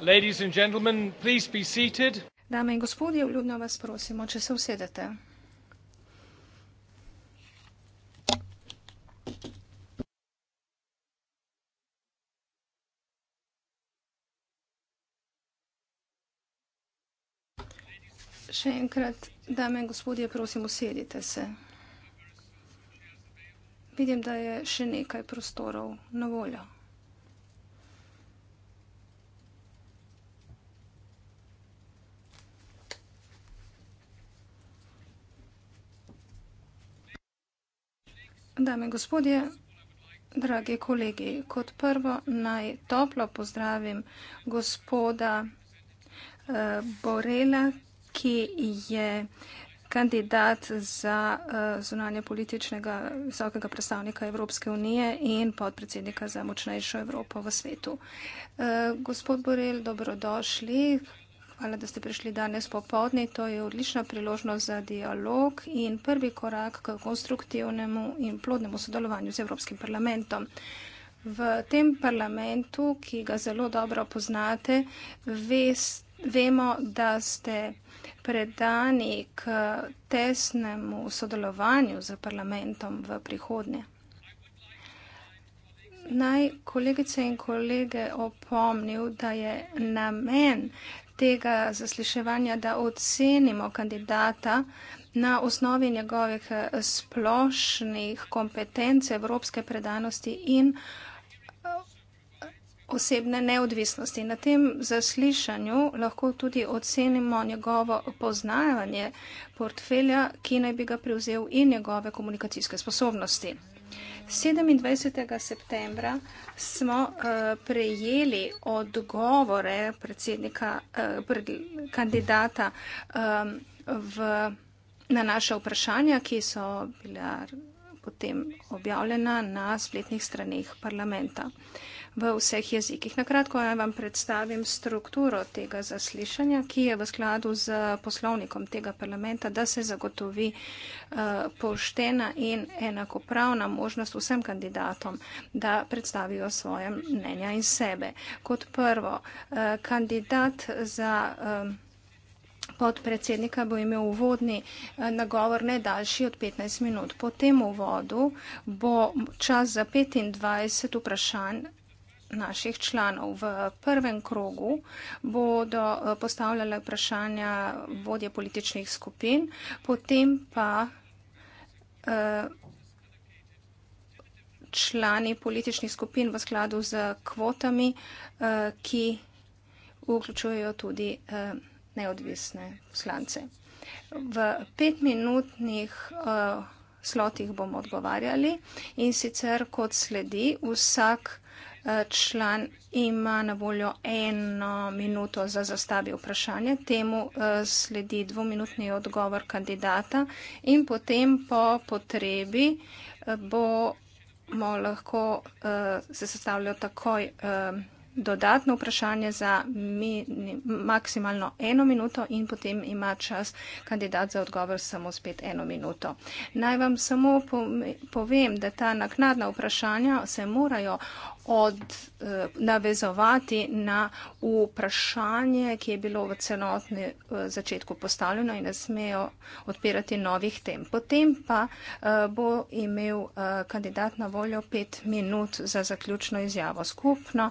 Ladies and gentlemen, please be seated. Dame in gospodje, vljudno vas prosimo, če se usedete. Še enkrat, dame in gospodje, prosim, usedite se. Vidim, da je še nekaj prostorov na voljo. Dame in gospodje, dragi kolegi, kot prvo naj toplo pozdravim gospoda eh, Borela, ki je kandidat za eh, zunanje političnega visokega predstavnika Evropske unije in podpredsednika za močnejšo Evropo v svetu. Eh, gospod Borel, dobrodošli. Hvala, da ste prišli danes popovdne. To je odlična priložnost za dialog in prvi korak k konstruktivnemu in plodnemu sodelovanju z Evropskim parlamentom. V tem parlamentu, ki ga zelo dobro poznate, ves, vemo, da ste predani k tesnemu sodelovanju z parlamentom v prihodnje. Naj kolegice in kolege opomnil, da je namen tega zasliševanja, da ocenimo kandidata na osnovi njegovih eh, splošnih kompetenc, evropske predanosti in eh, osebne neodvisnosti. Na tem zaslišanju lahko tudi ocenimo njegovo poznavanje portfelja, ki naj bi ga prevzel in njegove komunikacijske sposobnosti. 27. septembra smo uh, prejeli odgovore predsednika, uh, eh, pred, kandidata um, v, na naše vprašanja, ki so bila potem objavljena na spletnih straneh parlamenta. Uh, v vseh jezikih. Na kratko naj vam predstavim strukturo tega zaslišanja, ki je v skladu z poslovnikom tega parlamenta, da se zagotovi eh, poštena in enakopravna možnost vsem kandidatom, da predstavijo svoje mnenja in sebe. Kot prvo, eh, kandidat za eh, podpredsednika bo imel uvodni nagovor ne daljši od 15 minut. Po tem uvodu bo čas za 25 vprašanj naših članov v prvem krogu bodo eh, postavljale vprašanja vodje političnih skupin, potem pa eh, člani političnih skupin v skladu z kvotami, eh, ki vključujejo tudi neodvisne poslance. V petminutnih slotih bomo odgovarjali in sicer kot sledi vsak vsak član ima na voljo eno minuto za zastavi vprašanje, temu eh, sledi dvominutni odgovor kandidata in potem po potrebi eh, bo lahko eh, se zastavljalo takoj dodatno vprašanje za maksimalno eno minuto in potem ima čas kandidat za odgovor samo spet eno minuto. Naj vam samo povem, da ta naknadna vprašanja se morajo od, eh, navezovati na vprašanje, ki je bilo v celotni eh, začetku postavljeno in ne smejo odpirati novih tem. Potem pa eh, bo imel kandidat na voljo pet minut za zaključno izjavo skupno.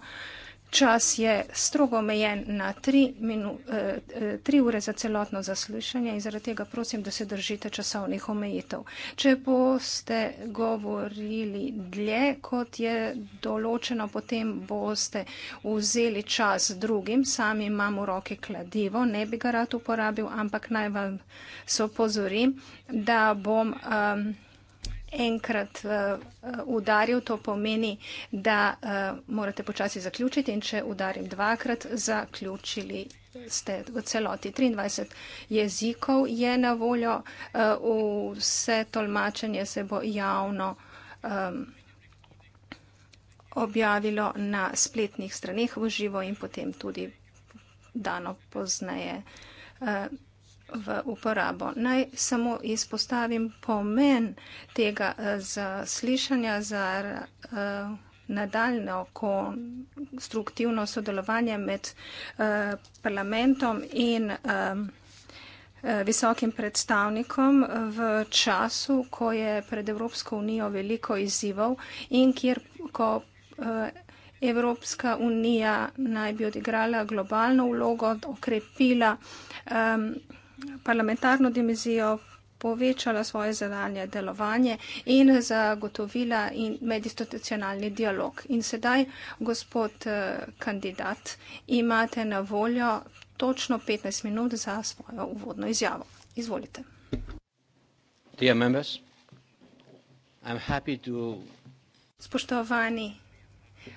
Čas je strogo omejen na tri, minu, eh, eh, tri ure za celotno zaslišanje in zaradi tega prosim, da se držite časovnih omejitev. Če boste govorili dlje, kot je določeno, potem boste vzeli čas drugim. Sam imam v roki kladivo, ne bi ga rad uporabil, ampak naj vam se opozorim, da bom. Eh, enkrat uh, udaril, to pomeni, da uh, morate počasi zaključiti in če udarim dvakrat, zaključili ste v celoti. 23 jezikov je na voljo, uh, vse tolmačenje se bo javno um, objavilo na spletnih straneh v živo in potem tudi dano pozneje. Uh, v uporabo. Naj samo izpostavim pomen tega eh, zaslišanja za eh, nadaljno konstruktivno sodelovanje med eh, parlamentom in visokim predstavnikom v času, ko je pred Evropsko unijo veliko izzivov in kjer, ko Evropska unija naj bi odigrala globalno vlogo, okrepila um, parlamentarno dimenzijo povečala svoje zadanje delovanje in zagotovila in medistitucionalni dialog. In sedaj, gospod eh, kandidat, imate na voljo točno 15 minut za svojo uvodno izjavo. Izvolite. Members, to... Spoštovani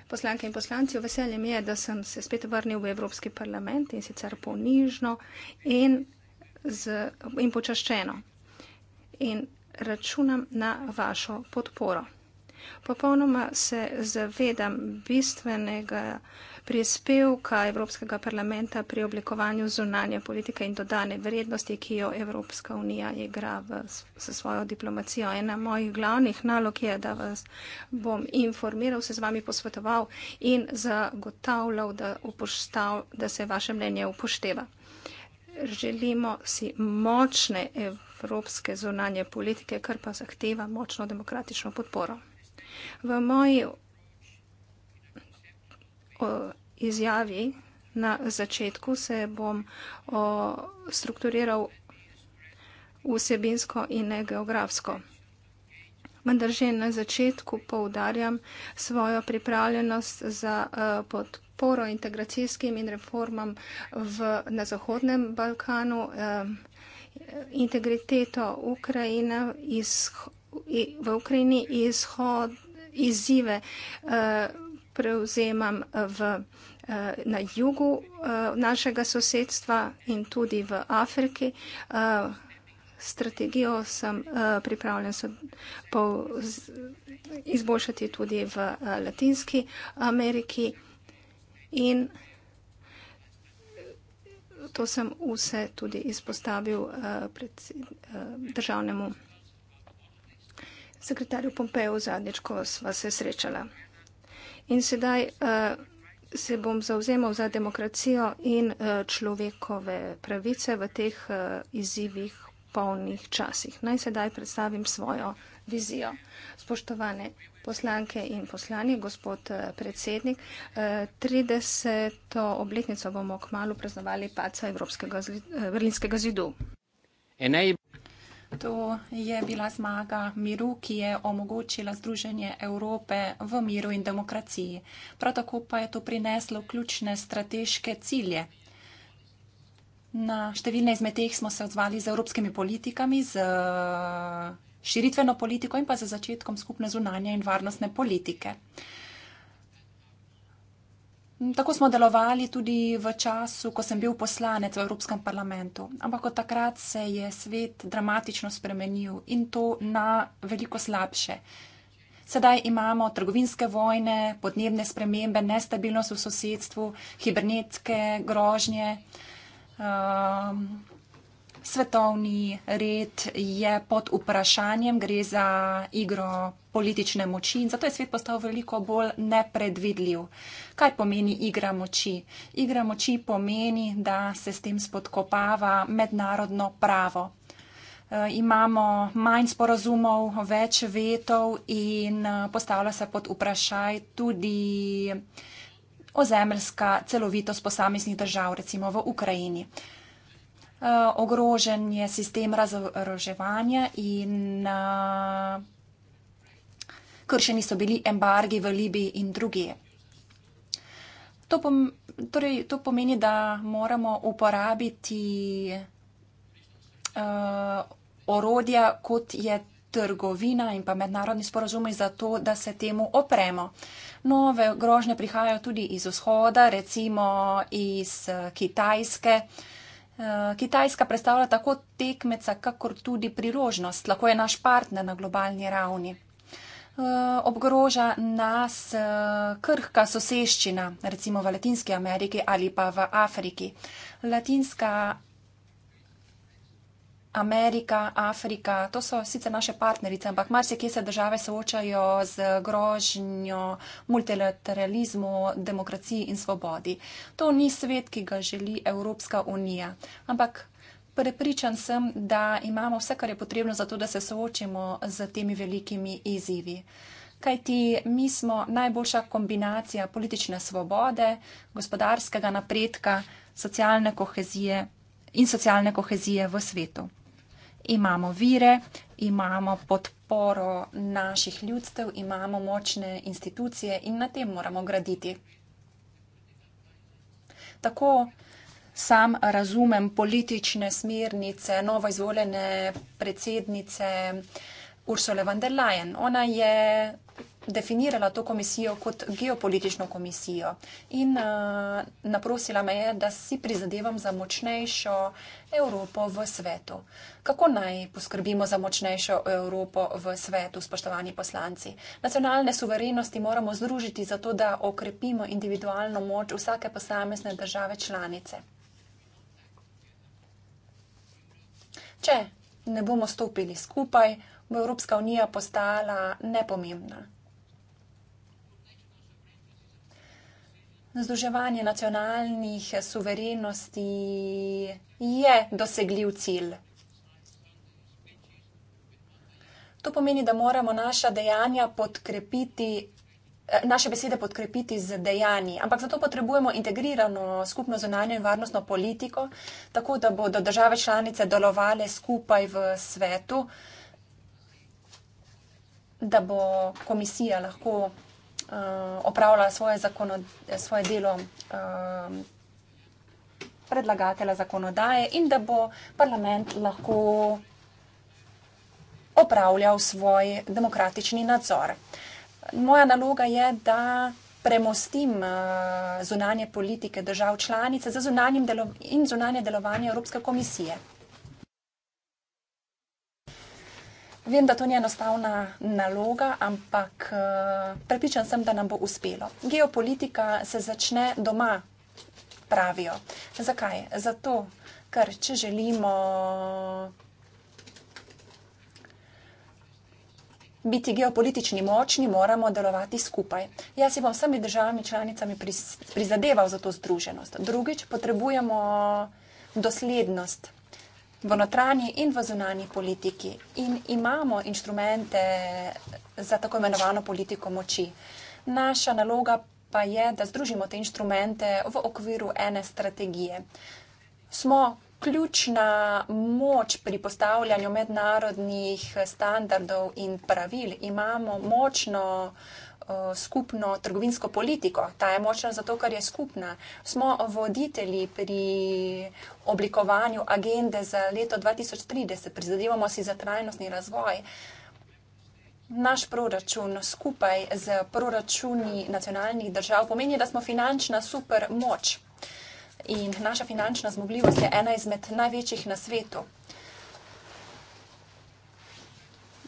poslanke in poslanci, veseljem je, da sem se spet vrnil v Evropski parlament in sicer ponižno in z, in počaščeno. In računam na vašo podporo. Popolnoma se zavedam bistvenega prispevka Evropskega parlamenta pri oblikovanju zunanje politike in dodane vrednosti, ki jo Evropska unija igra v, s svojo diplomacijo. Ena mojih glavnih nalog je, da vas bom informiral, se z vami posvetoval in zagotavljal, da, upoštav, da se vaše mnenje upošteva. Želimo si močne evropske zunanje politike, kar pa zahteva močno demokratično podporo. V moji izjavi na začetku se bom strukturiral vsebinsko in ne geografsko. Vendar že na začetku poudarjam svojo pripravljenost za eh, podporo podporo integracijskim in reformam v, na Zahodnem Balkanu, eh, integriteto Ukrajine iz, v Ukrajini izhod, izzive eh, prevzemam v, eh, na jugu našega sosedstva in tudi v Afriki. Strategijo sem pripravljen izboljšati tudi v Latinski Ameriki. In to sem vse tudi izpostavil uh, eh, pred uh, eh, državnemu sekretarju Pompeju zadnjič, ko sva se srečala. In sedaj uh, se bom zauzemal za demokracijo in uh, človekove pravice v teh uh, izzivih polnih časih. Naj sedaj predstavim svojo vizijo. Spoštovane poslanke in poslani, gospod eh, predsednik. 30. Eh, obletnico bomo kmalo praznovali paca Evropskega vrlinskega eh, zidu. To je bila zmaga miru, ki je omogočila združenje Evrope v miru in demokraciji. Prav tako pa je to prineslo ključne strateške cilje. Na številne izmed teh smo se odzvali z evropskimi politikami, z širitveno politiko in pa za začetkom skupne zunanje in varnostne politike. Tako smo delovali tudi v času, ko sem bil poslanec v Evropskem parlamentu, ampak od takrat se je svet dramatično spremenil in to na veliko slabše. Sedaj imamo trgovinske vojne, podnebne spremembe, nestabilnost v sosedstvu, hibernetske grožnje. Um, svetovni red je pod vprašanjem, gre za igro politične moči in zato je svet postal veliko bolj nepredvidljiv. Kaj pomeni igra moči? Igra moči pomeni, da se s tem spodkopava mednarodno pravo. Eh, imamo manj sporozumov, več vetov in eh, postavlja se pod vprašaj tudi ozemeljska celovitost posameznih držav, recimo v Ukrajini. Eh, ogrožen je sistem razoroževanja in uh, kršeni so bili embargi v Libiji in druge. To, pom torej, to pomeni, da moramo uporabiti uh, orodja, kot je trgovina in pa mednarodni sporozumi za to, da se temu opremo. Nove grožne prihajajo tudi iz vzhoda, recimo iz uh, Kitajske. Uh, Eh, Kitajska predstavlja tako tekmeca, kakor tudi priložnost, lahko je naš partner na globalni ravni. Eh, Obgroža nas eh, krhka soseščina, recimo v Latinski Ameriki ali pa v Afriki. Latinska Amerika, Afrika, to so sicer naše partnerice, ampak marsikje se države soočajo z grožnjo multilateralizmu, demokraciji in svobodi. To ni svet, ki ga želi Evropska unija, ampak prepričan sem, da imamo vse, kar je potrebno za to, da se soočimo z temi velikimi izzivi. Kaj ti, mi smo najboljša kombinacija politične svobode, gospodarskega napredka, socialne kohezije in socialne kohezije v svetu imamo vire, imamo podporo naših ljudstev, imamo močne institucije in na tem moramo graditi. Tako sam razumem politične smernice novoizvoljene predsednice Ursule von der Leyen. Ona je definirala to komisijo kot geopolitično komisijo in uh, naprosila me je, da si prizadevam za močnejšo Evropo v svetu. Kako naj poskrbimo za močnejšo Evropo v svetu, spoštovani poslanci? Nacionalne suverenosti moramo združiti zato, da okrepimo individualno moč vsake posamezne države članice. Če ne bomo stopili skupaj, bo Evropska unija postala nepomembna. Združevanje nacionalnih suverenosti je dosegljiv cilj. To pomeni, da moramo naša dejanja podkrepiti. Eh, naše besede podkrepiti z dejanji, ampak zato potrebujemo integrirano skupno zunanjo in varnostno politiko, tako da bodo države članice delovale skupaj v svetu, da bo komisija lahko Eh, opravlja svoje, zakono, svoje delo uh, predlagatelja zakonodaje in da bo parlament lahko opravljal svoj demokratični nadzor. Moja naloga je, da premostim uh, zunanje politike držav članice za zunanje delo in zunanje delovanje Evropske komisije. Vem, da to ni enostavna naloga, ampak eh, prepričan sem, da nam bo uspelo. Geopolitika se začne doma, pravijo. Zakaj? Zato, ker če želimo biti geopolitični močni, moramo delovati skupaj. Jaz si bom vsemi državami članicami prizadeval za to združenost. Drugič, potrebujemo doslednost v notranji in v zunanji politiki in imamo inštrumente za tako imenovano politiko moči. Naša naloga pa je, da združimo te inštrumente v okviru ene strategije. Smo ključna moč pri postavljanju mednarodnih standardov in pravil, imamo močno Eh, skupno trgovinsko politiko. Ta je močna zato, ker je skupna. Smo voditelji pri oblikovanju agende za leto 2030, prizadevamo si za trajnostni razvoj. Naš proračun skupaj z proračuni nacionalnih držav pomeni, da smo finančna supermoč. In naša finančna zmogljivost je ena izmed največjih na svetu.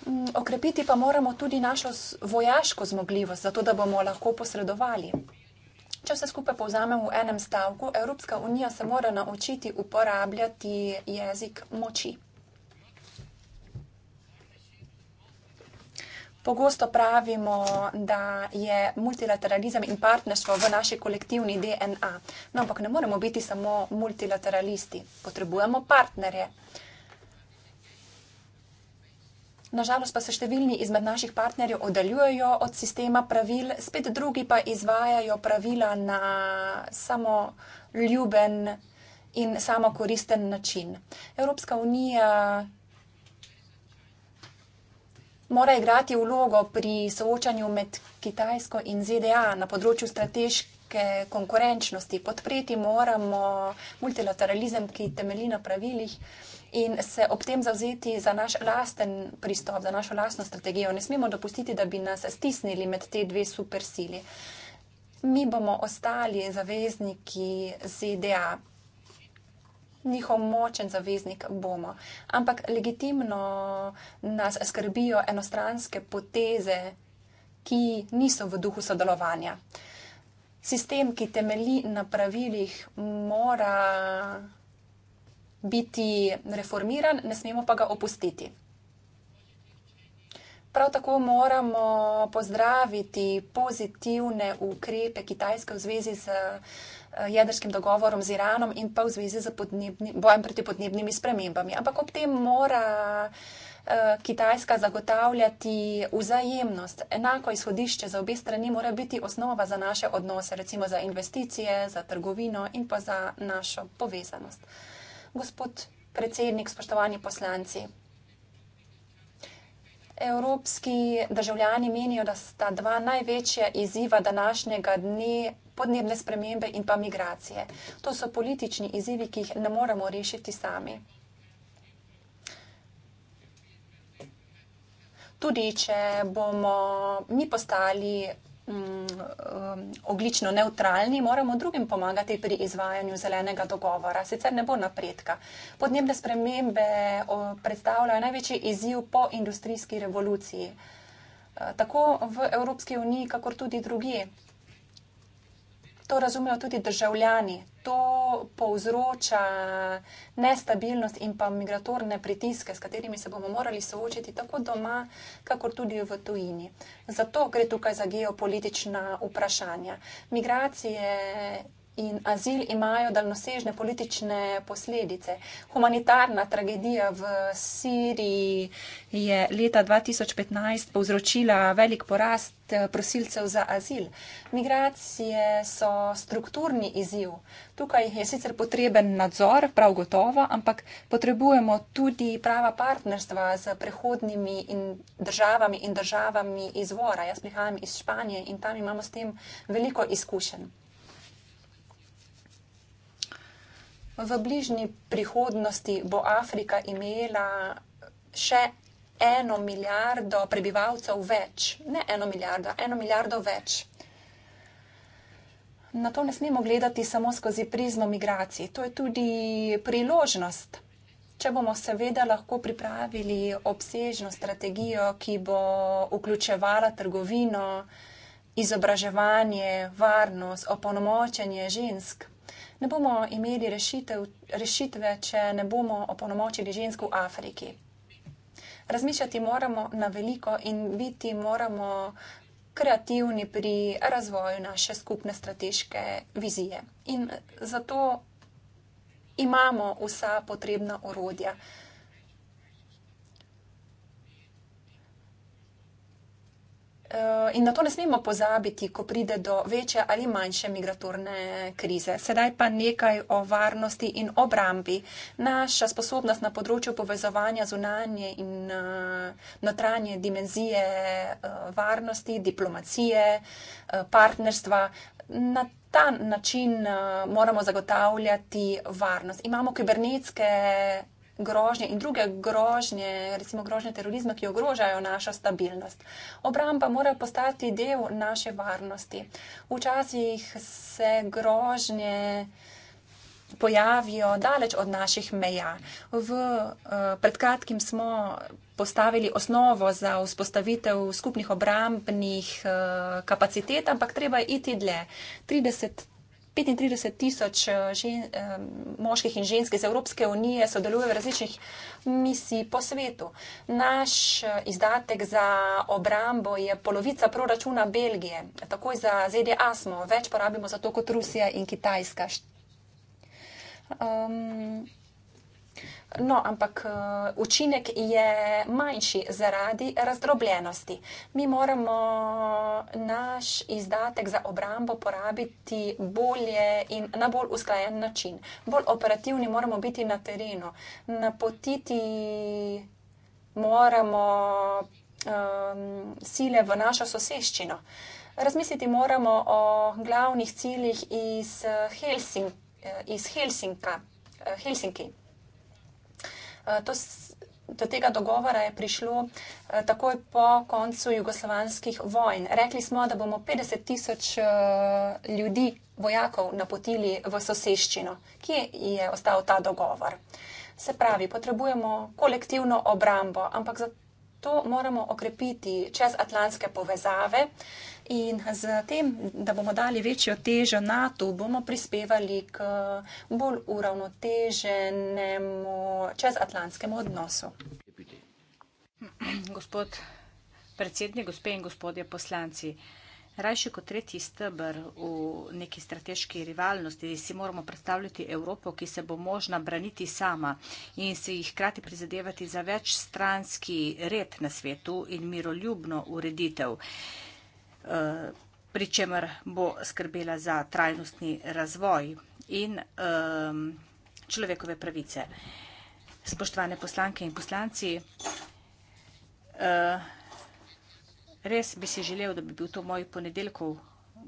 Mm, okrepiti pa moramo tudi našo vojaško zmogljivost, zato da bomo lahko posredovali. Če vse skupaj povzamem v enem stavku, Evropska unija se mora naučiti uporabljati jezik moči. Pogosto pravimo, da je multilateralizem in partnerstvo v naši kolektivni DNA. No, ampak ne moremo biti samo multilateralisti, potrebujemo partnerje. Nažalost pa se številni izmed naših partnerjev oddaljujejo od sistema pravil, spet drugi pa izvajajo pravila na samo ljuben in samo koristen način. Evropska unija mora igrati vlogo pri soočanju med Kitajsko in ZDA na področju strateške konkurenčnosti. Podpreti moramo multilateralizem, ki temelji na pravilih in se ob tem zavzeti za naš lasten pristop, za našo lasno strategijo. Ne smemo dopustiti, da bi nas stisnili med te dve supersili. Mi bomo ostali zavezniki ZDA, njihov močen zaveznik bomo. Ampak legitimno nas skrbijo enostranske poteze, ki niso v duhu sodelovanja. Sistem, ki temelji na pravilih, mora biti reformiran, ne smemo pa ga opustiti. Prav tako moramo pozdraviti pozitivne ukrepe Kitajske v zvezi z eh, jedrskim dogovorom z Iranom in pa v zvezi z podnebni, bojem proti podnebnimi spremembami. Ampak ob tem mora eh, Kitajska zagotavljati vzajemnost. Enako izhodišče za obe strani mora biti osnova za naše odnose, recimo za investicije, za trgovino in pa za našo povezanost gospod predsednik, spoštovani poslanci. Evropski državljani menijo, da sta dva največja izziva današnjega dne podnebne spremembe in pa migracije. To so politični izzivi, ki jih ne moremo rešiti sami. Tudi, če bomo mi postali um, oglično neutralni, moramo drugim pomagati pri izvajanju zelenega dogovora, sicer ne bo napredka. Podnebne spremembe predstavljajo največji izziv po industrijski revoluciji, uh, tako v Evropski uniji, kakor tudi drugi to razumejo tudi državljani. To povzroča nestabilnost in pa migratorne pritiske, s katerimi se bomo morali soočiti tako doma, kakor tudi v tujini. Zato gre tukaj za geopolitična vprašanja. Migracije in azil imajo daljnosežne politične posledice. Humanitarna tragedija v Siriji je leta 2015 povzročila velik porast eh, prosilcev za azil. Migracije so strukturni izziv. Tukaj je sicer potreben nadzor, prav gotovo, ampak potrebujemo tudi prava partnerstva z prehodnimi in državami in državami izvora. Jaz prihajam iz Španije in tam imamo s tem veliko izkušenj. v bližnji prihodnosti bo Afrika imela še eno milijardo prebivalcev več. Ne eno milijardo, eno milijardo več. Na to ne smemo gledati samo skozi prizmo migracij. To je tudi priložnost. Če bomo seveda lahko pripravili obsežno strategijo, ki bo vključevala trgovino, izobraževanje, varnost, opolnomočenje žensk, ne bomo imeli rešitev, rešitve, če ne bomo opolnomočili žensk v Afriki. Razmišljati moramo na veliko in biti moramo kreativni pri razvoju naše skupne strateške vizije. In zato imamo vsa potrebna orodja. Eh, in na to ne smemo pozabiti, ko pride do večje ali manjše migratorne krize. Sedaj pa nekaj o varnosti in obrambi. Naša sposobnost na področju povezovanja zunanje in eh, notranje dimenzije eh, varnosti, diplomacije, partnerstva. Na ta način moramo zagotavljati varnost. Imamo kibernetske grožnje in druge grožnje, recimo grožnje terorizma, ki ogrožajo našo stabilnost. Obramba mora postati del naše varnosti. Včasih se grožnje pojavijo daleč od naših meja. V, eh, pred kratkim smo postavili osnovo za vzpostavitev skupnih obrambnih eh, kapacitet, ampak treba je iti dlje. 30 35 tisoč eh, eh, moških in žensk iz Evropske unije sodeluje v različnih misij po svetu. Naš eh, izdatek za obrambo je polovica proračuna Belgije, takoj za ZDA smo, več porabimo za to kot Rusija in Kitajska. Um, No, ampak eh, učinek je manjši zaradi razdrobljenosti. Mi moramo naš izdatek za obrambo porabiti bolje in na bolj usklajen način. Bolj operativni moramo biti na terenu, napotiti moramo um, sile v našo soseščino. Razmisliti moramo o glavnih ciljih iz, eh, Helsing, eh, iz Helsinka. Helsinki. Eh, to, do tega dogovora je prišlo eh, takoj po koncu jugoslovanskih vojn. Rekli smo, da bomo 50 tisoč eh, ljudi, vojakov, napotili v soseščino. Kje je ostal ta dogovor? Se pravi, potrebujemo kolektivno obrambo, ampak za to to moramo okrepiti čez atlantske povezave in z tem, da bomo dali večjo težo NATO, bomo prispevali k bolj uravnoteženemu čez atlantskemu odnosu. Gospod predsednik, gospe in gospodje poslanci. Rajši kot tretji stebr v neki strateški rivalnosti si moramo predstavljati Evropo, ki se bo možna braniti sama in se jih krati prizadevati za več stranski red na svetu in miroljubno ureditev, eh, pričemer bo skrbela za trajnostni razvoj in ehm, človekove pravice. Spoštovane poslanke in poslanci, eh, res bi si želel, da bi bil to moj ponedeljkov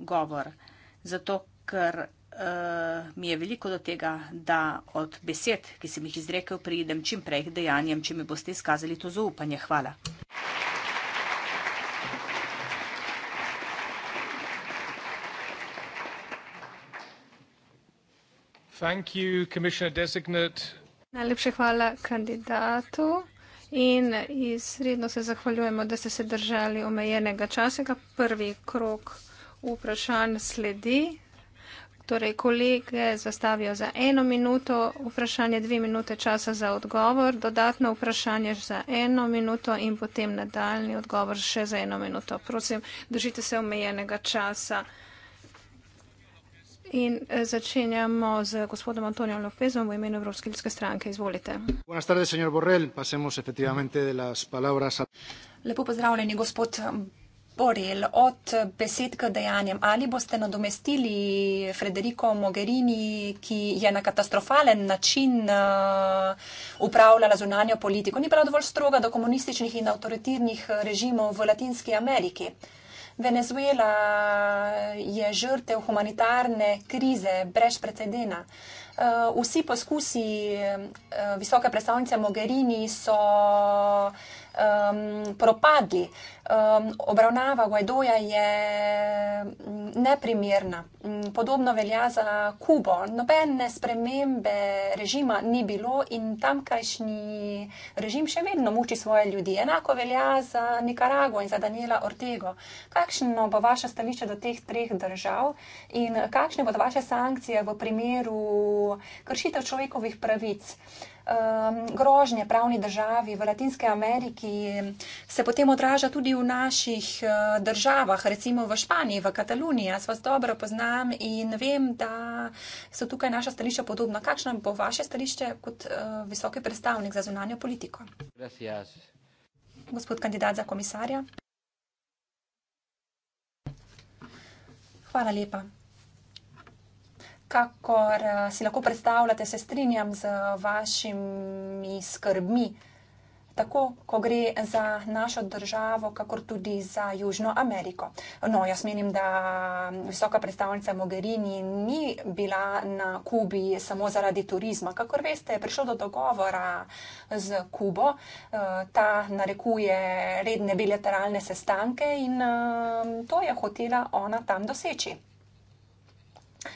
govor, zato ker uh, mi je veliko do tega, da od besed, ki sem jih izrekel, pridem čim prej k dejanjem, če mi boste izkazali to zaupanje. Hvala. Thank you, Commissioner Designate. Najlepše hvala kandidatu. In izredno se zahvaljujemo, da ste se držali omejenega časa. Prvi krok vprašanj sledi. Torej, kolege zastavijo za eno minuto, vprašanje dve minute časa za odgovor, dodatno vprašanje za eno minuto in potem nadaljni odgovor še za eno minuto. Prosim, držite se omejenega časa. In eh, začenjamo z gospodom Antonijem Lofezom v imenu Evropske ljudske stranke. Izvolite. Lepo pozdravljeni, gospod Borel. Od besed k dejanjem. Ali boste nadomestili Frederico Mogherini, ki je na katastrofalen način eh, upravljala zunanjo politiko? Ni bila dovolj stroga do komunističnih in avtoritarnih režimov v Latinski Ameriki. Venezuela je žrtev humanitarne krize brez precedena. Eh, vsi poskusi eh, visoke predstavnice Mogherini so um, propadli. Um, obravnava Guaidoja je mm, neprimerna. Mm, podobno velja za Kubo. Nobene spremembe režima ni bilo in tamkajšnji režim še vedno muči svoje ljudi. Enako velja za Nicaragua in za Daniela Ortega. Kakšno bo vaše stališče do teh treh držav in kakšne bodo vaše sankcije v primeru kršitev človekovih pravic? Uh, um, grožnje pravni državi v Latinske Ameriki se potem odraža tudi v naših uh, državah, recimo v Španiji, v Kataluniji. Jaz vas dobro poznam in vem, da so tukaj naša stališča podobna. Kakšno bo vaše stališče kot uh, visoki predstavnik za zunanjo politiko? Gracias. Gospod kandidat za komisarja. Hvala lepa kakor eh, si lahko predstavljate, se strinjam z vašimi skrbmi, tako ko gre za našo državo, kakor tudi za Južno Ameriko. No, jaz menim, da visoka predstavnica Mogherini ni bila na Kubi samo zaradi turizma. Kakor veste, je prišlo do dogovora z Kubo, eh, ta narekuje redne bilateralne sestanke in eh, to je hotela ona tam doseči.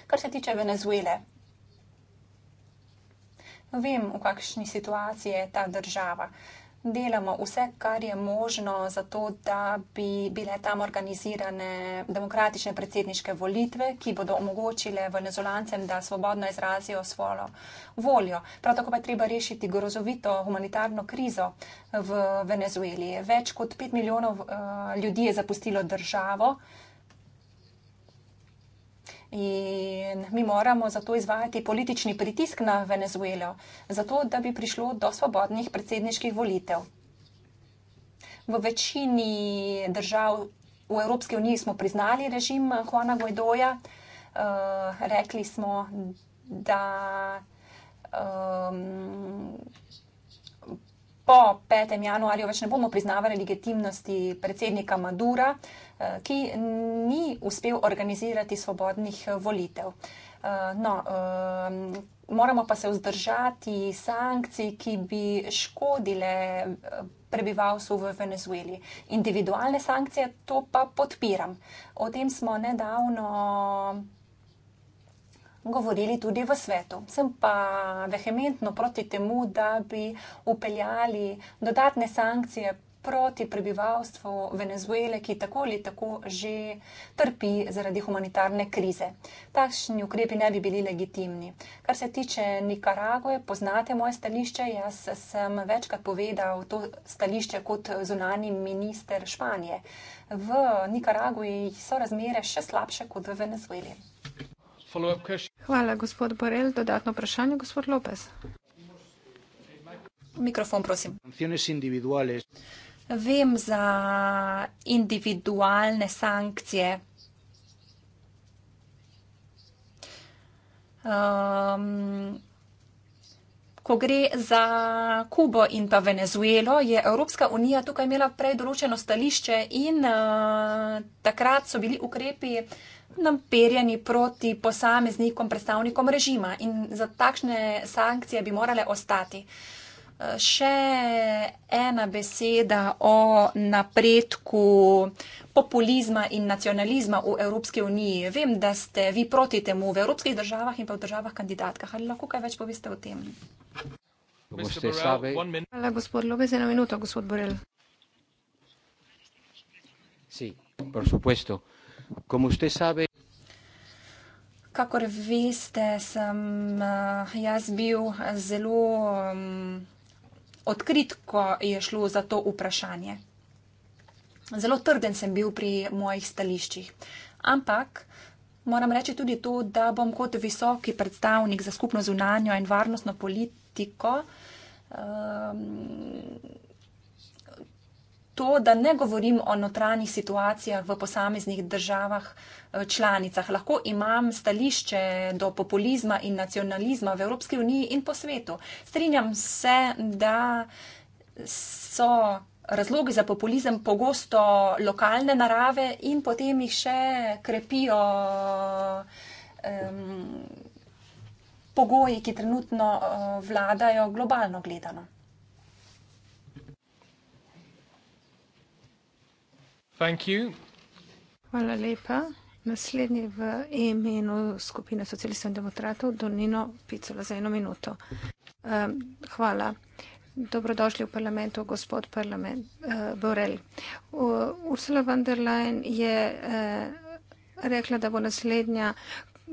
Kar se tiče Venezuele, vem, v kakšni situaciji je ta država. Delamo vse, kar je možno, zato da bi bile tam organizirane demokratične predsedniške volitve, ki bodo omogočile venezolancem, da svobodno izrazijo svojo voljo. Prav tako pa je treba rešiti grozovito humanitarno krizo v Venezueli. Več kot pet milijonov uh, ljudi je zapustilo državo. Uh, In mi moramo zato izvajati politični pritisk na Venezuelo, zato da bi prišlo do svobodnih predsedniških volitev. V večini držav v Evropski uniji smo priznali režim Juana Guaidoja. Uh, rekli smo, da um, po 5. januarju več ne bomo priznavali legitimnosti predsednika Madura. Uh, Eh, ki ni uspel organizirati svobodnih eh, volitev. Eh, no, moramo pa se vzdržati sankcij, ki bi škodile prebivalstvu v Venezueli. Individualne sankcije to pa podpiram. O tem smo nedavno govorili tudi v svetu. Sem pa vehementno proti temu, da bi upeljali dodatne sankcije proti prebivalstvu Venezuele, ki tako ali tako že trpi zaradi humanitarne krize. Takšni ukrepi ne bi bili legitimni. Kar se tiče Nikaragoje, poznate moje stališče. Jaz sem večkrat povedal to stališče kot zunani minister Španije. V Nikaragoji so razmere še slabše kot v Venezueli. Hvala, gospod Borel. Dodatno vprašanje, gospod Lopez. Mikrofon, prosim vem za individualne sankcije. Um, ko gre za Kubo in pa Venezuelo, je Evropska unija tukaj imela prej določeno stališče in uh, takrat so bili ukrepi namperjeni proti posameznikom, predstavnikom režima in za takšne sankcije bi morale ostati. Uh, Še ena beseda o napredku populizma in nacionalizma v Evropski uniji. Vem, da ste vi proti temu v evropskih državah in pa v državah kandidatkah. Ali lahko kaj več poveste o tem? Hvala, gospod Lopez, eno minuto, gospod Borel. Si, por supuesto. Como usted sabe, Kakor veste, sem eh, jaz bil zelo mm, odkrit, ko je šlo za to vprašanje. Zelo trden sem bil pri mojih stališčih. Ampak moram reči tudi to, da bom kot visoki predstavnik za skupno zunanjo in varnostno politiko. Um, to, da ne govorim o notranjih situacijah v posameznih državah eh, članicah. Lahko imam stališče do populizma in nacionalizma v Evropski uniji in po svetu. Strinjam se, da so razlogi za populizem pogosto lokalne narave in potem jih še krepijo. Um, Pogoji, ki trenutno uh, vladajo globalno gledano. Thank you. Hvala lepa. Naslednji v imenu skupine socialistov in demokratov, Donino Picola za eno minuto. Um, hvala. Dobrodošli v parlamentu, gospod parlament uh, eh, Borel. Uh, Ursula von der Leyen je uh, rekla, da bo naslednja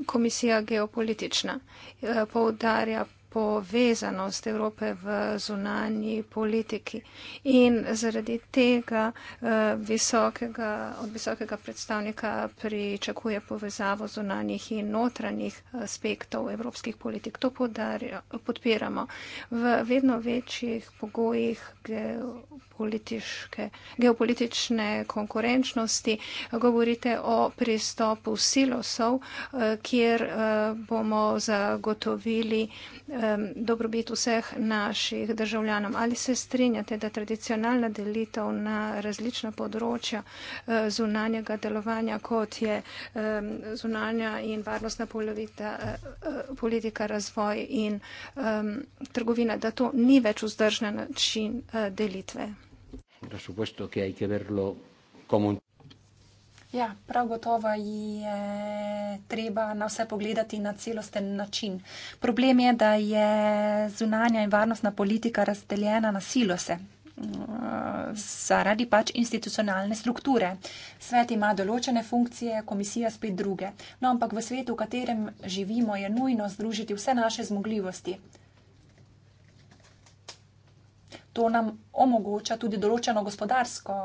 komisija geopolitična. Uh, poudarja povezanost Evrope v zunanji politiki. In zaradi tega uh, visokega, od visokega predstavnika pričakuje povezavo zunanjih in notranjih aspektov evropskih politik. To podarjo, podpiramo. V vedno večjih pogojih geopolitične konkurenčnosti, govorite o pristopu silosov, eh, kjer eh, bomo zagotovili dobrobit vseh naših državljanov. Ali se strinjate, da tradicionalna delitev na različna področja eh, zunanjega delovanja, kot je zunanja in varnostna politika, razvoj in trgovina, da to ni več vzdržen način delitve? Por supuesto que hay que verlo como un. Ja, prav gotovo je treba na vse pogledati na celosten način. Problem je, da je zunanja in varnostna politika razdeljena na silose eh, zaradi pač institucionalne strukture. Svet ima določene funkcije, komisija spet druge. No, ampak v svetu, v katerem živimo, je nujno združiti vse naše zmogljivosti to nam omogoča tudi določeno gospodarsko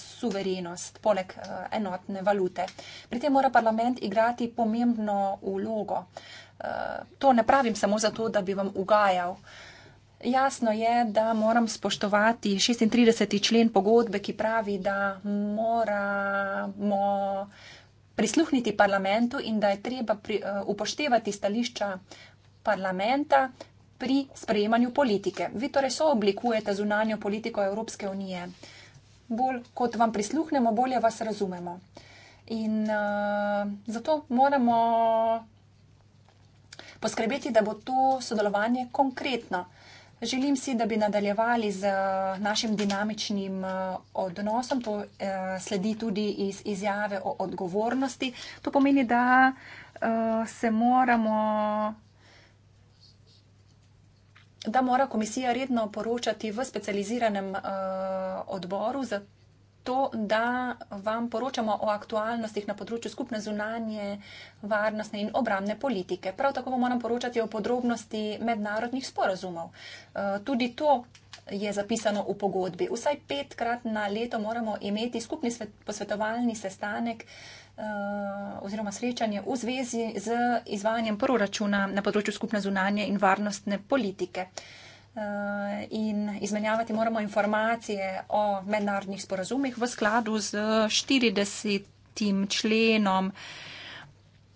suverenost, poleg eh, enotne valute. Pri tem mora parlament igrati pomembno ulogo. Eh, to ne pravim samo zato, da bi vam ugajal. Jasno je, da moram spoštovati 36. člen pogodbe, ki pravi, da moramo prisluhniti parlamentu in da je treba eh, upoštevati stališča parlamenta pri sprejemanju politike. Vi torej sooblikujete zunanjo politiko Evropske unije. Bolj kot vam prisluhnemo, bolje vas razumemo. In uh, zato moramo poskrbeti, da bo to sodelovanje konkretno. Želim si, da bi nadaljevali z eh, našim dinamičnim eh, odnosom. To sledi tudi iz izjave o odgovornosti. To pomeni, da se moramo da mora komisija redno poročati v specializiranem uh, odboru za to, da vam poročamo o aktualnostih na področju skupne zunanje, varnostne in obramne politike. Prav tako bomo moram poročati o podrobnosti mednarodnih sporazumov. Uh, tudi to je zapisano v pogodbi. Vsaj petkrat na leto moramo imeti skupni posvetovalni sestanek uh, Eh, oziroma srečanje v zvezi z izvajanjem proračuna na področju skupne zunanje in varnostne politike. Eh, in izmenjavati moramo informacije o mednarodnih sporazumih v skladu z 40. členom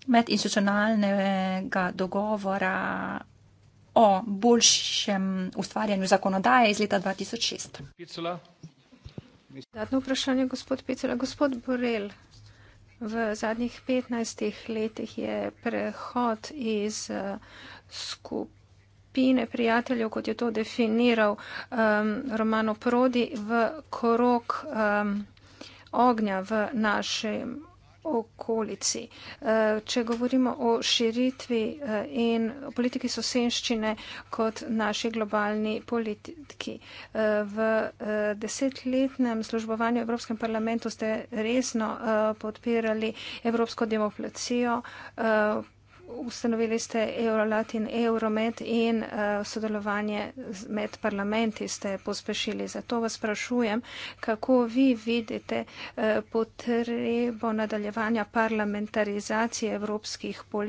medinstitucionalnega dogovora o boljšem ustvarjanju zakonodaje iz leta 2006. Dodatno vprašanje, gospod Picela. Gospod Borel, V zadnjih 15 letih je prehod iz eh, skupine prijateljev, kot je to definiral um, Romano Prodi, v krok um, ehm, ognja v našem okolici. Eh, če govorimo o širitvi eh, in politiki sosenščine kot naši globalni politiki. Eh, v desetletnem službovanju v Evropskem parlamentu ste resno podpirali evropsko demokracijo, ustanovili ste Eurolatin Euromed in uh, sodelovanje med parlamenti ste pospešili. Zato vas sprašujem, kako vi vidite uh, potrebo nadaljevanja parlamentarizacije evropskih uh,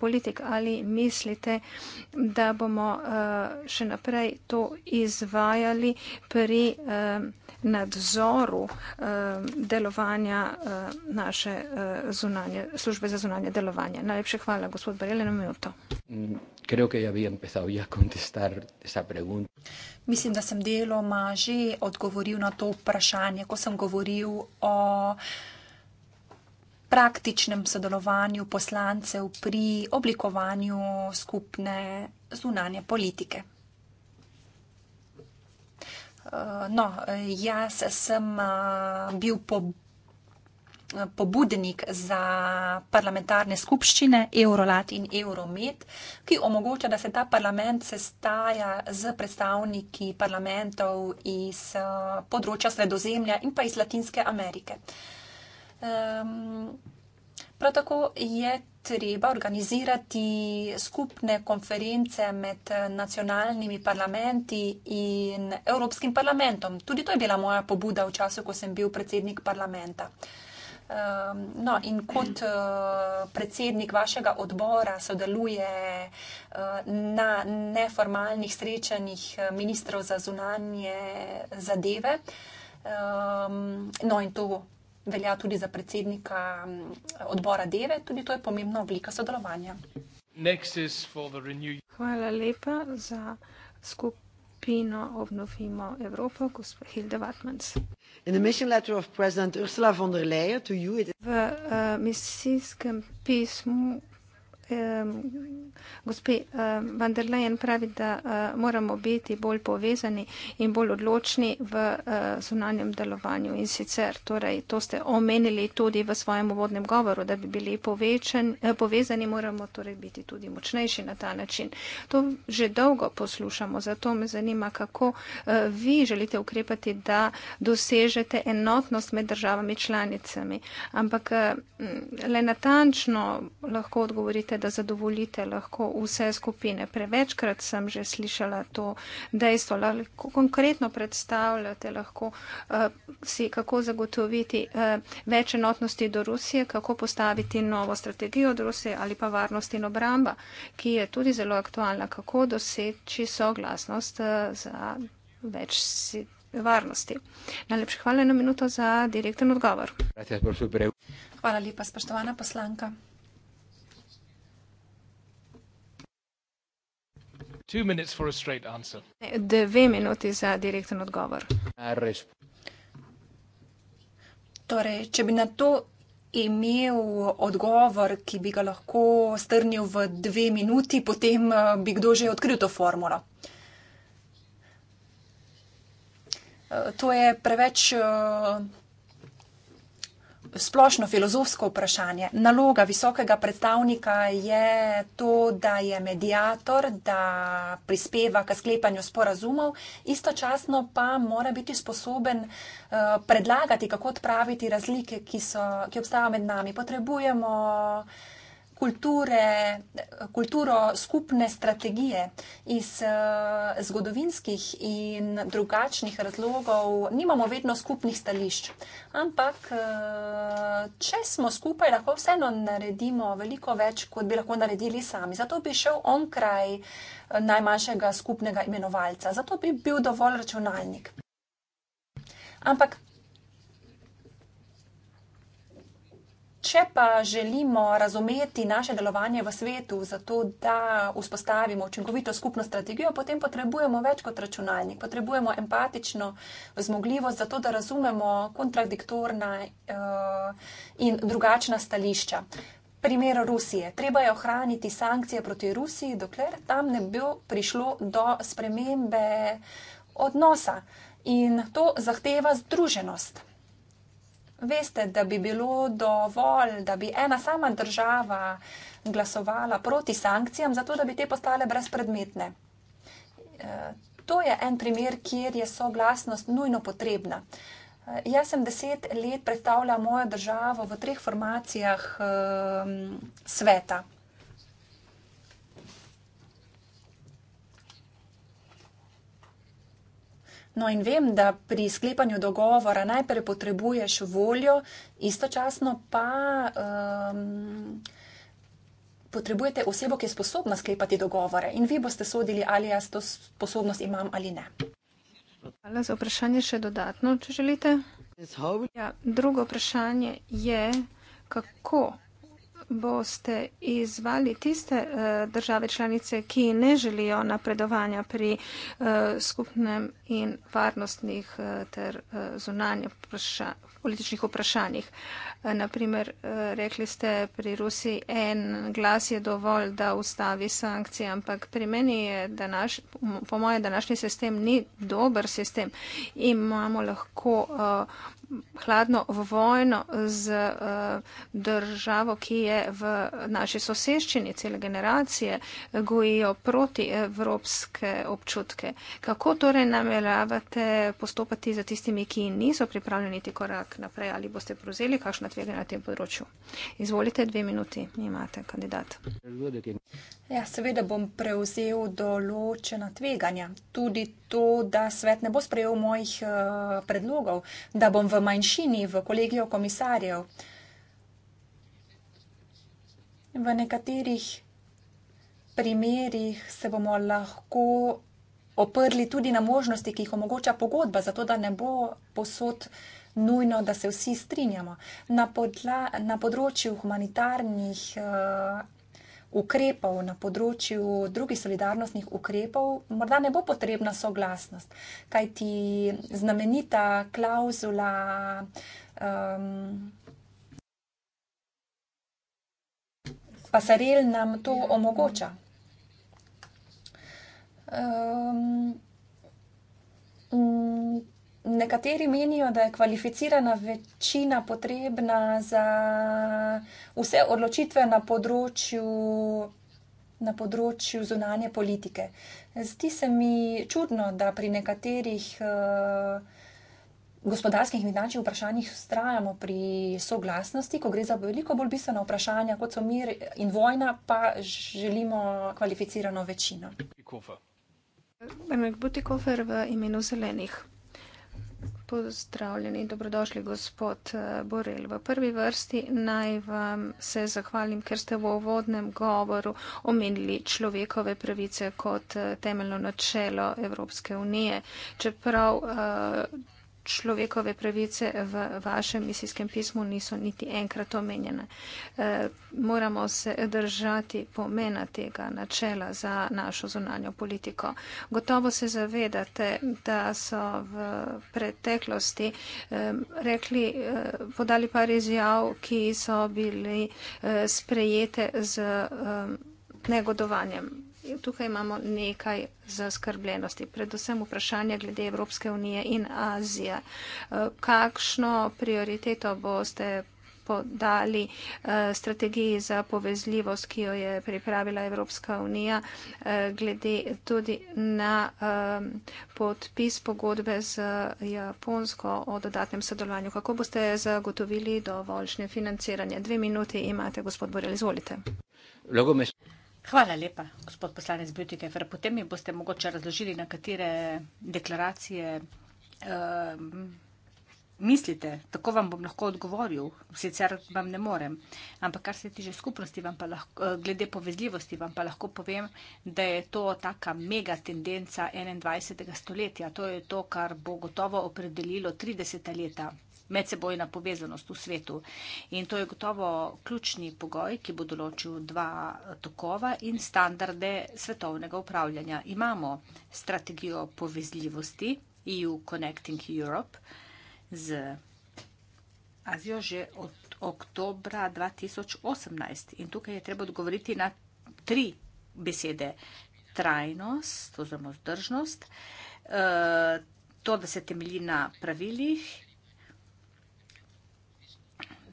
politik ali mislite, da bomo uh, še naprej to izvajali pri. Uh, nadzoru eh, delovanja eh, naše eh, zunanje, službe za zunanje delovanje. Najlepše hvala, gospod Barjele, na minuto. Mm, creo que ya había empezado ya a contestar esa pregunta. Mislim, da sem deloma že odgovoril na to vprašanje, ko sem govoril o praktičnem sodelovanju poslancev pri oblikovanju skupne zunanje politike. Eh, no, jaz sem eh, bil eh, pobudnik za parlamentarne skupščine Eurolat in Euromed, ki omogoča, da se ta parlament sestaja z predstavniki parlamentov iz področja Sredozemlja in pa iz Latinske Amerike. Prav tako je treba organizirati skupne konference med nacionalnimi parlamenti in Evropskim parlamentom. Tudi to je bila moja pobuda v času, ko sem bil predsednik parlamenta. Ehm, no, in kot eh, predsednik vašega odbora sodeluje eh, na neformalnih srečanjih eh, ministrov za zunanje zadeve. Ehm, no, in to velja tudi za predsednika odbora DEVE, tudi to je pomembna oblika sodelovanja. Hvala lepa za skupaj. Pino obnovimo Evropo, gospod Hilde Vatmans. V uh, misijskem pismu gospe van der Leyen pravi, da e, moramo biti bolj povezani in bolj odločni v e, zunanjem delovanju. In sicer, torej, to ste omenili tudi v svojem uvodnem govoru, da bi bili povečen, e, povezani, moramo torej biti tudi močnejši na ta način. To že dolgo poslušamo, zato me zanima, kako vi želite ukrepati, da dosežete enotnost med državami članicami. Ampak le natančno lahko odgovorite, da zadovoljite lahko vse skupine. Prevečkrat sem že slišala to dejstvo. Lahko konkretno predstavljate, lahko uh, si kako zagotoviti uh, več enotnosti do Rusije, kako postaviti novo strategijo do Rusije ali pa varnost in obramba, ki je tudi zelo aktualna, kako doseči soglasnost uh, za več. Si varnosti. Najlepša hvala na minuto za direkten odgovor. Hvala lepa, spoštovana poslanka. Two minutes for a straight answer. Dve minuti za direkten odgovor. Torej, če bi na to imel odgovor, ki bi ga lahko strnil v dve minuti, potem eh, bi kdo že odkril to formulo. Eh, to je preveč. Eh, splošno filozofsko vprašanje. Naloga visokega predstavnika je to, da je medijator, da prispeva k sklepanju sporazumov, istočasno pa mora biti sposoben eh, predlagati, kako odpraviti razlike, ki, so, ki obstajajo med nami. Potrebujemo kulture, kulturo skupne strategije iz uh, zgodovinskih in drugačnih razlogov, nimamo vedno skupnih stališč. Ampak, uh, če smo skupaj, lahko vseeno naredimo veliko več, kot bi lahko naredili sami. Zato bi šel onkraj eh, najmanjšega skupnega imenovalca, zato bi bil dovolj računalnik. Ampak Če pa želimo razumeti naše delovanje v svetu, zato da vzpostavimo učinkovito skupno strategijo, potem potrebujemo več kot računalnik. Potrebujemo empatično zmogljivost, zato da razumemo kontradiktorna uh, in drugačna stališča. Primer Rusije. Treba je ohraniti sankcije proti Rusiji, dokler tam ne bi prišlo do spremembe odnosa. In to zahteva združenost veste, da bi bilo dovolj, da bi ena sama država glasovala proti sankcijam, zato da bi te postale brezpredmetne. Eh, to je en primer, kjer je soglasnost nujno potrebna. Eh, jaz sem deset let predstavljala mojo državo v treh formacijah eh, sveta. No in vem, da pri sklepanju dogovora najprej potrebuješ voljo, istočasno pa um, potrebujete osebo, ki je sposobna sklepati dogovore in vi boste sodili, ali jaz to sposobnost imam ali ne. Hvala za vprašanje še dodatno, če želite. Ja, drugo vprašanje je, kako boste izvali tiste eh, države članice, ki ne želijo napredovanja pri eh, skupnem in varnostnih eh, ter zunanjih vprašanj, političnih vprašanjih. Naprimer, rekli ste pri Rusiji, en glas je dovolj, da ustavi sankcije, ampak pri meni je, današ, po mojem današnji sistem ni dober sistem. Imamo lahko hladno vojno z eh, državo, ki je v naši soseščini, cele generacije eh, gojijo proti evropske občutke. Kako torej nameravate postopati za tistimi, ki niso pripravljeni ti korak naprej ali boste prevzeli kakšno tveganje na tem področju? Izvolite dve minuti, imate kandidat. Ja, seveda bom prevzel določena tveganja. Tudi to, da svet ne bo sprejel mojih eh, predlogov, da bom v manjšini, v kolegijo komisarjev. V nekaterih primerjih se bomo lahko oprli tudi na možnosti, ki jih omogoča pogodba, zato da ne bo posod nujno, da se vsi strinjamo. Na področju humanitarnih eh, ukrepov, na področju drugih solidarnostnih ukrepov, morda ne bo potrebna soglasnost. Kaj ti znamenita klauzula. Um, Pasarel nam to omogoča. Um, Nekateri menijo, da je kvalificirana večina potrebna za vse odločitve na področju, na področju zunanje politike. Zdi se mi čudno, da pri nekaterih uh, gospodarskih in finančnih vprašanjih ustrajamo pri soglasnosti, ko gre za veliko bolj bistvena vprašanja, kot so mir in vojna, pa želimo kvalificirano večino. Kofer. V imenu zelenih. Pozdravljeni, dobrodošli gospod eh, Borel. V prvi vrsti naj vam se zahvalim, ker ste v uvodnem govoru omenili človekove pravice kot eh, temeljno načelo Evropske unije. Čeprav eh, človekove pravice v vašem misijskem pismu niso niti enkrat omenjene. E, moramo se držati pomena tega načela za našo zonanjo politiko. Gotovo se zavedate, da so v preteklosti e, rekli, e, podali par izjav, ki so bili e, sprejete z e, negodovanjem. Tukaj imamo nekaj zaskrbljenosti, predvsem vprašanje glede Evropske unije in Azije. Eh, kakšno prioriteto boste podali eh, strategiji za povezljivost, ki jo je pripravila Evropska unija, eh, glede tudi na podpis pogodbe z Japonsko o dodatnem sodelovanju? Kako boste zagotovili dovoljšnje financiranje? Dve minuti imate, gospod Borel, izvolite. Hvala lepa, gospod poslanec Bjutikefer. Potem mi boste mogoče razložili, na katere deklaracije um, mislite. Tako vam bom lahko odgovoril, sicer vam ne morem. Ampak kar se tiče skupnosti, vam pa lahko, eh, glede povezljivosti, vam pa lahko povem, da je to taka mega tendenca 21. stoletja. To je to, kar bo gotovo opredelilo 30. leta medsebojna povezanost v svetu. In to je gotovo ključni pogoj, ki bo določil dva tokova in standarde svetovnega upravljanja. Imamo strategijo povezljivosti EU Connecting Europe z Azijo že od oktobra 2018. In tukaj je treba odgovoriti na tri besede. Trajnost oziroma vzdržnost, eh, to, da se temelji na pravilih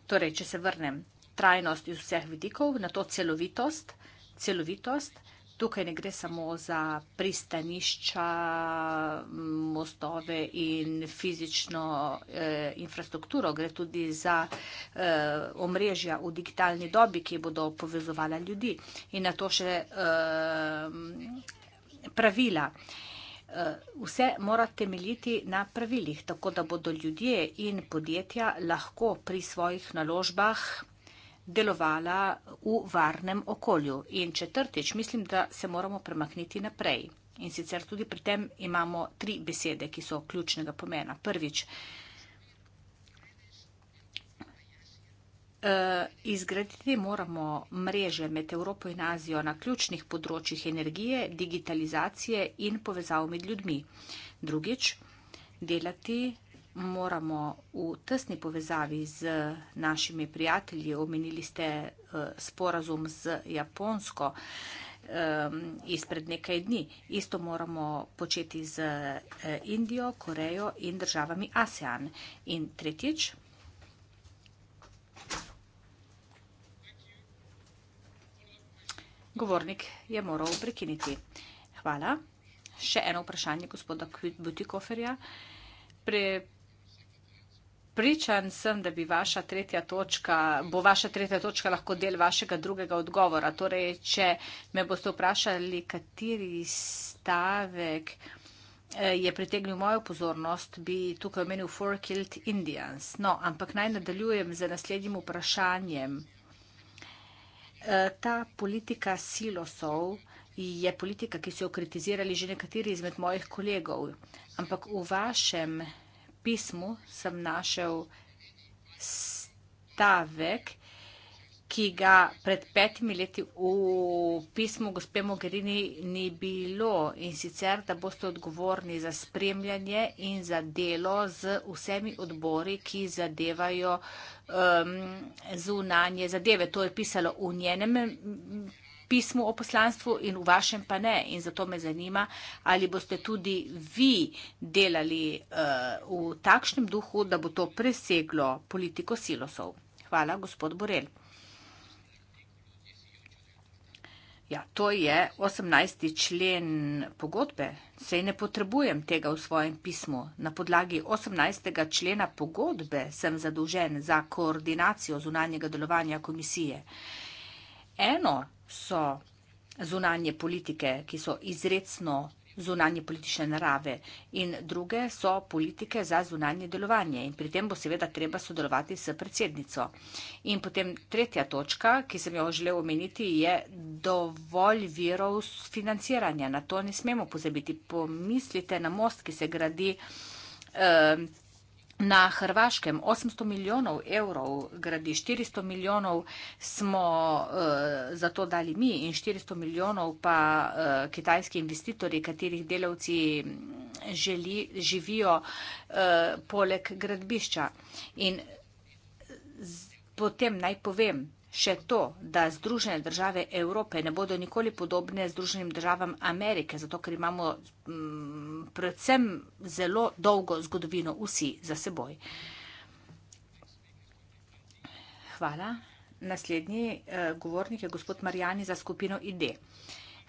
Torej, če se vrnem, trajnost iz vseh vidikov, na to celovitost, celovitost. Tukaj ne gre samo za pristanišča, mostove in fizično eh, infrastrukturo, gre tudi za eh, omrežja v digitalni dobi, ki bodo povezovala ljudi in na to še eh, pravila. Eh, Eh, vse mora temeljiti na pravilih, tako da bodo ljudje in podjetja lahko pri svojih naložbah delovala v varnem okolju. In četrtič, mislim, da se moramo premakniti naprej. In sicer tudi pri tem imamo tri besede, ki so ključnega pomena. Prvič, Eh, izgraditi moramo mreže med Evropo in Azijo na ključnih področjih energije, digitalizacije in povezav med ljudmi. Drugič, delati moramo v tesni povezavi z našimi prijatelji. Omenili ste eh, sporazum z Japonsko eh, izpred nekaj dni. Isto moramo početi z Indijo, Korejo in državami ASEAN. In tretjič, Govornik je moral prekiniti. Hvala. Še eno vprašanje gospoda Butikoferja. Pri pričan sem, da bi vaša tretja točka, bo vaša tretja točka lahko del vašega drugega odgovora. Torej, če me boste vprašali, kateri stavek eh, je pritegnil mojo pozornost, bi tukaj omenil Four Killed Indians. No, ampak naj nadaljujem z naslednjim vprašanjem. Eh, ta politika silosov je politika, ki so jo kritizirali že nekateri izmed mojih kolegov, ampak v vašem pismu sem našel stavek, ki ga pred petimi leti v pismu gospe Mogherini ni bilo in sicer, da boste odgovorni za spremljanje in za delo z vsemi odbori, ki zadevajo um, zunanje zadeve. To je pisalo v njenem pismu o poslanstvu in v vašem pa ne. In zato me zanima, ali boste tudi vi delali uh, v takšnem duhu, da bo to preseglo politiko silosov. Hvala, gospod Borel. Ja, to je 18. člen pogodbe. Sej ne potrebujem tega v svojem pismu. Na podlagi 18. člena pogodbe sem zadolžen za koordinacijo zunanjega delovanja komisije. Eno so zunanje politike, ki so izredno zunanje politične narave in druge so politike za zunanje delovanje in pri tem bo seveda treba sodelovati s predsednico. In potem tretja točka, ki sem jo želel omeniti, je dovolj virov financiranja. Na to ne smemo pozabiti. Pomislite na most, ki se gradi. Eh, Na Hrvaškem 800 milijonov evrov gradi, 400 milijonov smo uh, za to dali mi in 400 milijonov pa uh, kitajski investitorji, katerih delavci mm, želi, živijo uh, poleg gradbišča. In z, potem naj povem, Še to, da Združene države Evrope ne bodo nikoli podobne Združenim državam Amerike, zato ker imamo mm, predvsem zelo dolgo zgodovino vsi za seboj. Hvala. Naslednji eh, govornik je gospod Marjani za skupino ID.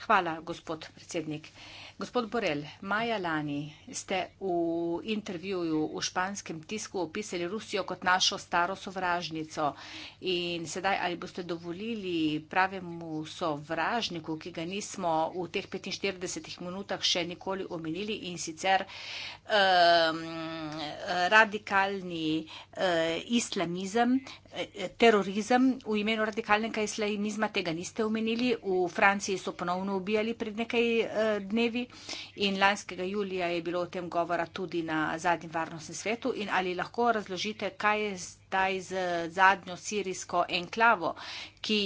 Hvala, gospod predsednik. Gospod Borel, maja lani ste v intervjuju v španskem tisku opisali Rusijo kot našo staro sovražnico in sedaj ali boste dovolili pravemu sovražniku, ki ga nismo v teh 45 minutah še nikoli omenili in sicer um, radikalni uh, islamizem, eh, terorizem v imenu radikalnega islamizma, tega niste omenili, v Franciji so ponovno ubijali pred nekaj uh, dnevi in lanskega julija je bilo o tem govora tudi na zadnjem varnostnem svetu. In ali lahko razložite, kaj je z zdaj z zadnjo sirijsko enklavo, ki,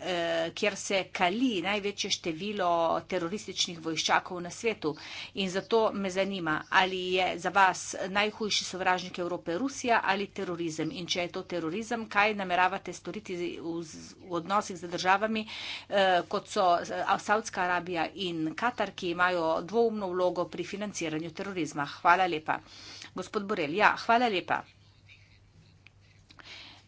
eh, kjer se kali največje število terorističnih vojščakov na svetu. In zato me zanima, ali je za vas najhujši sovražnik Evrope Rusija ali terorizem. In če je to terorizem, kaj nameravate storiti v, v odnosih z državami, eh, kot so eh, Saudska Arabija in Katar, ki imajo dvoumno vlogo pri financiranju terorizma. Hvala lepa. Gospod Borel, ja, hvala lepa.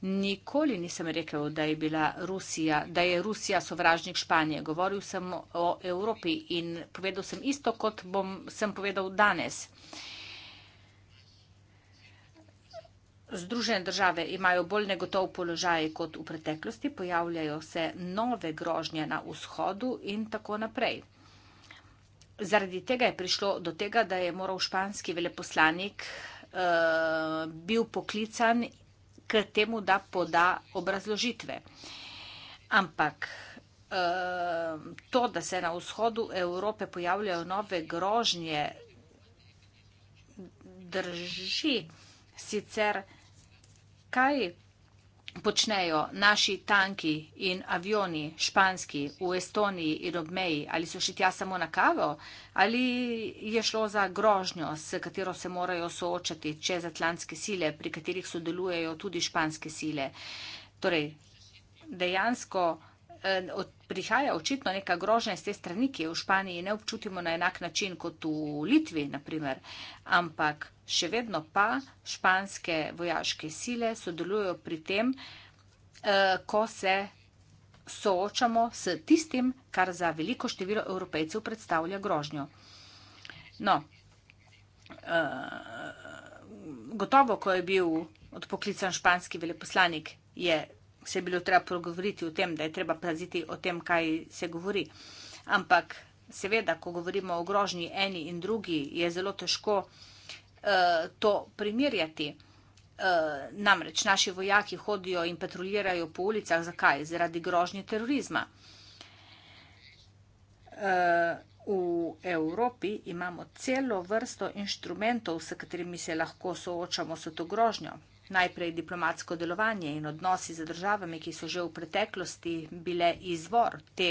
Nikoli nisem rekel, da je, bila Rusija, da je Rusija sovražnik Španije. Govoril sem o Evropi in povedal sem isto, kot bom sem povedal danes. Združene države imajo bolj negotov položaj kot v preteklosti, pojavljajo se nove grožnje na vzhodu in tako naprej. Zaradi tega je prišlo do tega, da je moral španski veleposlanik uh, bil poklican k temu, da poda obrazložitve. Ampak ehm, to, da se na vzhodu Evrope pojavljajo nove grožnje, drži sicer, kaj počnejo naši tanki in avioni španski v Estoniji in ob meji, ali so še tja samo na kavo, ali je šlo za grožnjo, s katero se morajo soočati čez atlantske sile, pri katerih sodelujejo tudi španske sile. Torej, dejansko. Eh, prihaja očitno neka grožnja iz te strani, ki je v Španiji ne občutimo na enak način kot v Litvi, naprimer. ampak še vedno pa španske vojaške sile sodelujo pri tem, eh, ko se soočamo s tistim, kar za veliko število evropejcev predstavlja grožnjo. No, eh, gotovo, ko je bil odpoklican španski veleposlanik, je vse bilo treba progovoriti o tem, da je treba paziti o tem, kaj se govori. Ampak seveda, ko govorimo o grožnji eni in drugi, je zelo težko uh, to primerjati. Uh, namreč naši vojaki hodijo in patruljirajo po ulicah, zakaj? Zaradi grožnje terorizma. Uh, v Evropi imamo celo vrsto inštrumentov, s katerimi se lahko soočamo s to grožnjo. Najprej diplomatsko delovanje in odnosi z državami, ki so že v preteklosti bile izvor te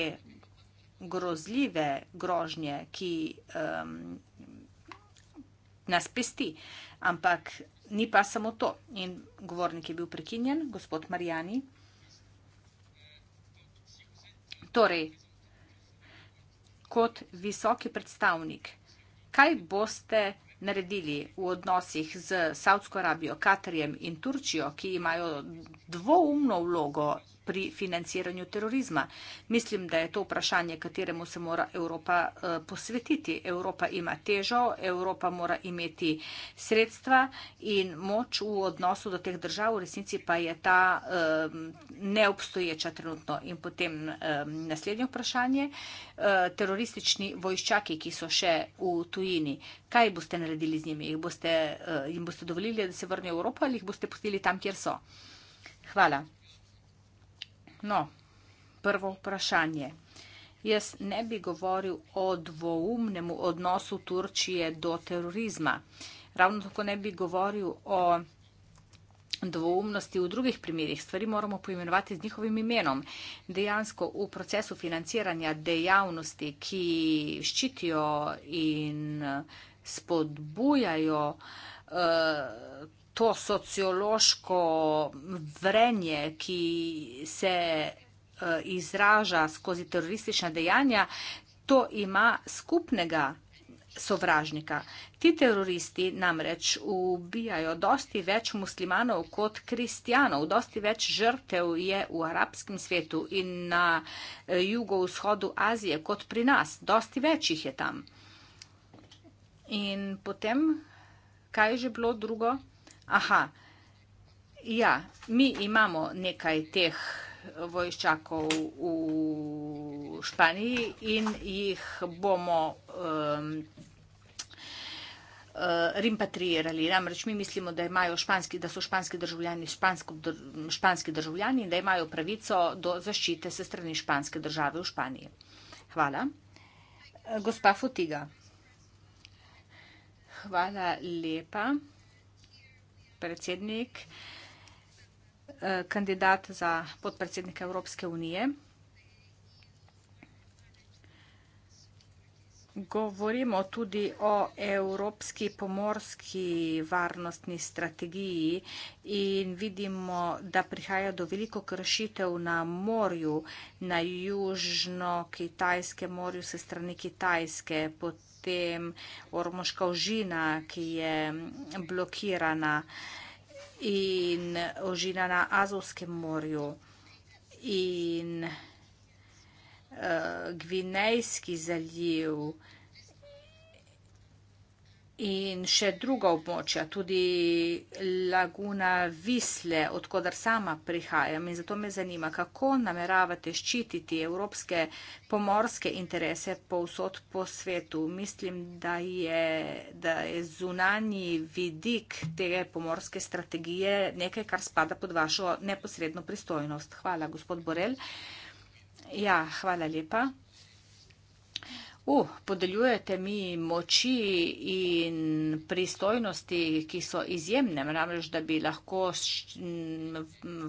grozljive grožnje, ki um, nas pesti. Ampak ni pa samo to. In govornik je bil prekinjen, gospod Marjani. Torej, kot visoki predstavnik, kaj boste naredili v odnosih z Saudsko Arabijo, Katarjem in Turčijo, ki imajo dvoumno vlogo pri financiranju terorizma. Mislim, da je to vprašanje, kateremu se mora Evropa eh, posvetiti. Evropa ima težo, Evropa mora imeti sredstva in moč v odnosu do teh držav, v resnici pa je ta eh, neobstoječa trenutno. In potem eh, naslednje vprašanje, teroristični vojščaki, ki so še v tujini, kaj boste naredili z njimi? Jih boste, jim boste dovolili, da se vrnejo v Evropo ali jih boste pustili tam, kjer so? Hvala. No, prvo vprašanje. Jaz ne bi govoril o dvoumnemu odnosu Turčije do terorizma. Ravno tako ne bi govoril o dvoumnosti v drugih primerih. Stvari moramo poimenovati z njihovim imenom. Dejansko v procesu financiranja dejavnosti, ki ščitijo in spodbujajo uh, to sociološko vrenje, ki se eh, izraža skozi teroristična dejanja, to ima skupnega sovražnika. Ti teroristi namreč ubijajo dosti več muslimanov kot kristijanov, dosti več žrtev je v arabskem svetu in na eh, jugovzhodu Azije kot pri nas, dosti več jih je tam. In potem, kaj je že bilo drugo? Aha, ja, mi imamo nekaj teh vojščakov v Španiji in jih bomo um, eh, Rimpatrirali. Namreč mi mislimo, da, imajo španski, da so španski državljani špansko, španski državljani in da imajo pravico do zaščite se strani španske države v Španiji. Hvala. Gospa Fotiga. Hvala lepa predsednik, eh, kandidat za podpredsednika Evropske unije. Govorimo tudi o evropski pomorski varnostni strategiji in vidimo, da prihaja do veliko kršitev na morju, na južno-kitajskem morju se strani Kitajske, potem potem ormoška ožina, ki je blokirana in ožina na Azovskem morju in eh, Gvinejski zaliv, In še druga območja, tudi laguna Visle, odkudar sama prihajam. In zato me zanima, kako nameravate ščititi evropske pomorske interese povsod po svetu. Mislim, da je, da je zunanji vidik te pomorske strategije nekaj, kar spada pod vašo neposredno pristojnost. Hvala, gospod Borel. Ja, hvala lepa. Uh, podeljujete mi moči in pristojnosti, ki so izjemne, namreč, da bi lahko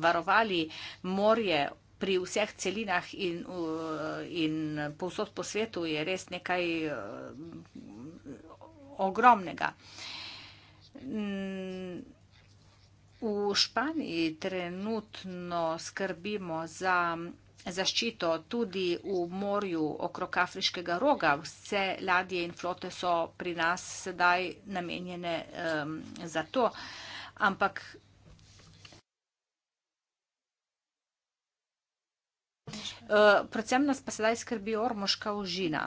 varovali morje pri vseh celinah in, uh, in povsod po svetu je res nekaj uh, ogromnega. Mm, v Španiji trenutno skrbimo za zaščito tudi v morju okrog afriškega roga. Vse ladje in flote so pri nas sedaj namenjene um, za to. Ampak uh, predvsem nas pa sedaj skrbi ormoška užina.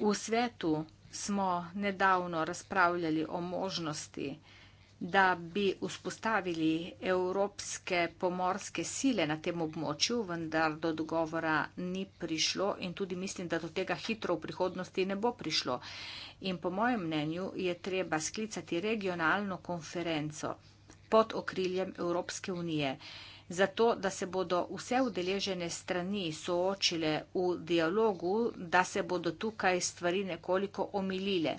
V svetu smo nedavno razpravljali o možnosti uh, da bi vzpostavili evropske pomorske sile na tem območju, vendar do dogovora ni prišlo in tudi mislim, da do tega hitro v prihodnosti ne bo prišlo. In po mojem mnenju je treba sklicati regionalno konferenco pod okriljem Evropske unije, zato da se bodo vse udeležene strani soočile v dialogu, da se bodo tukaj stvari nekoliko omilile.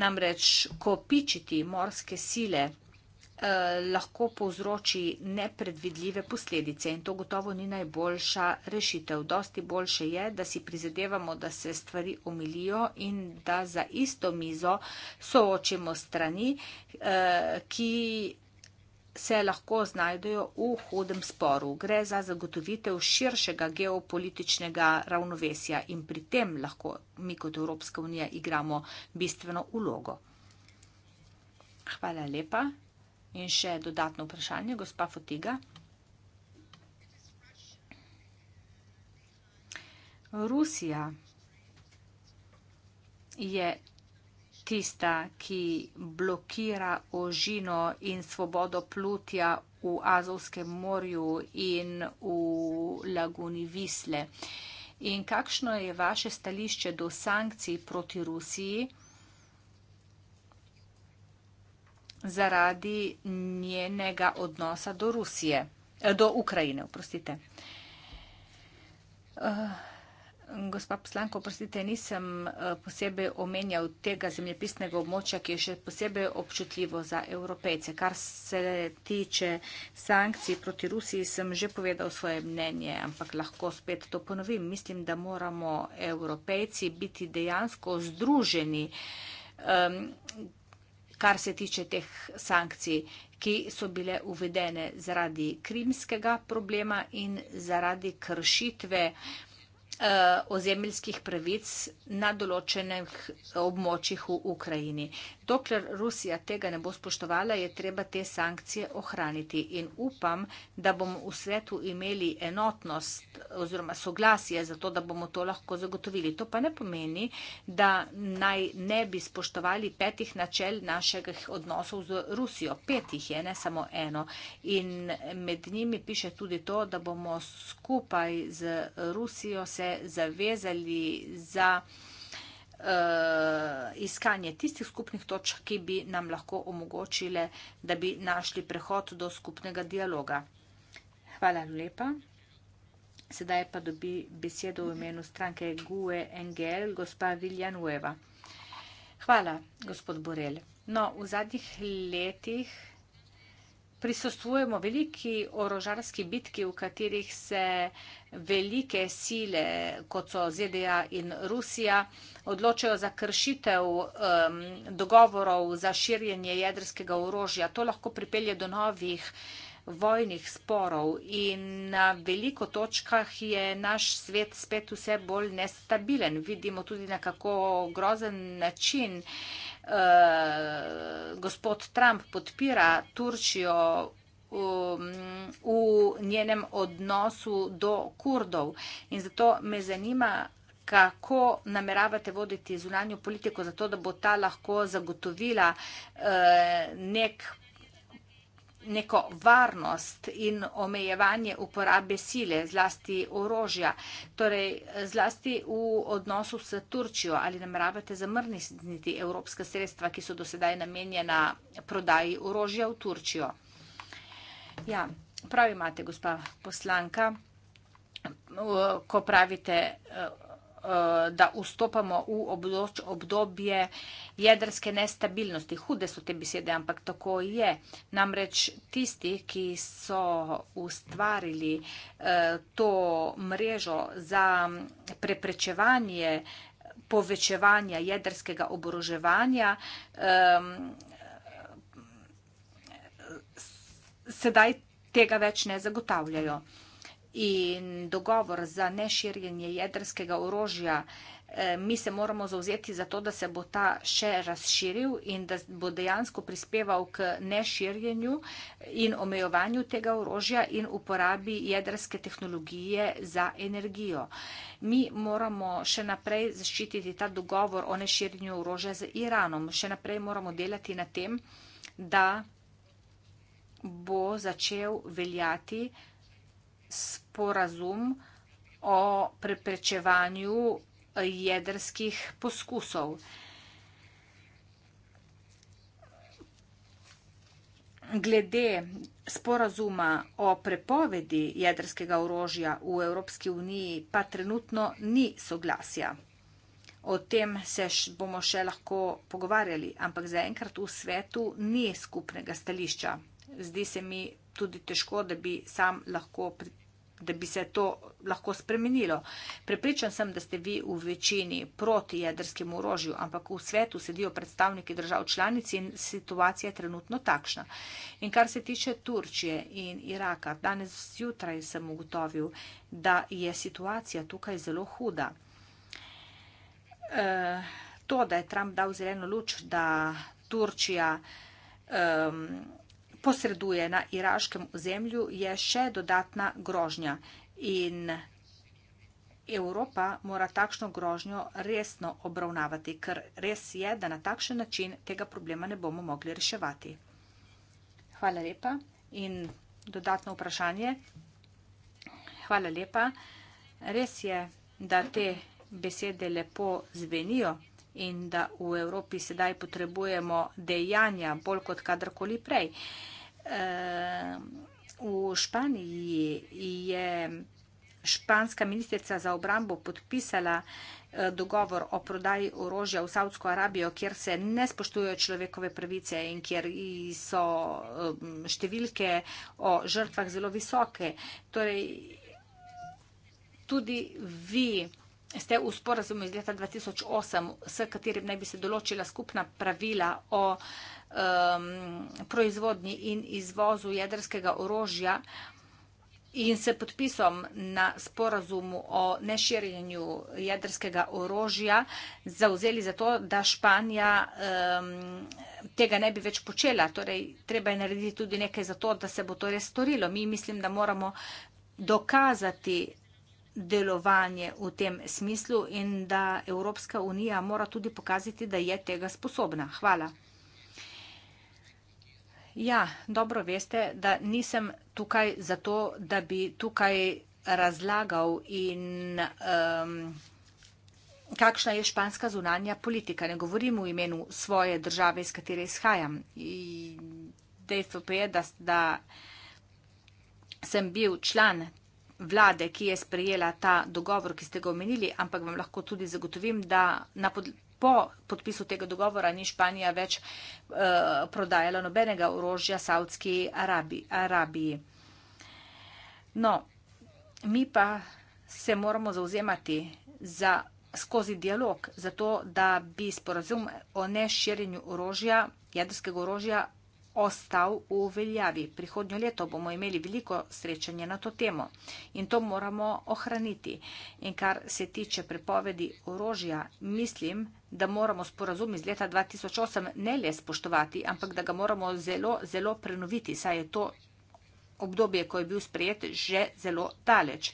Namreč kopičiti morske sile eh, lahko povzroči nepredvidljive posledice in to gotovo ni najboljša rešitev. Dosti boljše je, da si prizadevamo, da se stvari omilijo in da za isto mizo soočimo strani, eh, ki se lahko znajdejo v hudem sporu. Gre za zagotovitev širšega geopolitičnega ravnovesja in pri tem lahko mi kot Evropska unija igramo bistveno ulogo. Hvala lepa. In še dodatno vprašanje, gospa Fotiga. Rusija je tista, ki blokira ožino in svobodo plutja v Azovskem morju in v laguni Visle. In kakšno je vaše stališče do sankcij proti Rusiji zaradi njenega odnosa do Rusije, eh, do Ukrajine, oprostite. Uh, Gospa poslanka, oprostite, nisem eh, posebej omenjal tega zemljepisnega območja, ki je še posebej občutljivo za evropejce. Kar se tiče sankcij proti Rusiji, sem že povedal svoje mnenje, ampak lahko spet to ponovim. Mislim, da moramo evropejci biti dejansko združeni, kar se tiče teh sankcij, ki so bile uvedene zaradi krimskega problema in zaradi kršitve Eh, ozemeljskih pravic na določenih območjih v Ukrajini. Dokler Rusija tega ne bo spoštovala, je treba te sankcije ohraniti in upam, da bomo v svetu imeli enotnost oziroma soglasje za to, da bomo to lahko zagotovili. To pa ne pomeni, da naj ne bi spoštovali petih načel naših odnosov z Rusijo. Petih je, ne samo eno. In med njimi piše tudi to, da bomo skupaj z Rusijo se zavezali za uh, iskanje tistih skupnih točk, ki bi nam lahko omogočile, da bi našli prehod do skupnega dialoga. Hvala lepa. Sedaj pa dobi besedo v imenu stranke GUE NGL, gospa Viljan Ueva. Hvala, gospod Borel. No, v zadnjih letih prisostujemo veliki orožarski bitki, v katerih se uh, velike sile, kot so ZDA in Rusija, odločajo za kršitev um, dogovorov za širjenje jedrskega orožja. To lahko pripelje do novih vojnih sporov in na veliko točkah je naš svet spet vse bolj nestabilen. Vidimo tudi na kako grozen način uh, gospod Trump podpira Turčijo Um, v njenem odnosu do kurdov. In zato me zanima, kako nameravate voditi zunanjo politiko za to, da bo ta lahko zagotovila eh, nek, neko varnost in omejevanje uporabe sile, zlasti orožja, torej zlasti v odnosu s Turčijo, ali nameravate zamrniti evropska sredstva, ki so do sedaj namenjena prodaji orožja v Turčijo. Ja, pravi imate, gospa poslanka, ko pravite, eh, eh, da vstopamo v obdobje jedrske nestabilnosti. Hude so te besede, ampak tako je. Namreč tisti, ki so ustvarili eh, to mrežo za preprečevanje povečevanja jedrskega oboroževanja, sedaj tega več ne zagotavljajo. In dogovor za neširjenje jedrskega orožja, eh, mi se moramo zauzeti za to, da se bo ta še razširil in da bo dejansko prispeval k neširjenju in omejovanju tega orožja in uporabi jedrske tehnologije za energijo. Mi moramo še naprej zaščititi ta dogovor o neširjenju orožja z Iranom. Še naprej moramo delati na tem, da bo začel veljati sporazum o preprečevanju jedrskih poskusov. Glede sporazuma o prepovedi jedrskega orožja v Evropski uniji pa trenutno ni soglasja. O tem se bomo še lahko pogovarjali, ampak zaenkrat v svetu ni skupnega stališča zdi se mi tudi težko, da bi sam lahko, da bi se to lahko spremenilo. Prepričan sem, da ste vi v večini proti jedrskemu orožju, ampak v svetu sedijo predstavniki držav članic in situacija je trenutno takšna. In kar se tiče Turčije in Iraka, danes jutraj sem ugotovil, da je situacija tukaj zelo huda. E, to, da je Trump dal zeleno luč, da Turčija. E, posreduje na iraškem ozemlju, je še dodatna grožnja. In Evropa mora takšno grožnjo resno obravnavati, ker res je, da na takšen način tega problema ne bomo mogli reševati. Hvala lepa. In dodatno vprašanje. Hvala lepa. Res je, da te besede lepo zvenijo in da v Evropi sedaj potrebujemo dejanja bolj kot kadarkoli prej. Ehm, v Španiji je španska ministrica za obrambo podpisala e, dogovor o prodaji orožja v Saudsko Arabijo, kjer se ne spoštujejo človekove pravice in kjer so e, številke o žrtvah zelo visoke. Torej, tudi vi ste v sporazumu iz leta 2008, s katerim naj bi se določila skupna pravila o um, proizvodnji in izvozu jedrskega orožja in se podpisom na sporazumu o neširjenju jedrskega orožja zauzeli za to, da Španija um, tega ne bi več počela. Torej, treba je narediti tudi nekaj za to, da se bo to res storilo. Mi mislim, da moramo dokazati delovanje v tem smislu in da Evropska unija mora tudi pokazati, da je tega sposobna. Hvala. Ja, dobro veste, da nisem tukaj zato, da bi tukaj razlagal in um, kakšna je španska zunanja politika. Ne govorim v imenu svoje države, iz katere izhajam. Dejstvo pa je, da, da sem bil član vlade, ki je sprejela ta dogovor, ki ste ga omenili, ampak vam lahko tudi zagotovim, da na podlagi. Po podpisu tega dogovora ni Španija več e, prodajala nobenega orožja Saudski Arabi, Arabiji. No, mi pa se moramo zauzemati za, skozi dialog, zato da bi sporazum o neširjenju orožja, jedrskega orožja ostal v veljavi. Prihodnjo leto bomo imeli veliko srečanje na to temo in to moramo ohraniti. In kar se tiče prepovedi orožja, mislim, da moramo sporazum iz leta 2008 ne le spoštovati, ampak da ga moramo zelo, zelo prenoviti, saj je to obdobje, ko je bil sprejet, že zelo daleč.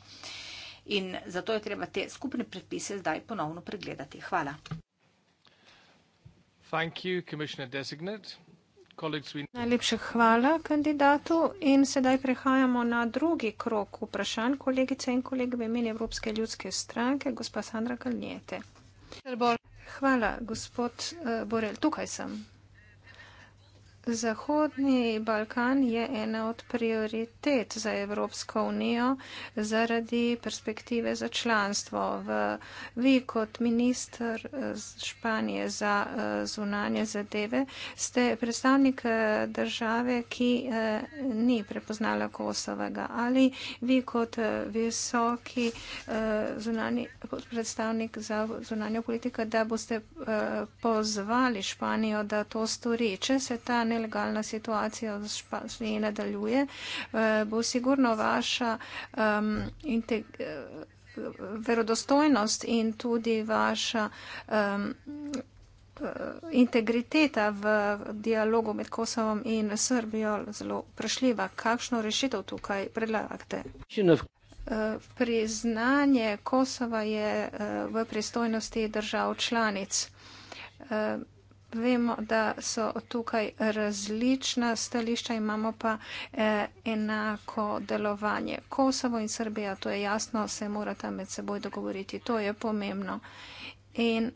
In zato je treba te skupne predpise zdaj ponovno pregledati. Hvala. Thank you, Commissioner Designate. Najlepša hvala kandidatu in sedaj prehajamo na drugi krok vprašanj kolegice in kolege v imeni Evropske ljudske stranke, gospa Sandra Kalnjete. Hvala, gospod eh, Borel, tukaj sem. Zahodni Balkan je ena od prioritet za Evropsko unijo zaradi perspektive za članstvo. V, vi kot minister eh, Španije za eh, zunanje zadeve ste predstavnik eh, države, ki ni prepoznala Kosovega. Ali vi kot visoki zunani, predstavnik za zunanjo politiko, da boste pozvali Španijo, da to stori? nelegalna situacija še nadaljuje, eh, bo sigurno vaša um, verodostojnost in tudi vaša. Um, integriteta v dialogu med Kosovom in Srbijo zelo prešljiva. Kakšno rešitev tukaj predlagate? Priznanje Kosova je v pristojnosti držav članic. Vemo, da so tukaj različna stališča, imamo pa eh, enako delovanje. Kosovo in Srbija, to je jasno, se morata med seboj dogovoriti, to je pomembno. In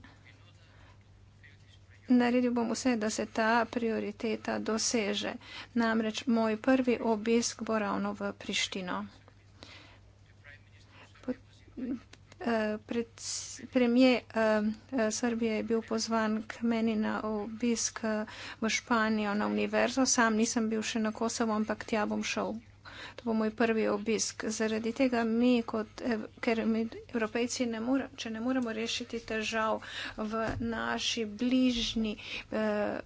naredil bom vse, da se ta prioriteta doseže. Namreč moj prvi obisk bo ravno v Prištino pred, premije uh, eh, eh, Srbije je bil pozvan k meni na obisk eh, v Španijo na univerzo. Sam nisem bil še na Kosovo, ampak tja bom šel. To bo moj prvi obisk. Zaradi tega mi, kot, ker mi evropejci, ne more, če ne moremo rešiti težav v naši bližnji eh,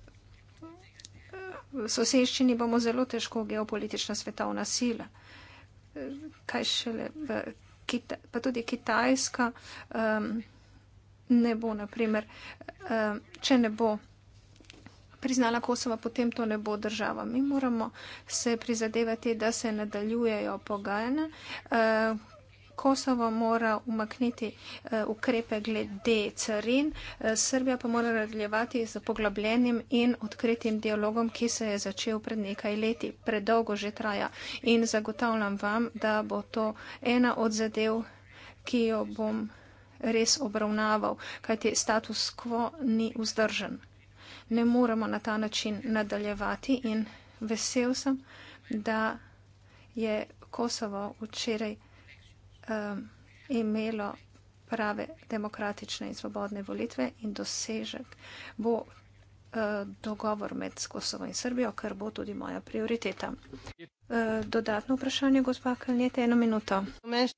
soseščini, bomo zelo težko geopolitična svetovna sila. Kaj šele v pa tudi Kitajska um, ne bo, naprimer, um, če ne bo priznala Kosova, potem to ne bo država. Mi moramo se prizadevati, da se nadaljujejo pogajanja. Uh, Kosovo mora umakniti eh, ukrepe glede carin, eh, Srbija pa mora nadaljevati z poglobljenim in odkritim dialogom, ki se je začel pred nekaj leti. Predolgo že traja in zagotavljam vam, da bo to ena od zadev, ki jo bom res obravnaval, kajti status quo ni vzdržen. Ne moremo na ta način nadaljevati in vesel sem, da je Kosovo včeraj um, imelo prave demokratične in svobodne volitve in dosežek bo uh, dogovor med Kosovo in Srbijo, kar bo tudi moja prioriteta. Uh, dodatno vprašanje, gospa Kalnjete, eno minuto.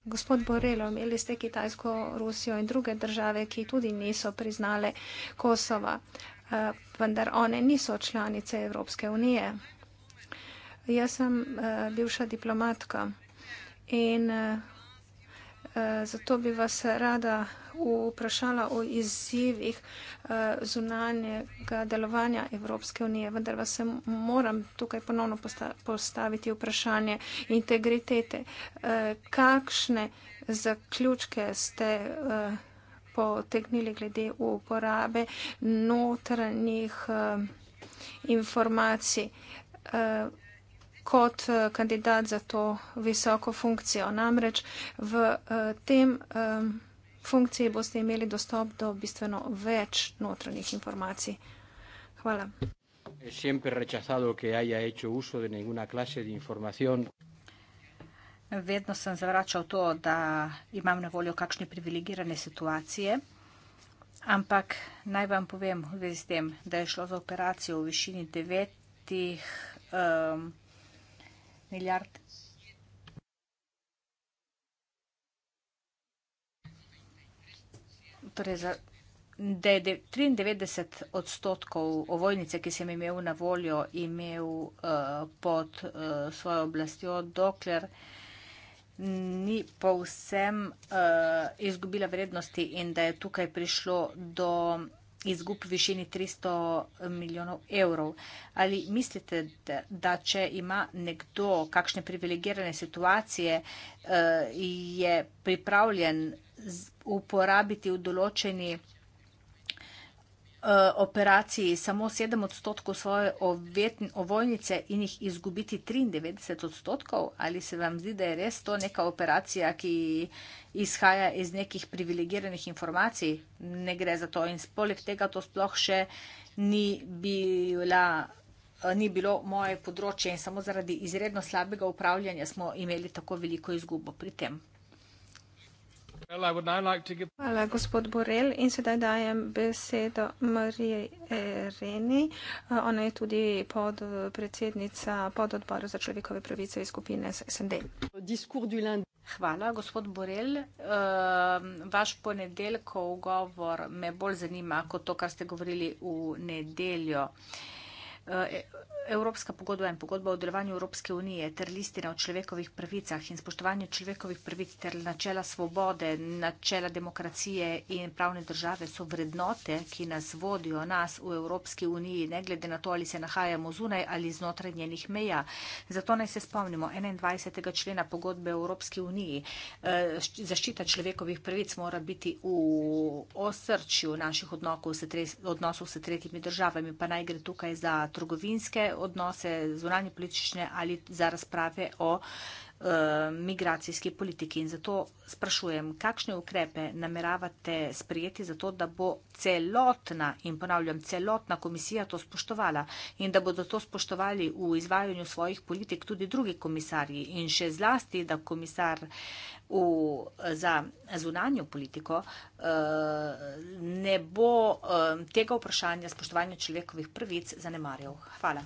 Gospod Borelo, imeli ste Kitajsko, Rusijo in druge države, ki tudi niso priznale Kosova, uh, vendar one niso članice Evropske unije. Jaz sem bivša diplomatka in Eh, zato bi vas rada vprašala o izzivih eh, zunanjega delovanja Evropske unije, vendar vas moram tukaj ponovno postaviti vprašanje integritete. Eh, kakšne zaključke ste potegnili glede uporabe notranjih informacij? kot eh, kandidat za to visoko funkcijo. Namreč v eh, tem eh, funkciji boste imeli dostop do bistveno več notranjih informacij. Hvala. Siempre he rechazado que haya hecho uso de ninguna clase de información. Vedno sem zavračal to, da imam na voljo kakšne privilegirane situacije, ampak naj vam povem v zvezi s tem, da je šlo za operacijo v višini devetih. Um, миллиард. Torej za, da je 93 odstotkov ovojnice, ki sem imel na voljo, imel uh, pod uh, svojo oblastjo, dokler ni povsem uh, izgubila vrednosti in da je tukaj prišlo do izgub v višini 300 milijonov evrov. Ali mislite, da če ima nekdo kakšne privilegirane situacije, eh, je pripravljen uporabiti v določeni Eh, operaciji samo 7 odstotkov svoje ovetn, ovojnice in jih izgubiti 93 odstotkov? Ali se vam zdi, da je res to neka operacija, ki izhaja iz nekih privilegiranih informacij? Ne gre za to. In poleg tega to sploh še ni, bila, eh, ni bilo moje področje in samo zaradi izredno slabega upravljanja smo imeli tako veliko izgubo pri tem. Hvala, gospod Borel. In sedaj dajem besedo Mariji Reni. Ona je tudi podpredsednica pododbora za človekove pravice iz skupine SND. Hvala, gospod Borel. Ehm, vaš ponedeljkov govor me bolj zanima kot to, kar ste govorili v nedeljo. Eh, Evropska pogodba in pogodba o delovanju Evropske unije ter listina o človekovih pravicah in spoštovanju človekovih pravic ter načela svobode, načela demokracije in pravne države so vrednote, ki nas vodijo nas v Evropski uniji, ne glede na to, ali se nahajamo zunaj ali znotraj njenih meja. Zato naj se spomnimo 21. člena pogodbe Evropske unije. Eh, zaščita človekovih pravic mora biti v osrčju naših odnosov s tretjimi državami, pa naj gre tukaj za trgovinske odnose, zvonanje politične ali za razprave o eh, migracijski politiki. In zato sprašujem, kakšne ukrepe nameravate sprejeti za to, da bo celotna in ponavljam, celotna komisija to spoštovala in da bodo to spoštovali v izvajanju svojih politik tudi drugi komisarji in še zlasti, da komisar v, za zunanjo politiko, eh, ne bo eh, tega vprašanja spoštovanja človekovih prvic zanemarjal. Hvala.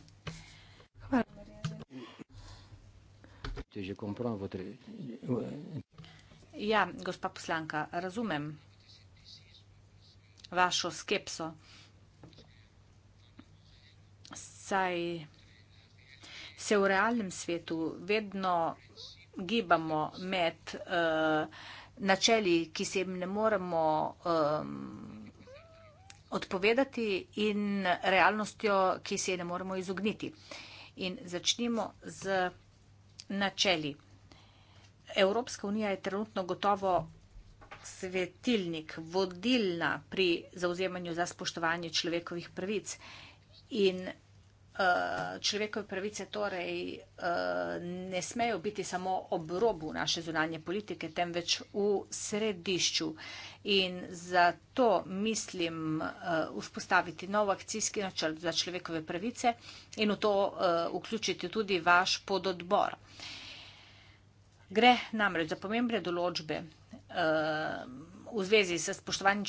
Ja, gospa poslanka, razumem vašo skepso. Saj se v realnem svetu vedno gibamo med uh, načeli, ki se jim ne moremo um, odpovedati in realnostjo, ki se je ne moremo izogniti. In začnimo z načeli. Evropska unija je trenutno gotovo svetilnik, vodilna pri zauzemanju za spoštovanje človekovih pravic in Eh, človekove pravice torej eh, ne smejo biti samo ob robu naše zunanje politike, temveč v središču. In zato mislim eh, vzpostaviti nov akcijski načrt za človekove pravice in v to vključiti tudi vaš pododbor. Gre namreč za pomembne določbe v zvezi s spoštovanjem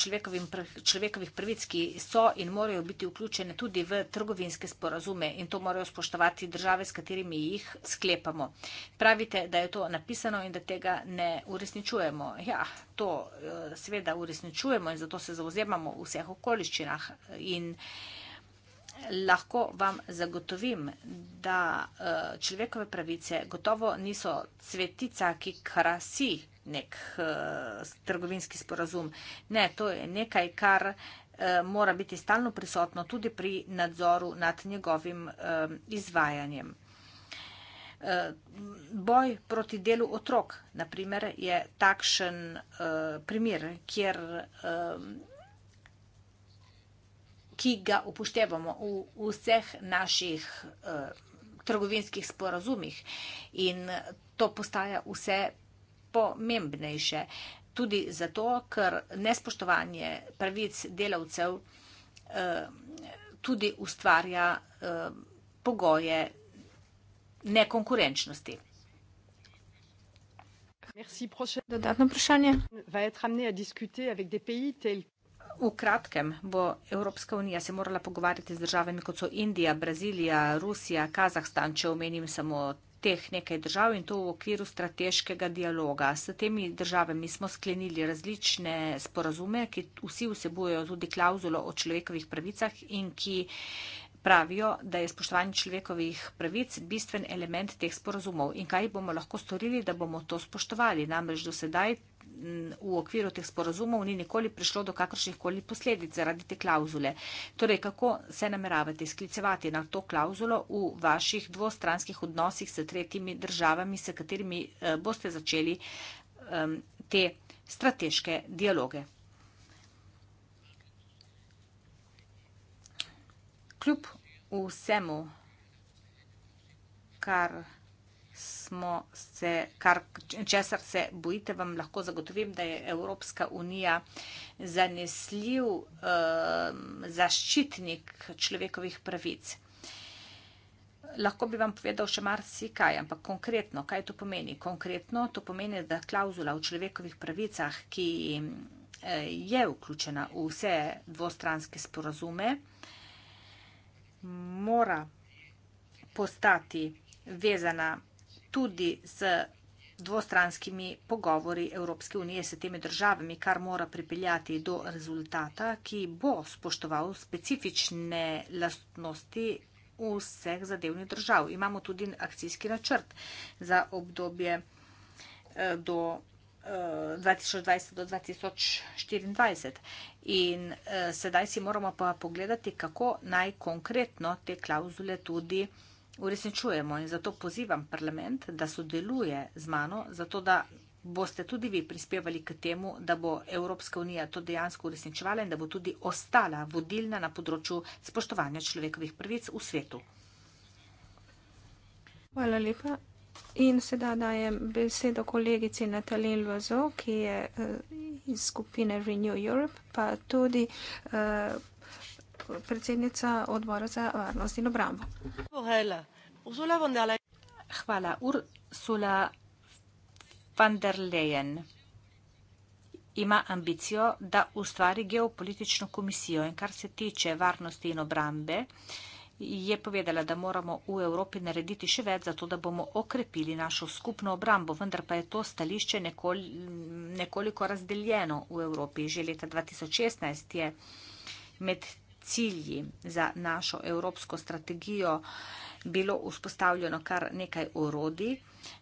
človekovih prvic, ki so in morajo biti vključene tudi v trgovinske sporazume in to morajo spoštovati države, s katerimi jih sklepamo. Pravite, da je to napisano in da tega ne uresničujemo. Ja, to eh, seveda uresničujemo in zato se zauzemamo v vseh okoliščinah in eh, lahko vam zagotovim, da eh, človekove pravice gotovo niso cvetica, ki krasi človekov nek uh, trgovinski sporazum. Ne, to je nekaj, kar eh, mora biti stalno prisotno tudi pri nadzoru nad njegovim eh, izvajanjem. Boj proti delu otrok, na primer, je takšen primer, kjer, ki ga upoštevamo v vseh naših trgovinskih sporazumih in to postaja vse pomembnejše. Tudi zato, ker nespoštovanje pravic delavcev eh, tudi ustvarja eh, pogoje nekonkurenčnosti. Dodatno vprašanje. V kratkem bo Evropska unija se morala pogovarjati z državami, kot so Indija, Brazilija, Rusija, Kazahstan, če omenim samo teh nekaj držav in to v okviru strateškega dialoga. S temi državami smo sklenili različne sporazume, ki vsi vsebujejo tudi klauzulo o človekovih pravicah in ki pravijo, da je spoštovanje človekovih pravic bistven element teh sporazumov in kaj bomo lahko storili, da bomo to spoštovali. Namreč do sedaj v okviru teh sporazumov ni nikoli prišlo do kakršnih koli posledic zaradi te klauzule. Torej, kako se nameravate sklicevati na to klauzulo v vaših dvostranskih odnosih s tretjimi državami, s katerimi eh, boste začeli te strateške dialoge? Kljub vsemu, kar smo se, kar, česar se bojite, vam lahko zagotovim, da je Evropska unija zanesljiv eh, zaščitnik človekovih pravic. Lahko bi vam povedal še marsikaj, ampak konkretno, kaj to pomeni? Konkretno to pomeni, da klauzula v človekovih pravicah, ki eh, je vključena v vse dvostranske sporazume, mora postati vezana tudi z dvostranskimi pogovori Evropske unije s temi državami, kar mora pripeljati do rezultata, ki bo spoštoval specifične lastnosti vseh zadevnih držav. Imamo tudi akcijski načrt za obdobje eh, do 2020 eh, do 2024. In eh, sedaj si moramo pa pogledati, kako naj konkretno te klauzule tudi uresničujemo in zato pozivam parlament, da sodeluje z mano, zato da boste tudi vi prispevali k temu, da bo Evropska unija to dejansko uresničevala in da bo tudi ostala vodilna na področju spoštovanja človekovih prvic v svetu. Hvala lepa. In sedaj dajem besedo kolegici Natalin Loazov, ki je eh, iz skupine Renew Europe, pa tudi eh, predsednica odbora za varnost in obrambo. Hvala. Ursula von der Leyen ima ambicijo, da ustvari geopolitično komisijo. In kar se tiče varnosti in obrambe, je povedala, da moramo v Evropi narediti še več za to, da bomo okrepili našo skupno obrambo. Vendar pa je to stališče nekol nekoliko razdeljeno v Evropi. Že leta 2016 je med cilji za našo evropsko strategijo bilo vzpostavljeno kar nekaj orodij,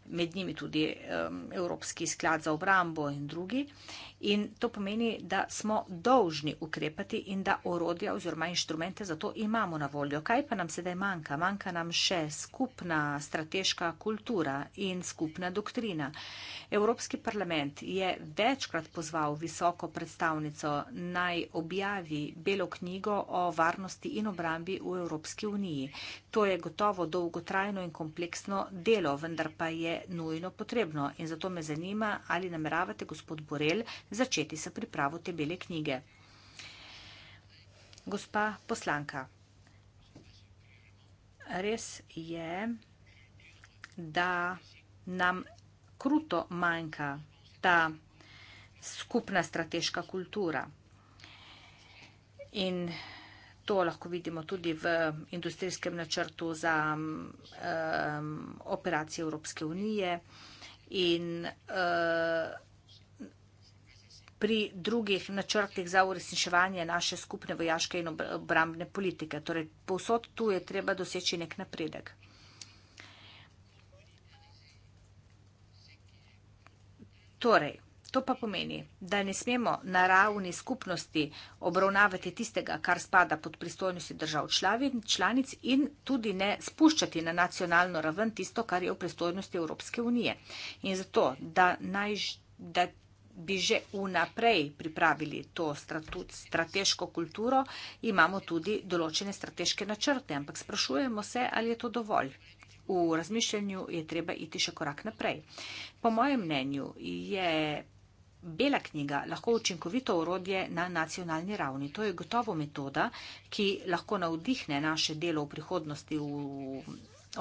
med njimi tudi um, Evropski sklad za obrambo in drugi. In to pomeni, da smo dolžni ukrepati in da orodja oziroma inštrumente za to imamo na voljo. Kaj pa nam sedaj manjka? Manjka nam še skupna strateška kultura in skupna doktrina. Evropski parlament je večkrat pozval visoko predstavnico naj objavi belo knjigo o varnosti in obrambi v Evropski uniji. To je gotovo dolgotrajno in kompleksno delo, vendar pa je nujno potrebno in zato me zanima, ali nameravate, gospod Borel, začeti sa pripravo te bele knjige. Gospa poslanka, res je, da nam kruto manjka ta skupna strateška kultura. In To lahko vidimo tudi v industrijskem načrtu za um, operacije Evropske unije in uh, pri drugih načrtih za uresničevanje naše skupne vojaške in obrambne politike. Torej, povsod tu je treba doseči nek napredek. Torej, To pa pomeni, da ne smemo na ravni skupnosti obravnavati tistega, kar spada pod pristojnosti držav članic in tudi ne spuščati na nacionalno raven tisto, kar je v pristojnosti Evropske unije. In zato, da, naj, da bi že unaprej pripravili to strateško kulturo, imamo tudi določene strateške načrte, ampak sprašujemo se, ali je to dovolj. V razmišljanju je treba iti še korak naprej. Po mojem mnenju je Bela knjiga lahko učinkovito urodje na nacionalni ravni. To je gotovo metoda, ki lahko navdihne naše delo v prihodnosti v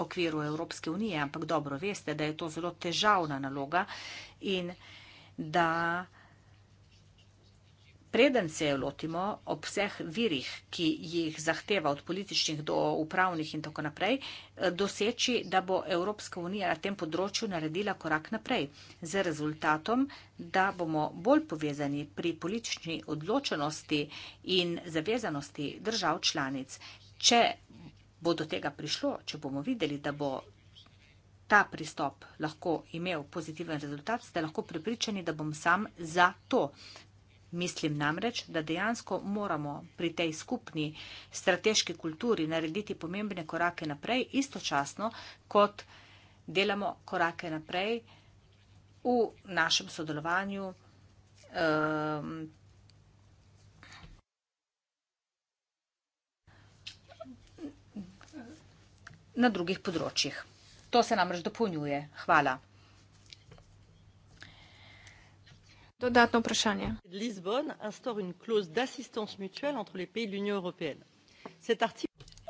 okviru Evropske unije, ampak dobro veste, da je to zelo težavna naloga in da Preden se jo lotimo ob vseh virih, ki jih zahteva od političnih do upravnih in tako naprej, eh, doseči, da bo Evropska unija na tem področju naredila korak naprej z rezultatom, da bomo bolj povezani pri politični odločenosti in zavezanosti držav članic. Če bo do tega prišlo, če bomo videli, da bo ta pristop lahko imel pozitiven rezultat, ste lahko pripričani, da bom sam za to. Mislim namreč, da dejansko moramo pri tej skupni strateški kulturi narediti pomembne korake naprej, istočasno kot delamo korake naprej v našem sodelovanju. Um, Na drugih področjih. To se namreč dopolnjuje. Hvala. Dodatno vprašanje.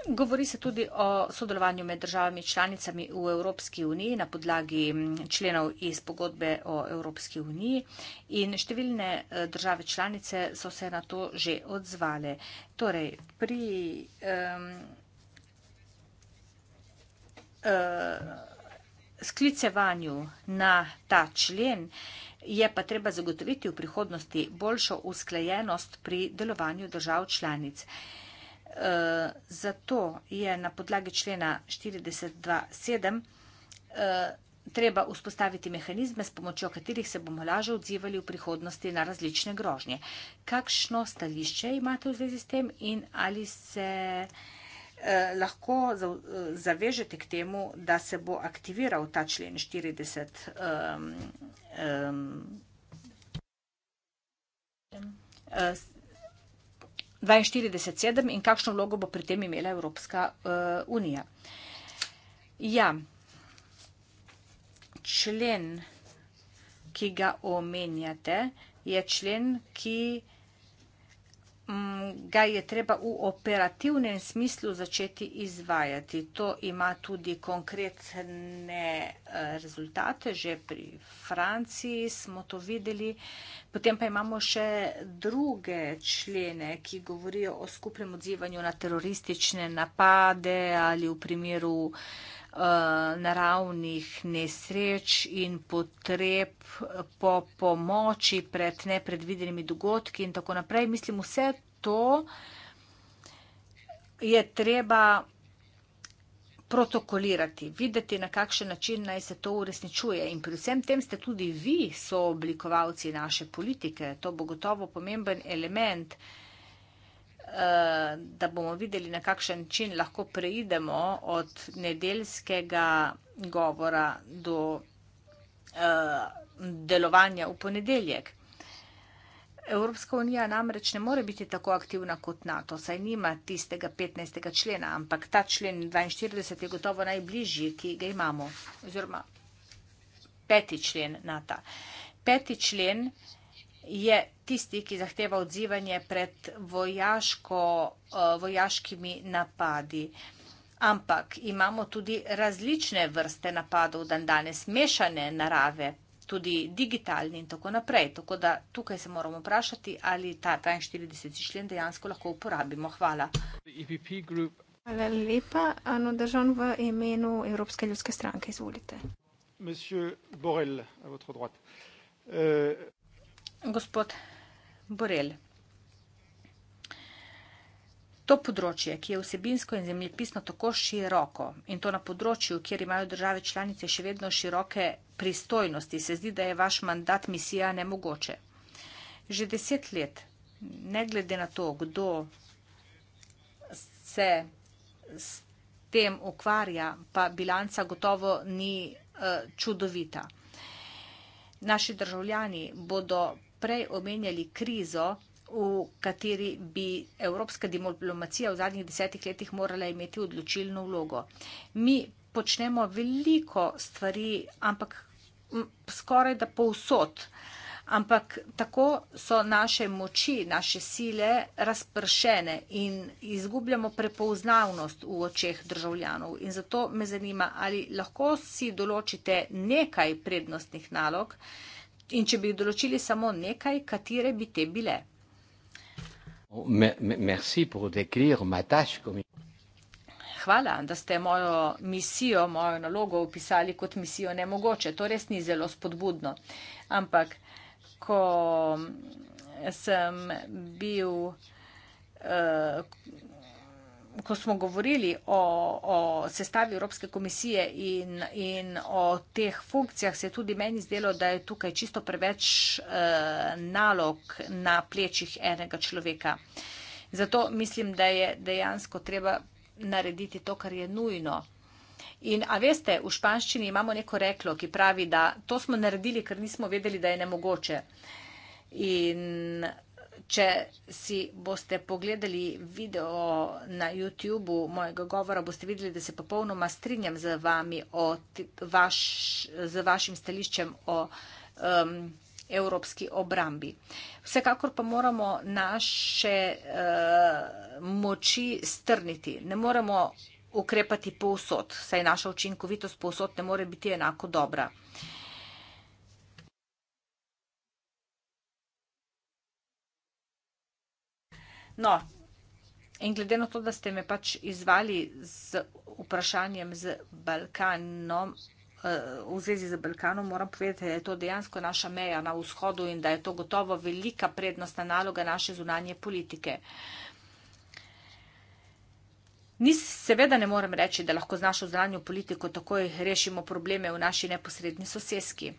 Govori se tudi o sodelovanju med državami članicami v Evropski uniji na podlagi členov iz pogodbe o Evropski uniji in številne e, države članice so se na to že odzvale. Torej, pri um, uh, sklicevanju na ta člen uh, je pa treba zagotoviti v prihodnosti boljšo usklajenost pri delovanju držav članic. E, zato je na podlagi člena 42.7 e, treba vzpostaviti mehanizme, s pomočjo katerih se bomo lažje odzivali v prihodnosti na različne grožnje. Kakšno stališče imate v zvezi s tem in ali se... Eh, lahko eh, zavežete k temu, da se bo aktiviral ta člen 40. Um, um, 42.7 in kakšno vlogo bo pri tem imela Evropska uh, unija. Ja, člen, ki ga omenjate, je člen, ki Mm, ga je treba v operativnem smislu začeti izvajati. To ima tudi konkretne eh, rezultate, že pri Franciji smo to videli. Potem pa imamo še druge člene, ki govorijo o skupnem odzivanju na teroristične napade ali v primeru uh, uh, naravnih nesreč in potreb po pomoči pred nepredvidenimi dogodki in tako naprej. Mislim, vse to je treba protokolirati, videti na kakšen način naj se to uresničuje. In pri vsem tem ste tudi vi sooblikovalci naše politike. To bo gotovo pomemben element. Uh, Eh, da bomo videli, na kakšen način lahko preidemo od nedeljskega govora do eh, delovanja v ponedeljek. Evropska unija namreč ne more biti tako aktivna kot NATO, saj nima tistega 15. člena, ampak ta člen 42 je gotovo najbližji, ki ga imamo, oziroma peti člen NATO. Peti člen je tisti, ki zahteva odzivanje pred vojaško, eh, vojaškimi napadi. Ampak imamo tudi različne vrste napadov dan danes, mešane narave, tudi digitalni in tako naprej. Tako da tukaj se moramo vprašati, ali ta 42. člen dejansko lahko uporabimo. Hvala. E Hvala lepa. Ano držan v imenu Evropske ljudske stranke. Izvolite. Monsieur Borel, a votre droite. Uh... Gospod Borel, to področje, ki je vsebinsko in zemljepisno tako široko in to na področju, kjer imajo države članice še vedno široke pristojnosti, se zdi, da je vaš mandat misija nemogoče. Že deset let, ne glede na to, kdo se s tem ukvarja, pa bilanca gotovo ni uh, čudovita. Naši državljani bodo prej omenjali krizo, v kateri bi evropska diplomacija v zadnjih desetih letih morala imeti odločilno vlogo. Mi počnemo veliko stvari, ampak skoraj da povsod. Ampak tako so naše moči, naše sile razpršene in izgubljamo prepoznavnost v očeh državljanov. In zato me zanima, ali lahko si določite nekaj prednostnih nalog, In če bi določili samo nekaj, katere bi te bile? Oh, Hvala, da ste mojo misijo, mojo nalogo opisali kot misijo nemogoče. To res ni zelo spodbudno. Ampak, ko sem bil. Uh, ko smo govorili o, o sestavi Evropske komisije in, in o teh funkcijah, se je tudi meni zdelo, da je tukaj čisto preveč eh, nalog na plečih enega človeka. Zato mislim, da je dejansko treba narediti to, kar je nujno. In a veste, v španščini imamo neko reklo, ki pravi, da to smo naredili, ker nismo vedeli, da je nemogoče. In če si boste pogledali video na YouTubu mojega govora, boste videli, da se popolnoma strinjam z vami o vaš, z vašim stališčem o um, evropski obrambi. Vsekakor pa moramo naše uh, moči strniti. Ne moramo ukrepati povsod, saj naša učinkovitost povsod ne more biti enako dobra. Uh, No, in glede na to, da ste me pač izvali z vprašanjem z Balkanom, eh, v zvezi z Balkanom, moram povedati, da je to dejansko naša meja na vzhodu in da je to gotovo velika prednostna naloga naše zunanje politike. Ni, seveda ne morem reči, da lahko z našo zranjo politiko takoj rešimo probleme v naši neposredni soseski.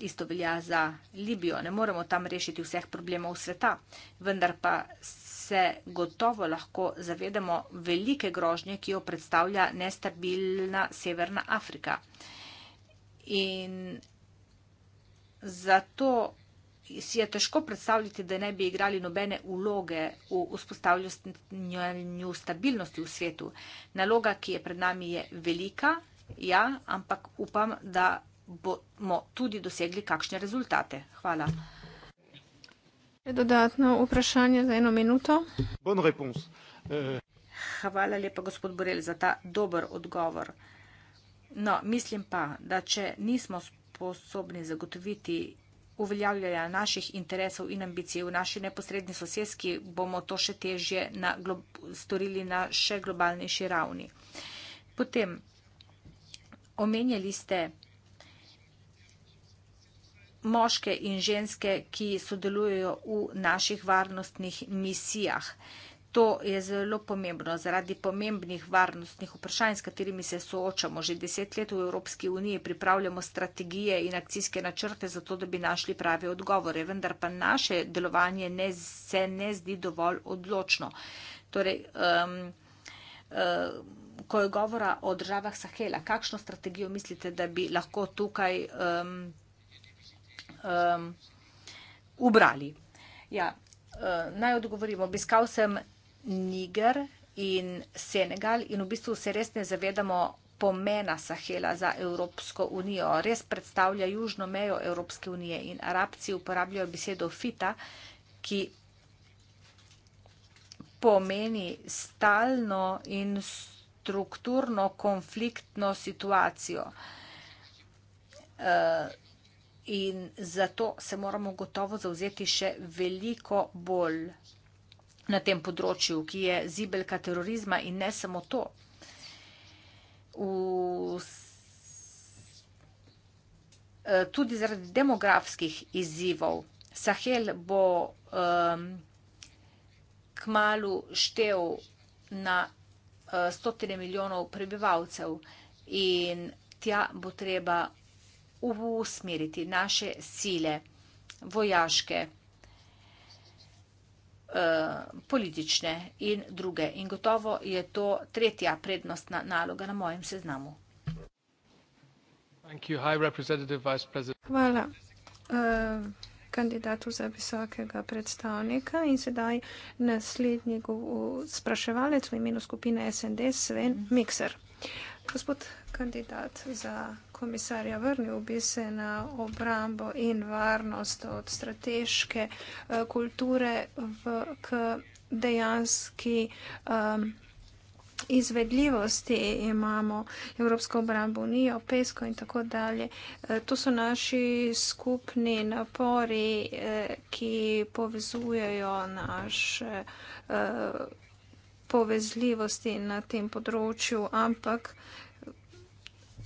Isto velja za Libijo. Ne moremo tam rešiti vseh problemov sveta, vendar pa se gotovo lahko zavedamo velike grožnje, ki jo predstavlja nestabilna Severna Afrika. In zato si je težko predstavljati, da ne bi igrali nobene vloge v vzpostavljanju stabilnosti v svetu. Naloga, ki je pred nami, je velika, ja, ampak upam, da bomo tudi dosegli kakšne rezultate. Hvala. Je dodatno vprašanje za eno minuto? Bon repons. Euh. Hvala lepa, gospod Borel, za ta dober odgovor. No, mislim pa, da če nismo sposobni zagotoviti uveljavljanja naših interesov in ambicij v naši neposredni sosedski, bomo to še težje na, storili na še globalnejši ravni. Potem, omenjali ste moške in ženske, ki sodelujejo v naših varnostnih misijah. To je zelo pomembno zaradi pomembnih varnostnih vprašanj, s katerimi se soočamo. Že deset let v Evropski uniji pripravljamo strategije in akcijske načrte za to, da bi našli prave odgovore, vendar pa naše delovanje ne, se ne zdi dovolj odločno. Torej, um, um, ko je govora o državah Sahela, kakšno strategijo mislite, da bi lahko tukaj. Um, um, ubrali. Ja, uh, naj odgovorim. Obiskal sem Niger in Senegal in v bistvu se res ne zavedamo pomena Sahela za Evropsko unijo. Res predstavlja južno mejo Evropske unije in arabci uporabljajo besedo fita, ki pomeni stalno in strukturno konfliktno situacijo. Uh, in zato se moramo gotovo zauzeti še veliko bolj na tem področju, ki je zibelka terorizma in ne samo to. V... Eh, tudi zaradi demografskih izzivov. Sahel bo um, ehm, kmalo štev na uh, stotine milijonov prebivalcev in tja bo treba usmeriti naše sile, vojaške, eh, politične in druge. In gotovo je to tretja prednostna naloga na mojem seznamu. Hvala eh, kandidatu za visokega predstavnika in sedaj naslednji spraševalec v imenu skupine SND Sven mhm. Mikser. Gospod kandidat za komisarja vrnil, bi se na obrambo in varnost od strateške eh, kulture v, k dejanski um, izvedljivosti. Imamo Evropsko obrambo unijo, pesko in tako dalje. Eh, to so naši skupni napori, eh, ki povezujejo naš. Uh, povezljivosti na tem področju, ampak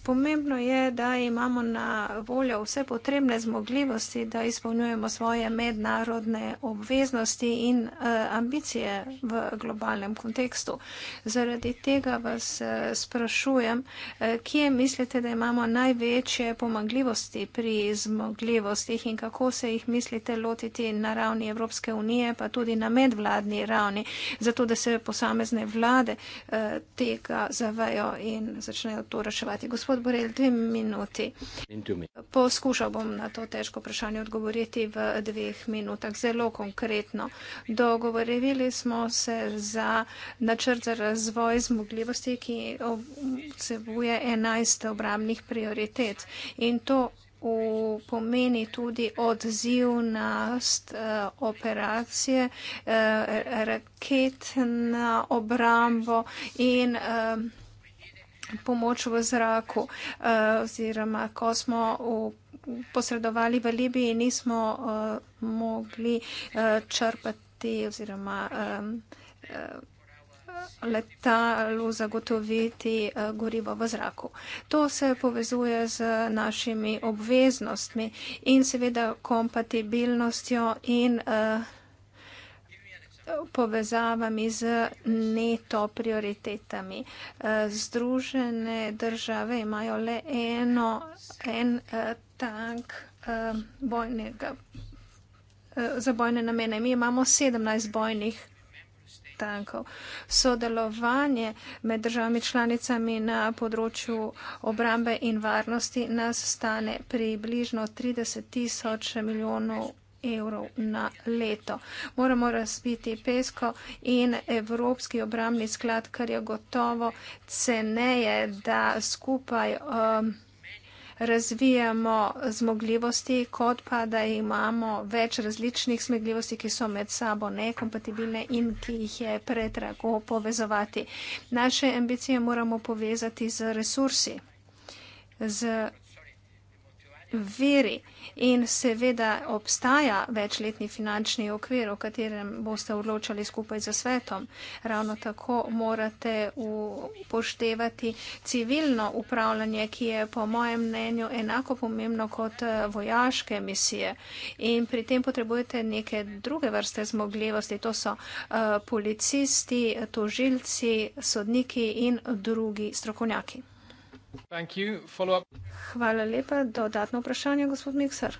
Pomembno je, da imamo na voljo vse potrebne zmogljivosti, da izpolnjujemo svoje mednarodne obveznosti in uh, ambicije v globalnem kontekstu. Zaradi tega vas uh, sprašujem, uh, kje mislite, da imamo največje pomagljivosti pri zmogljivostih in kako se jih mislite lotiti na ravni Evropske unije, pa tudi na medvladni ravni, zato da se posamezne vlade uh, tega zavejo in začnejo to reševati. Gospod gospod Borel, dve minuti. Poskušal bom na to težko vprašanje odgovoriti v dveh minutah. Zelo konkretno. Dogovorili smo se za načrt za razvoj zmogljivosti, ki vsebuje 11 obramnih prioritet. In to v pomeni tudi odzivnost uh, eh, operacije, uh, raket na obrambo in uh, pomoč v zraku eh, oziroma ko smo v posredovali v Libiji in nismo uh, mogli uh, črpati oziroma uh, uh, letalu zagotoviti uh, gorivo v zraku. To se povezuje z našimi obveznostmi in seveda kompatibilnostjo in uh, povezavami z neto prioritetami. Združene države imajo le eno, en eh, tank eh, bojnega, eh, za bojne namene. Mi imamo 17 bojnih tankov. Sodelovanje med državami članicami na področju obrambe in varnosti nas stane približno 30 tisoč milijonov evrov na leto. Moramo razbiti pesko in Evropski obramni sklad, kar je gotovo ceneje, da skupaj um, razvijamo zmogljivosti, kot pa da imamo več različnih zmogljivosti, ki so med sabo nekompatibilne in ki jih je pretrago povezovati. Naše ambicije moramo povezati z resursi, z veri. In seveda obstaja večletni finančni okvir, o katerem boste odločali skupaj z svetom. Ravno tako morate upoštevati civilno upravljanje, ki je po mojem mnenju enako pomembno kot eh, vojaške misije. In pri tem potrebujete neke druge vrste zmogljivosti. To so eh, policisti, tožilci, sodniki in drugi strokovnjaki. Hvala lepa. Dodatno vprašanje, gospod Mikser.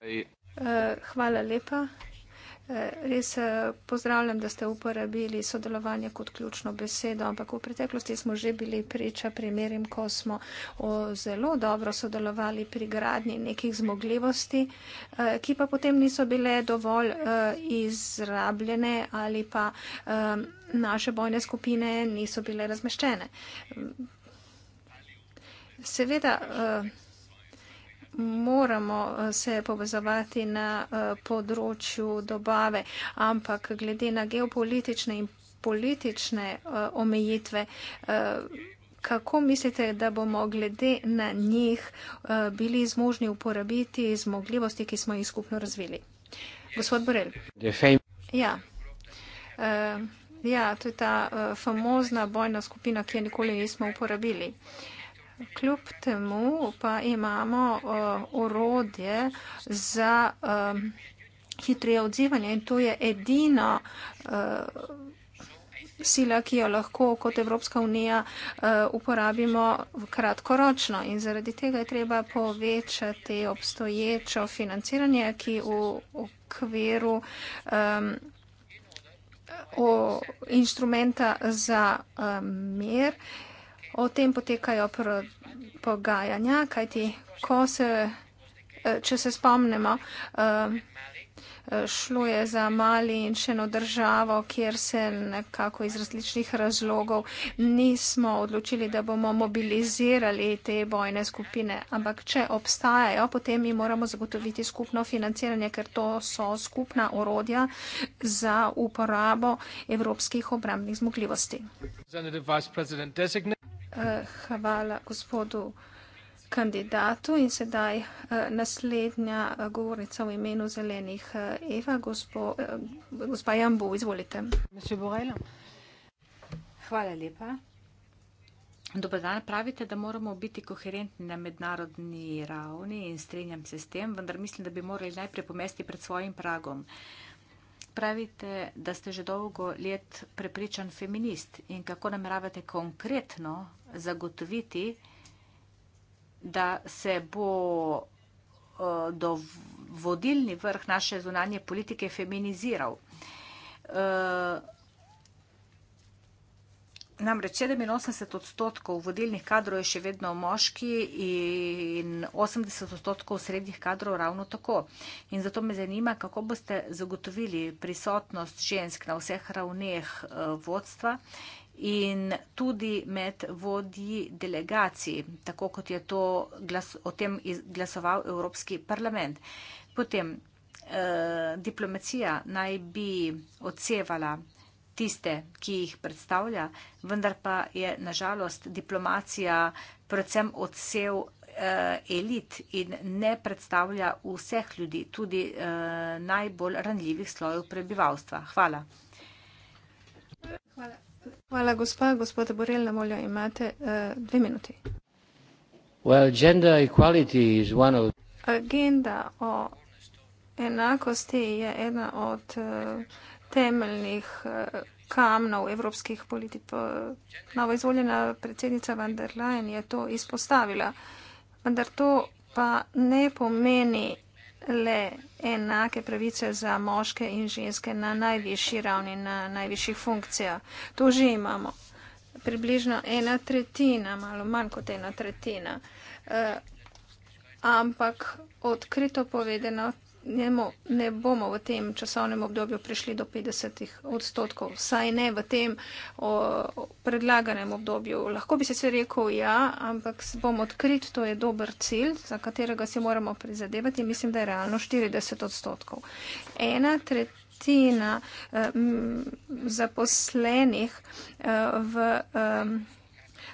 Eh, hvala lepa. Eh, res eh, pozdravljam, da ste uporabili sodelovanje kot ključno besedo, ampak v preteklosti smo že bili priča primerim, ko smo zelo dobro sodelovali pri gradnji nekih zmogljivosti, ki pa potem niso bile dovolj izrabljene ali pa naše bojne skupine niso bile razmeščene. Seveda eh, moramo eh, se povezovati na eh, področju dobave, ampak glede na geopolitične in politične omejitve, kako mislite, da bomo glede na njih bili zmožni uporabiti zmogljivosti, ki smo jih skupno razvili? Gospod Borel. Ja. Ja, to je ta famozna bojna skupina, ki je nikoli nismo uporabili. Kljub temu pa imamo uh, orodje za um, hitreje odzivanje in to je edina uh, sila, ki jo lahko kot Evropska unija uh, uporabimo kratkoročno. In zaradi tega je treba povečati obstoječo financiranje, ki v okviru. Um, O inštrumenta za um, mir O tem potekajo pro, pogajanja, kajti ko se, eh, če se spomnimo, eh, šlo je za Mali in še eno državo, kjer se nekako iz različnih razlogov nismo odločili, da bomo mobilizirali te bojne skupine. Ampak če obstajajo, potem mi moramo zagotoviti skupno financiranje, ker to so skupna orodja za uporabo evropskih obrambnih zmogljivosti eh, hvala gospodu kandidatu in sedaj eh, naslednja eh, govornica v imenu zelenih eh, Eva, gospo, eh, gospa Jambu, izvolite. Hvala lepa. Dobro dan, pravite, da moramo biti koherentni na mednarodni ravni in strenjam se s tem, vendar mislim, da bi morali najprej pomesti pred svojim pragom. Pravite, da ste že dolgo let prepričan feminist in kako nameravate konkretno zagotoviti, da se bo eh, do vodilni vrh naše zunanje politike feminiziral. Eh, namreč 87 odstotkov vodilnih kadrov je še vedno moški in 80 odstotkov srednjih kadrov ravno tako. In zato me zanima, kako boste zagotovili prisotnost žensk na vseh ravneh eh, vodstva in tudi med vodji delegacij, tako kot je to glas, o tem glasoval Evropski parlament. Potem eh, diplomacija naj bi odsevala tiste, ki jih predstavlja, vendar pa je nažalost diplomacija predvsem odsev eh, elit in ne predstavlja vseh ljudi, tudi eh, najbolj ranljivih slojev prebivalstva. Hvala. Hvala. Hvala, gospa. Gospod Borel, na voljo imate uh, dve minuti. Well, of... Agenda o enakosti je ena od uh, temeljnih uh, kamnov evropskih politik. Uh, novoizvoljena predsednica van der Leyen je to izpostavila, vendar to pa ne pomeni le enake pravice za moške in ženske na najvišji ravni, na najvišjih funkcijah. To že imamo. Približno ena tretjina, malo manj kot ena tretjina. Uh, ampak odkrito povedano, ne, mo, ne bomo v tem časovnem obdobju prišli do 50 odstotkov, saj ne v tem o, predlaganem obdobju. Lahko bi se se rekel ja, ampak bom odkrit, to je dober cilj, za katerega si moramo prizadevati. Mislim, da je realno 40 odstotkov. Ena tretjina eh, zaposlenih eh, v. Eh,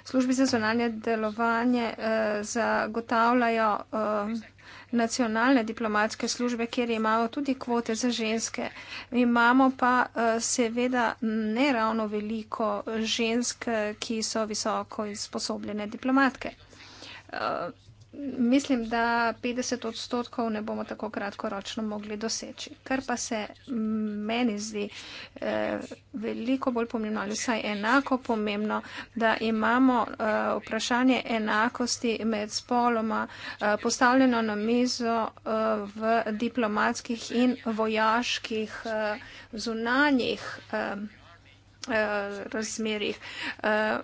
Službi za zonanje delovanje eh, zagotavljajo eh, nacionalne diplomatske službe, kjer imajo tudi kvote za ženske. Imamo pa eh, seveda neravno veliko žensk, eh, ki so visoko izposobljene diplomatke. Eh, mislim, da 50 odstotkov ne bomo tako kratkoročno mogli doseči. Kar pa se meni zdi eh, veliko bolj pomembno ali vsaj enako pomembno, da imamo eh, vprašanje enakosti med spoloma eh, postavljeno na mizo eh, v diplomatskih in vojaških eh, zunanjih. Eh, Eh, razmerih. Eh,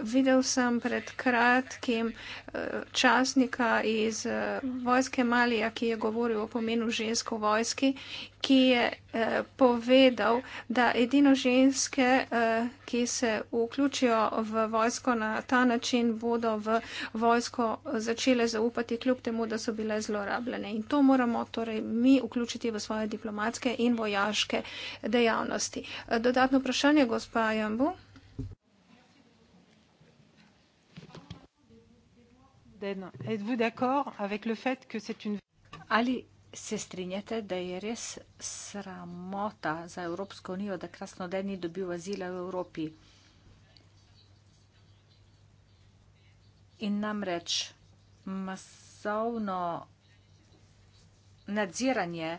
videl sem pred kratkim eh, časnika iz vojske Malija, ki je govoril o pomenu žensko vojski ki je eh, povedal, da edino ženske, eh, ki se vključijo v vojsko na ta način, bodo v vojsko eh, začele zaupati, kljub temu, da so bile zlorabljene. In to moramo torej mi vključiti v svoje diplomatske in vojaške dejavnosti. Eh, dodatno vprašanje, gospa Jambu. Ali se strinjate, da je res sramota za Evropsko unijo, da krasno den ni dobil azila v Evropi. In namreč masovno nadziranje eh,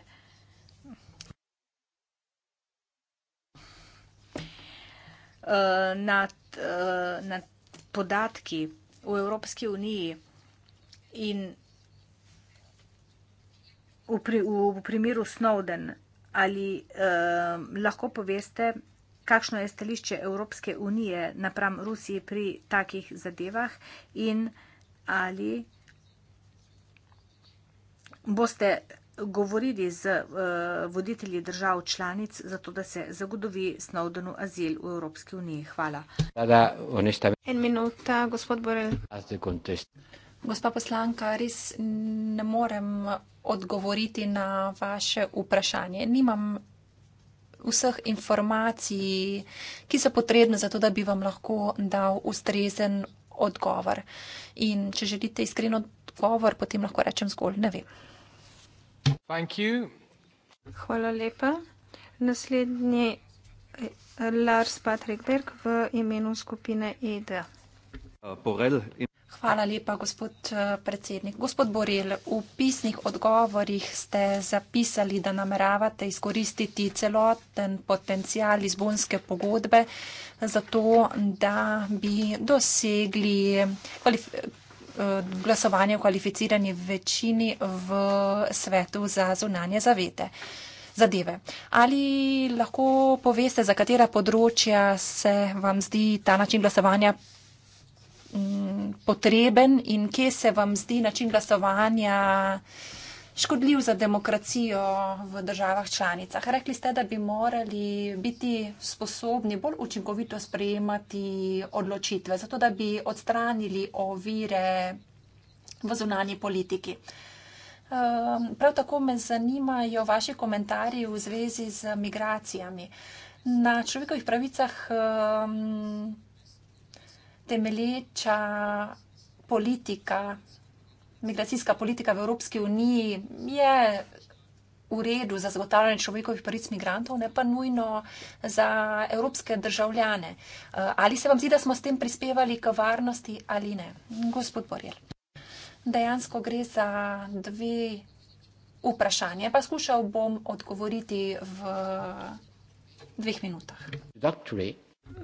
nad, eh, nad podatki v Evropski uniji in v, pri, v primeru Snowden, ali uh, lahko poveste, kakšno je stališče Evropske unije napram Rusiji pri takih zadevah in ali boste govorili z uh, voditelji držav članic, zato da se zagodovi Snowdenu azil v Evropski uniji. Hvala. En minuta, gospod Borel. Gospa poslanka, res ne morem odgovoriti na vaše vprašanje. Nimam vseh informacij, ki so potrebne za to, da bi vam lahko dal ustrezen odgovor. In če želite iskren odgovor, potem lahko rečem zgolj ne vem. Hvala lepa. Naslednji eh, Lars Patrick Berg v imenu skupine ED. Uh, Hvala lepa, gospod eh, predsednik. Gospod Borel, v pisnih odgovorih ste zapisali, da nameravate izkoristiti celoten potencial Lizbonske pogodbe zato, da bi dosegli kvalif eh, glasovanje v kvalificirani večini v svetu za zunanje zavete. Zadeve. Ali lahko poveste, za katera področja se vam zdi ta način glasovanja Mm, potreben in kje se vam zdi način glasovanja škodljiv za demokracijo v državah članicah. Rekli ste, da bi morali biti sposobni bolj učinkovito sprejemati odločitve, zato da bi odstranili ovire v zunanji politiki. Ehm, prav tako me zanimajo vaši komentarji v zvezi z migracijami. Na človekovih pravicah ehm, temelječa politika, migracijska politika v Evropski uniji je v redu za zagotavljanje človekovih pravic migrantov, ne pa nujno za evropske državljane. Eh, ali se vam zdi, da smo s tem prispevali k varnosti ali ne? Gospod Borjel. Dejansko gre za dve vprašanje, pa skušal bom odgovoriti v dveh minutah.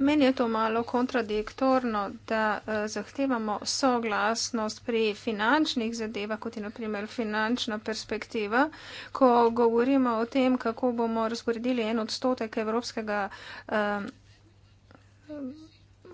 Meni je to malo kontradiktorno, da uh, zahtevamo soglasnost pri finančnih zadevah, kot je naprimer finančna perspektiva, ko govorimo o tem, kako bomo razporedili en odstotek evropskega. Uh,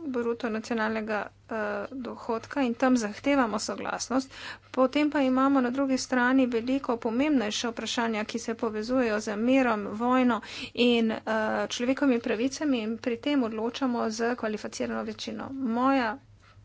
bruto nacionalnega eh, dohodka in tam zahtevamo soglasnost. Potem pa imamo na drugi strani veliko pomembnejše vprašanja, ki se povezujejo z mirom, vojno in eh, človekovimi pravicami in pri tem odločamo z kvalificirano večino. Moja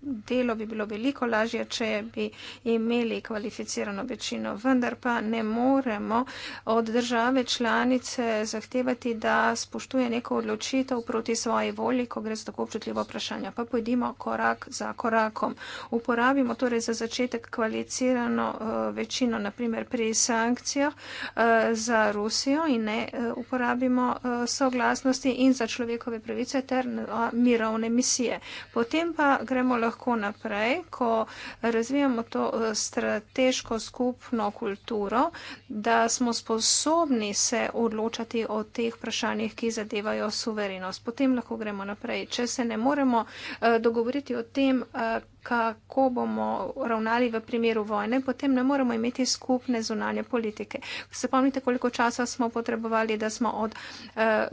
delo bi bilo veliko lažje, če bi imeli kvalificirano večino. Vendar pa ne moremo od države članice zahtevati, da spoštuje neko odločitev proti svoji volji, ko gre za tako občutljivo vprašanje. Pa pojdimo korak za korakom. Uporabimo torej za začetek kvalificirano eh, večino, naprimer pri sankcijah eh, za Rusijo in ne eh, uporabimo soglasnosti in za človekove pravice ter mirovne misije. Potem pa gremo lahko lahko naprej, ko razvijamo to eh, strateško skupno kulturo, da smo sposobni se odločati o teh vprašanjih, ki zadevajo suverenost. Potem lahko gremo naprej. Če se ne moremo eh, dogovoriti o tem, eh, kako bomo ravnali v primeru vojne, potem ne moremo imeti skupne zunanje politike. Se pomnite, koliko časa smo potrebovali, da smo od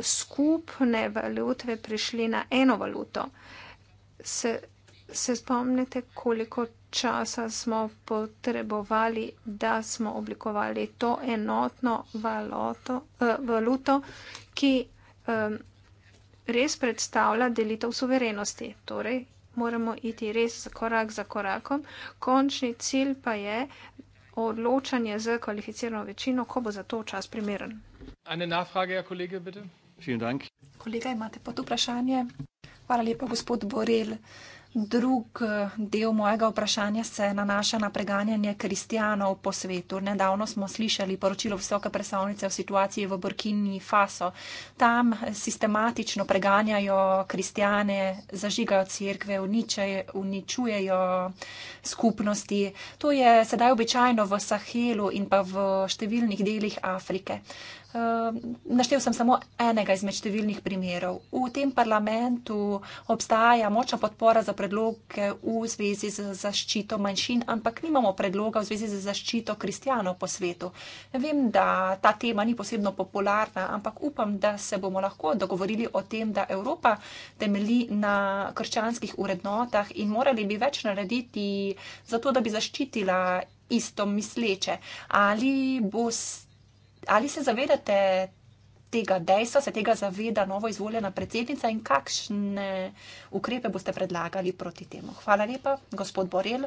skupne valute prišli na eno valuto. Se, se spomnite, koliko časa smo potrebovali, da smo oblikovali to enotno valoto, eh, valuto, ki eh, res predstavlja delitev suverenosti. Torej, moramo iti res korak za korakom. Končni cilj pa je odločanje z kvalificirano večino, ko bo za to čas primeren. Ane nafrage, kolege, bitte. Vielen Dank. Kolega, imate pod vprašanje. Hvala lepa, gospod Borel. Drug eh, del mojega vprašanja se nanaša na preganjanje kristijanov po svetu. Nedavno smo slišali poročilo visoke predstavnice o situaciji v Burkini Faso. Tam eh, sistematično preganjajo kristijane, zažigajo cerkve, uničujejo skupnosti. To je sedaj običajno v Sahelu in pa v številnih delih Afrike. Ehm, naštel sem samo enega izmed številnih primerov. V tem parlamentu obstaja močna podpora za predloge v zvezi z zaščito manjšin, ampak nimamo predloga v zvezi z zaščito kristijanov po svetu. Vem, da ta tema ni posebno popularna, ampak upam, da se bomo lahko dogovorili o tem, da Evropa temeli na krščanskih urednotah in morali bi več narediti zato, da bi zaščitila isto misleče. Ali boste ali se zavedate tega dejstva, se tega zaveda novo izvoljena predsednica in kakšne ukrepe boste predlagali proti temu? Hvala lepa, gospod Borel.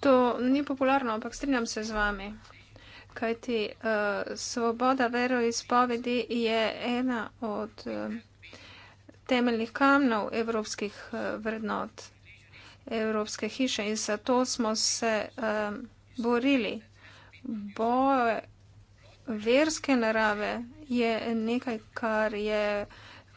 To ni popularno, ampak strinjam se z vami. Kajti uh, svoboda veroizpovedi je ena od uh, temeljnih kamnov evropskih uh, vrednot, evropske hiše in zato smo se uh, borili bo verske narave je nekaj, kar je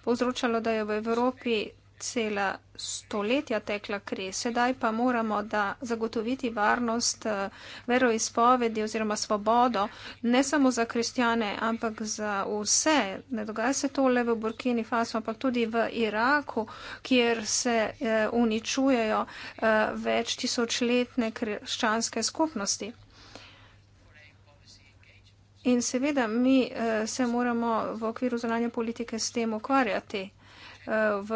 povzročalo, da je v Evropi cela stoletja tekla kri. Sedaj pa moramo da zagotoviti varnost eh, veroizpovedi oziroma svobodo, ne samo za kristjane, ampak za vse. Ne dogaja se to le v Burkini Faso, ampak tudi v Iraku, kjer se eh, uničujejo eh, več tisočletne krščanske skupnosti. In seveda mi uh, se moramo v okviru zunanje politike s tem ukvarjati. Uh, v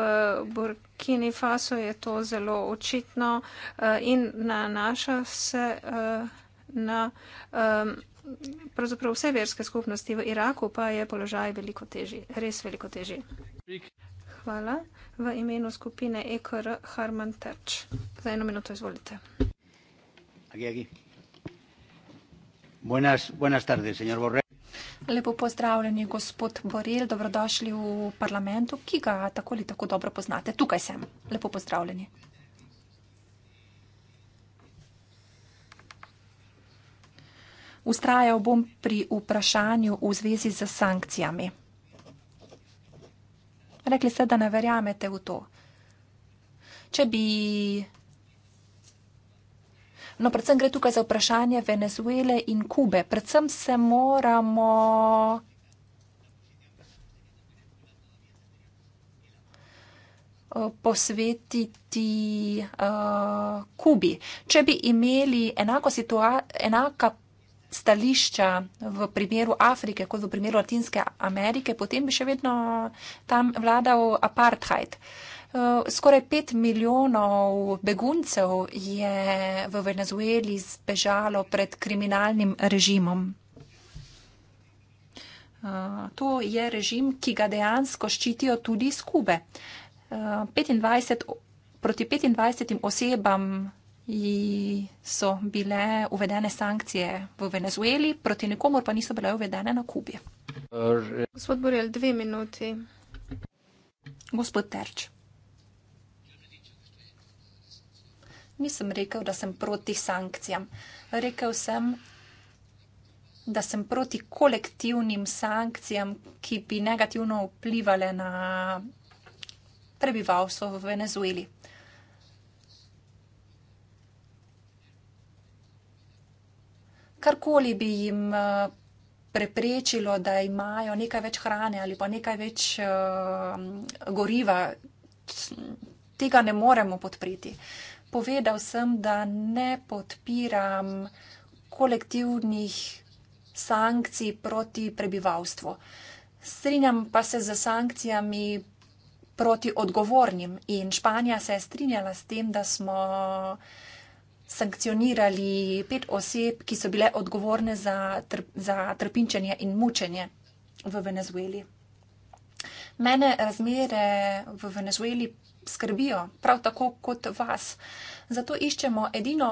Burkini Faso je to zelo očitno uh, in nanaša se uh, na um, pravzaprav vse verske skupnosti. V Iraku pa je položaj veliko težji, res veliko težji. Hvala. V imenu skupine EKR Harman Terč. Za eno minuto izvolite. Agegi. Buenas, buenas tardes, señor Borrell. Lepo pozdravljeni, gospod Borrell, dobrodošli v parlamentu, ki ga tako ali tako dobro poznate. Tukaj sem. Lepo pozdravljeni. Ustrajal bom pri vprašanju v zvezi z sankcijami. Rekli ste, da ne verjamete v to. Če bi No, predvsem gre tukaj za vprašanje Venezuele in Kube. Predvsem se moramo posvetiti uh, Kubi. Če bi imeli enako enaka stališča v primeru Afrike kot v primeru Latinske Amerike, potem bi še vedno tam vladal apartheid. Uh, Eh, skoraj pet milijonov beguncev je v Venezueli zbežalo pred kriminalnim režimom. Eh, to je režim, ki ga dejansko ščitijo tudi iz Kube. 25, eh, proti 25 osebam so bile uvedene sankcije v Venezueli, proti nikomor pa niso bile uvedene na Kubi. Gospod Borel, dve minuti. Gospod Terč. nisem rekel, da sem proti sankcijam. Rekel sem, da sem proti kolektivnim sankcijam, ki bi negativno vplivali na prebivalstvo v Venezueli. Karkoli bi jim eh, preprečilo, da imajo nekaj več hrane ali pa nekaj več uh, goriva, tega ne moremo podpreti. Uh, povedal sem, da ne podpiram kolektivnih sankcij proti prebivalstvu. Strinjam pa se z sankcijami proti odgovornim in Španija se je strinjala s tem, da smo sankcionirali pet oseb, ki so bile odgovorne za, trp, za trpinčenje in mučenje v Venezueli. Mene razmere v Venezueli skrbijo, prav tako kot vas. Zato iščemo edino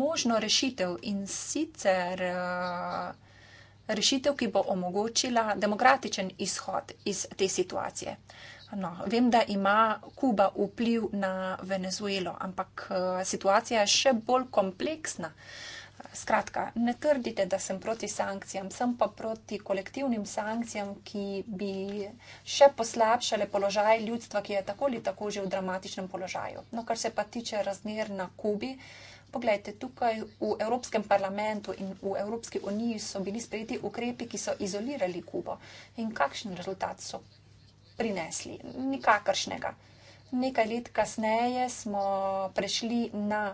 možno rešitev in sicer eh, rešitev, ki bo omogočila demokratičen izhod iz te situacije. No, vem, da ima Kuba vpliv na Venezuelo, ampak eh, situacija je še bolj kompleksna. Skratka, ne trdite, da sem proti sankcijam, sem pa proti kolektivnim sankcijam, ki bi še poslabšale položaj ljudstva, ki je tako ali tako že v dramatičnem položaju. No, kar se pa tiče razmer na Kubi, pogledajte, tukaj v Evropskem parlamentu in v Evropski uniji so bili sprejeti ukrepi, ki so izolirali Kubo. In kakšen rezultat so prinesli? Nikakršnega. Nekaj let kasneje smo prešli na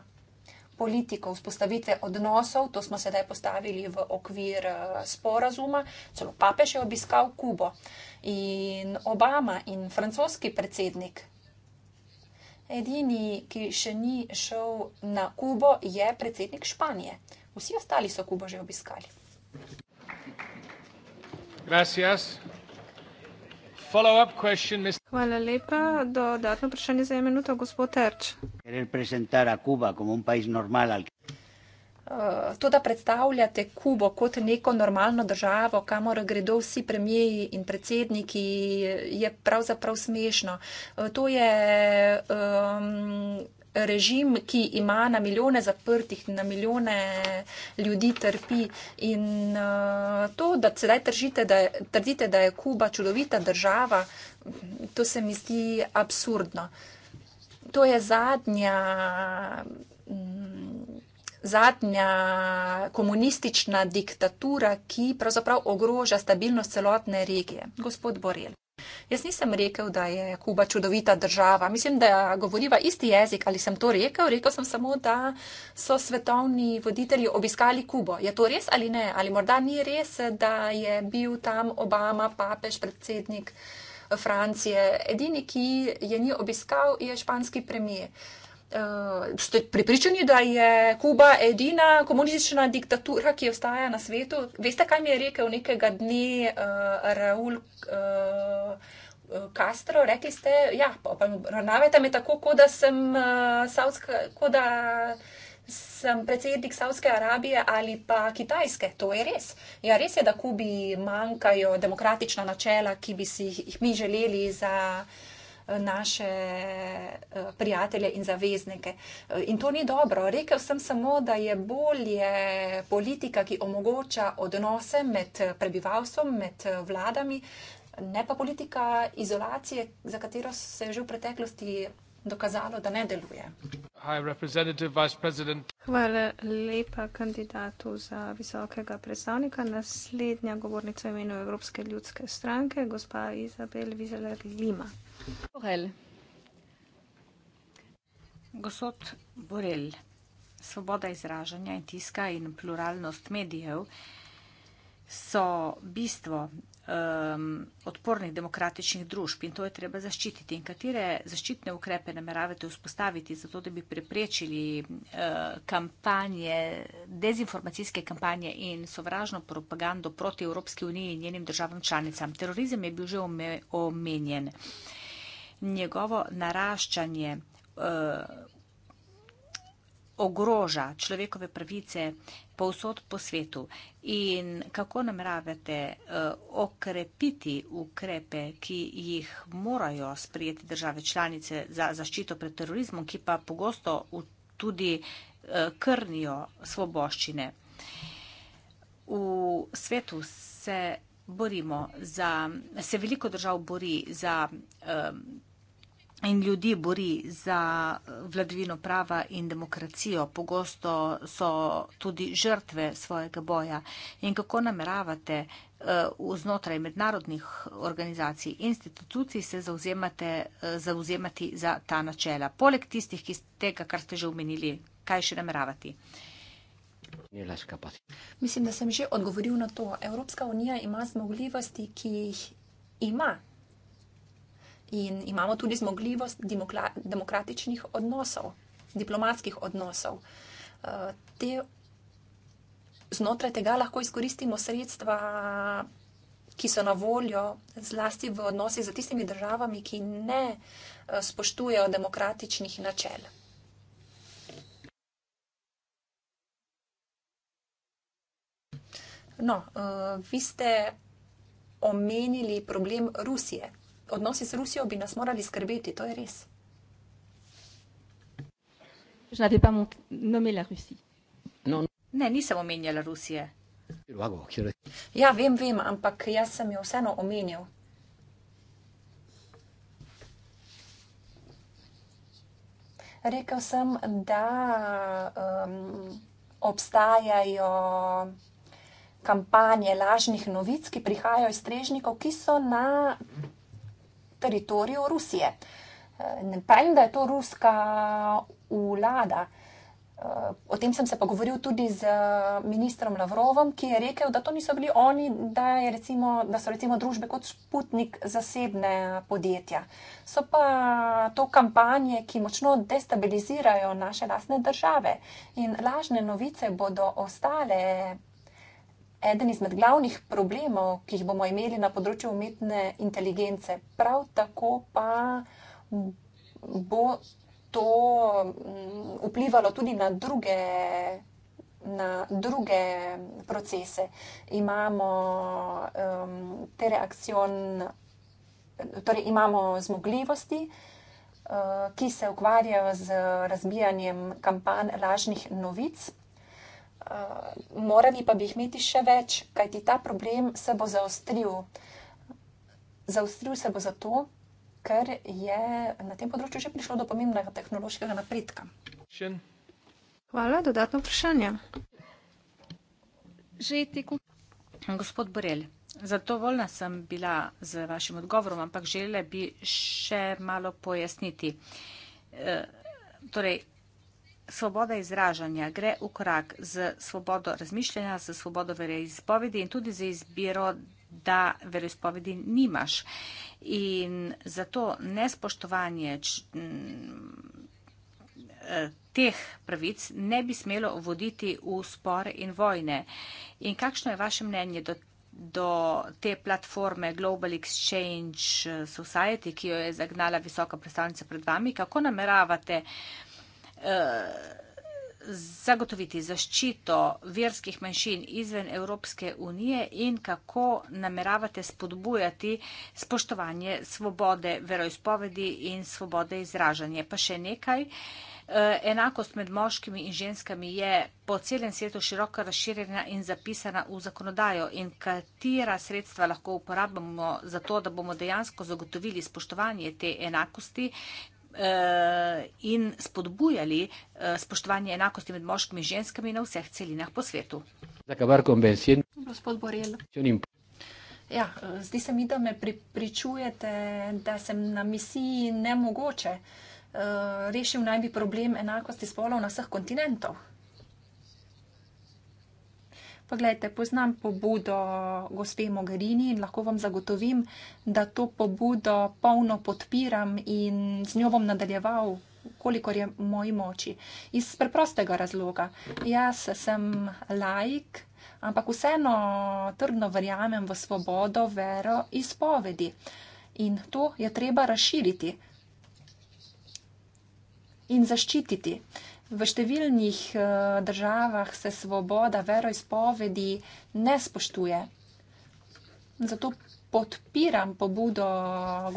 politiko vzpostavitve odnosov, to smo sedaj postavili v okvir eh, sporazuma, celo papež je obiskal Kubo in Obama in francoski predsednik. Edini, ki še ni šel na Kubo, je predsednik Španije. Vsi ostali so Kubo že obiskali. Gracias. Hvala lepa. Dodatno vprašanje za eno minuto, gospod Terč. Eh, to, da predstavljate Kubo kot neko normalno državo, kamor gredo vsi premijeji in predsedniki, je pravzaprav smešno. Eh, to je um, režim, ki ima na milijone zaprtih, na milijone ljudi trpi. In uh, to, da sedaj tržite, da, trdite, da je Kuba čudovita država, to se mi zdi absurdno. To je zadnja. Um, zadnja komunistična diktatura, ki pravzaprav ogroža stabilnost celotne regije. Gospod Borel. Jaz nisem rekel, da je Kuba čudovita država. Mislim, da govoriva isti jezik. Ali sem to rekel? Rekel sem samo, da so svetovni voditelji obiskali Kubo. Je to res ali ne? Ali morda ni res, da je bil tam Obama, papež, predsednik Francije. Edini, ki je ni obiskal, je španski premijer uh, ste pripričani, da je Kuba edina komunistična diktatura, ki obstaja na svetu. Veste, kaj mi je rekel nekega dne uh, Raul uh, Castro? Rekli ste, ja, pa ravnavate me tako, kot da sem uh, savska, kot da. Sem predsednik Savske Arabije ali pa Kitajske, to je res. Ja, res je, da Kubi manjkajo demokratična načela, ki bi si jih mi želeli za uh, naše eh, prijatelje in zaveznike. Eh, in to ni dobro. Rekel sem samo, da je bolje politika, ki omogoča odnose med eh, prebivalstvom, med vladami, ne pa politika izolacije, za katero se je že v preteklosti dokazalo, da ne deluje. Hvala lepa kandidatu za visokega predstavnika. Naslednja govornica je imenu Evropske ljudske stranke, gospa Izabel Vizeler-Lima. Gospod Borel, svoboda izražanja in tiska in pluralnost medijev so bistvo um, odpornih demokratičnih družb in to je treba zaščititi. In katere zaščitne ukrepe nameravate vzpostaviti za to, da bi preprečili uh, kampanje, dezinformacijske kampanje in sovražno propagando proti Evropski uniji in njenim državam članicam? Terorizem je bil že omenjen. Njegovo naraščanje. Uh, ogroža človekove pravice povsod po svetu in kako nameravate uh, okrepiti ukrepe, ki jih morajo sprijeti države članice za zaščito pred terorizmom, ki pa pogosto v, tudi uh, krnijo svoboščine. V svetu se borimo za, se veliko držav bori za uh, in ljudi bori za eh, vladvino prava in demokracijo, pogosto so tudi žrtve svojega boja. In kako nameravate eh, vznotraj mednarodnih organizacij in institucij se zauzemati eh, za ta načela, poleg tistih, ki ste tega, kar ste že omenili, kaj še nameravati? Mislim, da sem že odgovoril na to. Evropska unija ima zmogljivosti, ki jih ima in imamo tudi zmogljivost demokratičnih odnosov, diplomatskih odnosov. Eh, te, znotraj tega lahko izkoristimo sredstva, ki so na voljo, zlasti v odnosih z tistimi državami, ki ne eh, spoštujejo demokratičnih načel. No, eh, vi ste omenili problem Rusije odnosi s Rusijo bi nas morali skrbeti, to je res. No, no. Ne, nisem omenjala Rusije. Ja, vem, vem, ampak jaz sem jo vseeno omenil. Rekel sem, da um, obstajajo kampanje lažnih novic, ki prihajajo iz strežnikov, ki so na teritoriju Rusije. Ne pravim, da je to ruska vlada. O tem sem se pogovoril tudi z eh, ministrom Lavrovom, ki je rekel, da to niso bili oni, da, recimo, da so recimo družbe kot Sputnik zasebne podjetja. So pa to kampanje, ki močno destabilizirajo naše lastne države in lažne novice bodo ostale eden izmed glavnih problemov, ki jih bomo imeli na področju umetne inteligence. Prav tako pa bo to mm, vplivalo tudi na druge, na druge procese. Imamo um, tereakcion, torej imamo zmogljivosti. Eh, ki se ukvarjajo z razbijanjem kampanj lažnih novic, Eh, morali pa bi jih imeti še več, kajti ta problem se bo zaostril. Zaostril se bo zato, ker je na tem področju že prišlo do pomembnega tehnološkega napredka. Šen. Hvala, dodatno vprašanje. Že tekom. Gospod Borel, zadovoljna sem bila z vašim odgovorom, ampak želela bi še malo pojasniti. E, torej, svoboda izražanja gre v krak z svobodo razmišljanja, z svobodo veroizpovedi in tudi z izbiro, da veroizpovedi nimaš. In zato nespoštovanje eh, teh pravic ne bi smelo voditi v spore in vojne. In kakšno je vaše mnenje do, do te platforme Global Exchange Society, ki jo je zagnala visoka predstavnica pred vami? Kako nameravate uh, zagotoviti zaščito verskih manjšin izven Evropske unije in kako nameravate spodbujati spoštovanje svobode veroizpovedi in svobode izražanja. Pa še nekaj. Eh, enakost med moškimi in ženskami je po celem svetu široko razširjena in zapisana v zakonodajo in katera sredstva lahko uporabimo za to, da bomo dejansko zagotovili spoštovanje te enakosti, uh, in spodbujali uh, spoštovanje enakosti med moškimi in ženskami na vseh celinah po svetu. Gospod Borel. Ja, eh, zdi se mi, da me pripričujete, da sem na misiji nemogoče. Uh, rešil naj bi problem enakosti spolov na vseh kontinentov. Pa gledajte, poznam pobudo gospe Mogherini in lahko vam zagotovim, da to pobudo polno podpiram in z njo bom nadaljeval, kolikor je moji moči. Iz preprostega razloga. Jaz sem laik, ampak vseeno trdno verjamem v svobodo, vero, izpovedi. In to je treba razširiti in zaščititi. Uh, V številnih eh, državah se svoboda veroizpovedi ne spoštuje. Zato podpiram pobudo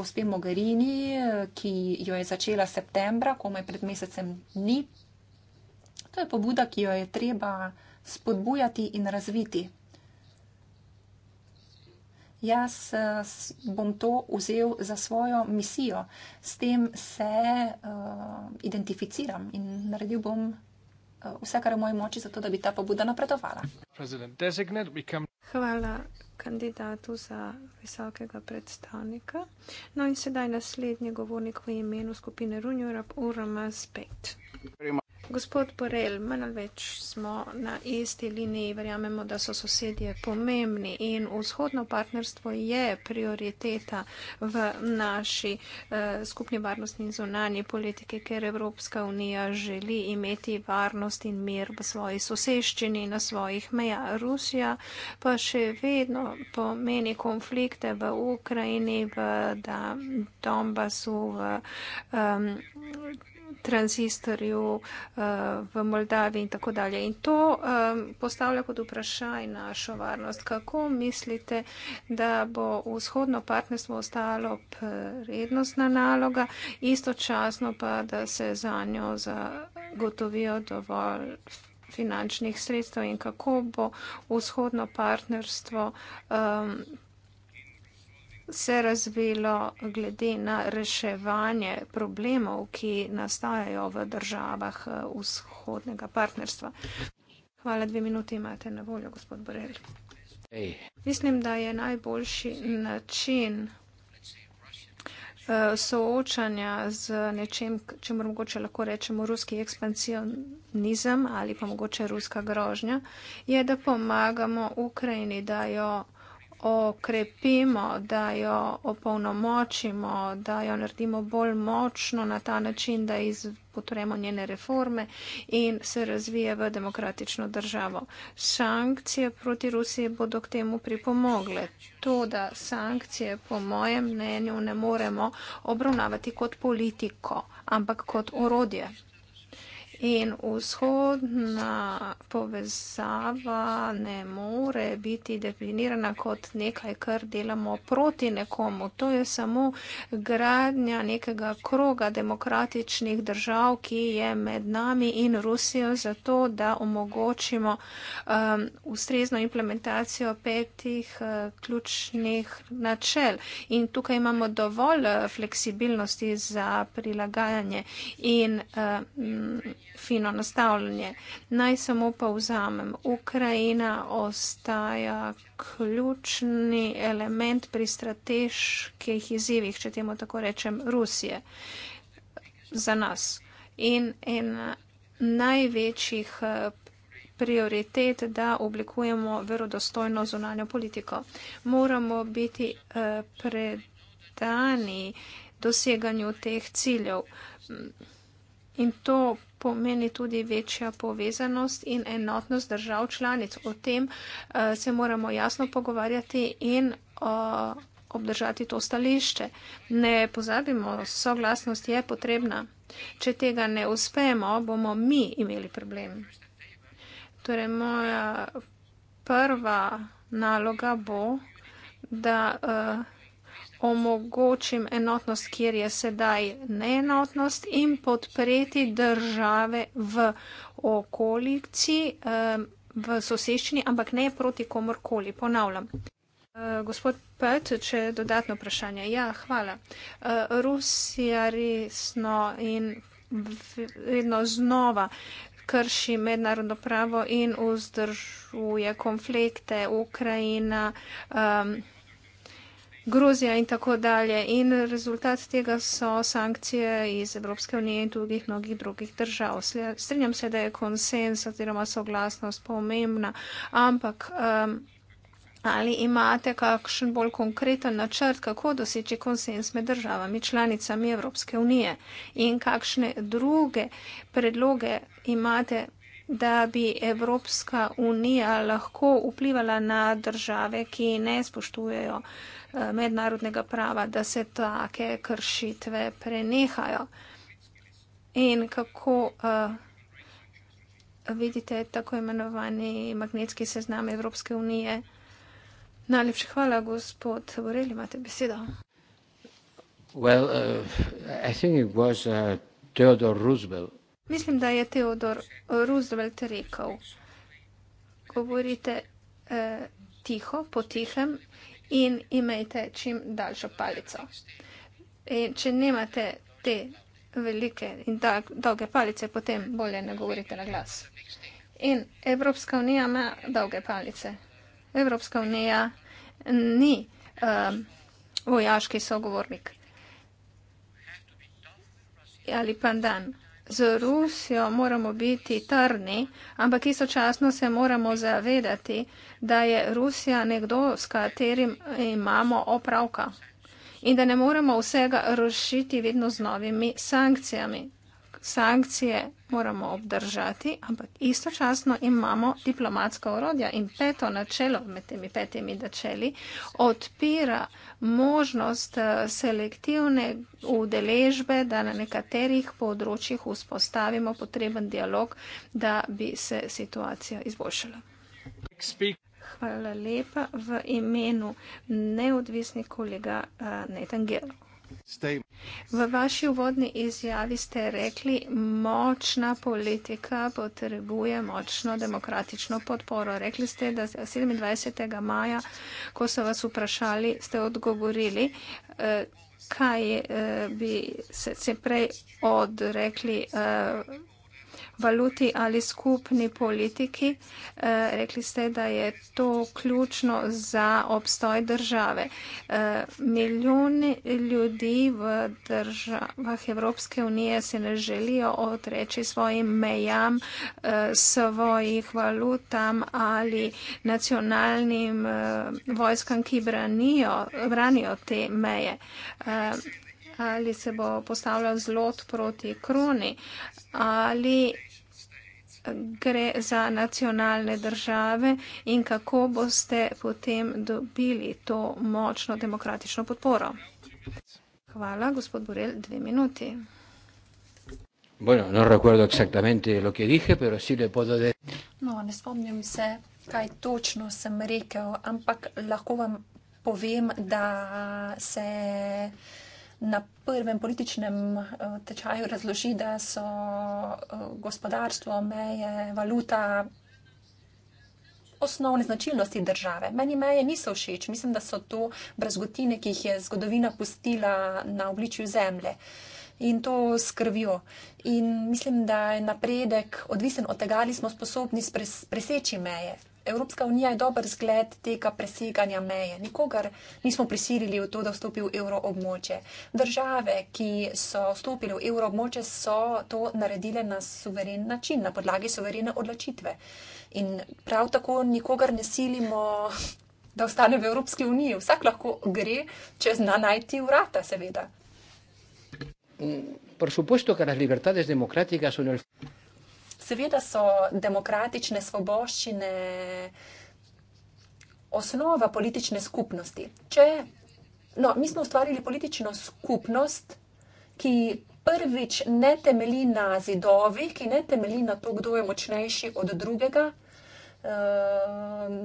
gospe Mogherini, eh, ki jo je začela septembra, komaj pred mesecem dni. To je pobuda, ki jo je treba spodbujati in razviti jaz eh, bom to vzel za svojo misijo, s tem se uh, identificiram in naredil bom eh, vse, kar je v moji moči, zato da bi ta pobuda napredovala. Hvala kandidatu za visokega predstavnika. No in sedaj naslednji govornik v imenu skupine Runjura, Urama Spet. Prima. Gospod Porel, manj ali več smo na isti liniji, verjamemo, da so sosedje pomembni in vzhodno partnerstvo je prioriteta v naši eh, skupni varnostni in zunanji politiki, ker Evropska unija želi imeti varnost in mir v svoji soseščini, na svojih meja. Rusija pa še vedno pomeni konflikte v Ukrajini, v da, Donbasu, v. Um, tranzistorju eh, v Moldavi in tako dalje. In to eh, postavlja kot vprašaj našo varnost. Kako mislite, da bo vzhodno partnerstvo ostalo prednostna naloga, istočasno pa, da se za njo zagotovijo dovolj finančnih sredstev in kako bo vzhodno partnerstvo um, se razvilo glede na reševanje problemov, ki nastajajo v državah eh, vzhodnega partnerstva. Hvala, dve minuti imate na voljo, gospod Borel. Mislim, da je najboljši način eh, soočanja z nečem, čemu mogoče lahko rečemo ruski ekspansionizem ali pa mogoče ruska grožnja, je, da pomagamo Ukrajini, da jo okrepimo, da jo opolnomočimo, da jo naredimo bolj močno na ta način, da izpotrebujemo njene reforme in se razvije v demokratično državo. Sankcije proti Rusiji bodo k temu pripomogle. To, da sankcije po mojem mnenju ne moremo obravnavati kot politiko, ampak kot orodje. In vzhodna povezava ne more biti definirana kot nekaj, kar delamo proti nekomu. To je samo gradnja nekega kroga demokratičnih držav, ki je med nami in Rusijo, zato da omogočimo um, ustrezno implementacijo petih uh, ključnih načel. In tukaj imamo dovolj uh, fleksibilnosti za prilagajanje. In, uh, fino nastavljanje. Naj samo pa vzamem. Ukrajina ostaja ključni element pri strateških izzivih, če temu tako rečem, Rusije za nas. In en največjih eh, prioritet, da oblikujemo verodostojno zunanjo politiko. Moramo biti eh, predani doseganju teh ciljev. In to pomeni tudi večja povezanost in enotnost držav članic. O tem uh, se moramo jasno pogovarjati in uh, obdržati to stališče. Ne pozabimo, soglasnost je potrebna. Če tega ne uspemo, bomo mi imeli problem. Torej, moja prva naloga bo, da. Uh, omogočim enotnost, kjer je sedaj neenotnost in podpreti države v okolici, v soseščini, ampak ne proti komorkoli. Ponavljam. E, gospod Pet, če dodatno vprašanje. Ja, hvala. E, Rusija resno in vedno znova krši mednarodno pravo in vzdržuje konflikte Ukrajina. Um, Gruzija in tako dalje. In rezultat tega so sankcije iz Evropske unije in tudi mnogih drugih držav. Strenjam se, da je konsens oziroma soglasnost pomembna, ampak. Um, Ali imate kakšen bolj konkreten načrt, kako doseči konsens med državami članicami Evropske unije in kakšne druge predloge imate, da bi Evropska unija lahko vplivala na države, ki ne spoštujejo uh, Eh, mednarodnega prava, da se take kršitve prenehajo. In kako uh, vidite tako imenovani magnetski seznam Evropske unije? Najlepša hvala, gospod Borel, imate besedo. Well, uh, was, uh, Mislim, da je Teodor Roosevelt rekel, govorite uh, tiho, potihem in imejte čim daljšo palico. In če nimate te velike in dolg, dolge palice, potem bolje ne govorite na glas. In Evropska unija ima dolge palice. Evropska unija ni um, vojaški sogovornik ali pandan z Rusijo moramo biti trni, ampak istočasno se moramo zavedati, da je Rusija nekdo, s katerim imamo opravka in da ne moremo vsega rušiti vedno z novimi sankcijami sankcije moramo obdržati, ampak istočasno imamo diplomatsko orodje in peto načelo med temi petimi načeli odpira možnost eh, selektivne udeležbe, da na nekaterih področjih vzpostavimo potreben dialog, da bi se situacija izboljšala. Hvala lepa v imenu neodvisni kolega eh, Netan Gelo. V vaši uvodni izjavi ste rekli, močna politika potrebuje močno demokratično podporo. Rekli ste, da 27. maja, ko so vas vprašali, ste odgovorili, eh, kaj eh, bi se prej odrekli. Eh, valuti ali skupni politiki. E, rekli ste, da je to ključno za obstoj države. E, milijoni ljudi v državah Evropske unije se ne želijo odreči svojim mejam, e, svojih valutam ali nacionalnim e, vojskam, ki branijo, branijo te meje. E, ali se bo postavljal zlot proti kroni, ali gre za nacionalne države in kako boste potem dobili to močno demokratično podporo. Hvala, gospod Borel, dve minuti. Bueno, no dije, sí de... No, ne spomnim se, kaj točno sem rekel, ampak lahko vam povem, da se na prvem političnem eh, tečaju razloži, da so eh, gospodarstvo, meje, valuta osnovne značilnosti države. Meni meje niso všeč, mislim, da so to brezgotine, ki jih je zgodovina pustila na obličju zemlje. In to skrbijo. In mislim, da je napredek odvisen od tega, ali smo sposobni preseči meje. Evropska unija je dober zgled tega preseganja meje. Nikogar nismo prisilili v to, da vstopi v evroobmoče. Države, ki so vstopili v evroobmoče, so to naredile na suveren način, na podlagi suverene odločitve. In prav tako nikogar ne silimo, da ostane v Evropski uniji. Vsak lahko gre čez na najti vrata, seveda. Por supuesto, que las libertades democráticas son el. Seveda so demokratične svoboščine osnova politične skupnosti. Če, no, mi smo ustvarili politično skupnost, ki prvič ne temelji na zidovih, ki ne temelji na to, kdo je močnejši od drugega. Um,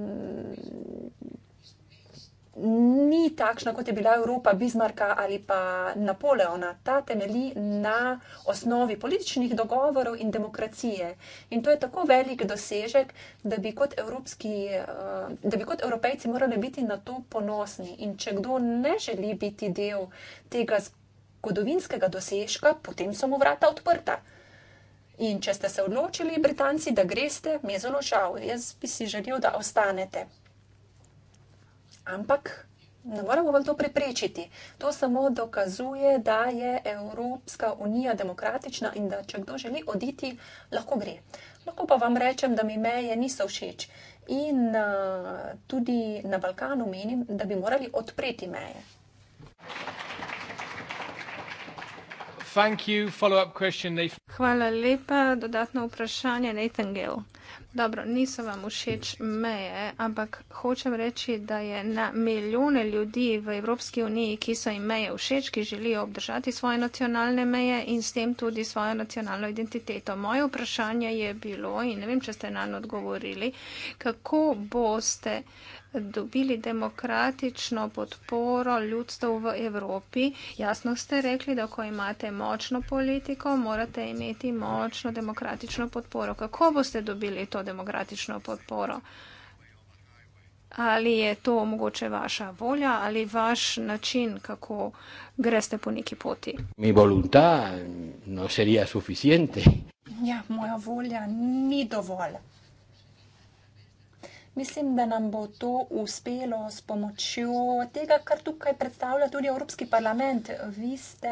ni takšna, kot je bila Evropa Bismarka ali pa Napoleona. Ta temelji na osnovi političnih dogovorov in demokracije. In to je tako velik dosežek, da bi kot, evropski, eh, da bi kot evropejci morali biti na to ponosni. In če kdo ne želi biti del tega zgodovinskega dosežka, potem so mu vrata odprta. In če ste se odločili, Britanci, da greste, mi je zelo žal. Jaz bi si želel, da ostanete. Ampak ne moremo vam to preprečiti. To samo dokazuje, da je Evropska unija demokratična in da če kdo želi oditi, lahko gre. Lahko pa vam rečem, da mi meje niso všeč in uh, tudi na Balkanu menim, da bi morali odpreti meje. Hvala lepa, dodatno vprašanje, Nathan Gell. Dobro, niso vam všeč meje, ampak hočem reči, da je na milijone ljudi v Evropski uniji, ki so jim meje všeč, ki želijo obdržati svoje nacionalne meje in s tem tudi svojo nacionalno identiteto. Moje vprašanje je bilo, in ne vem, če ste nam odgovorili, kako boste uh, dobili demokratično podporo ljudstv v Evropi. Jasno ste rekli, da ko imate močno politiko, morate imeti močno demokratično podporo. Kako boste dobili to demokratično podporo? Ali je to mogoče vaša volja ali vaš način, kako greste po neki poti? Mi volunta no sería suficiente. Ja, moja volja ni dovolj. Mislim, da nam bo to uspelo s pomočjo tega, kar tukaj predstavlja tudi Evropski parlament. Vi ste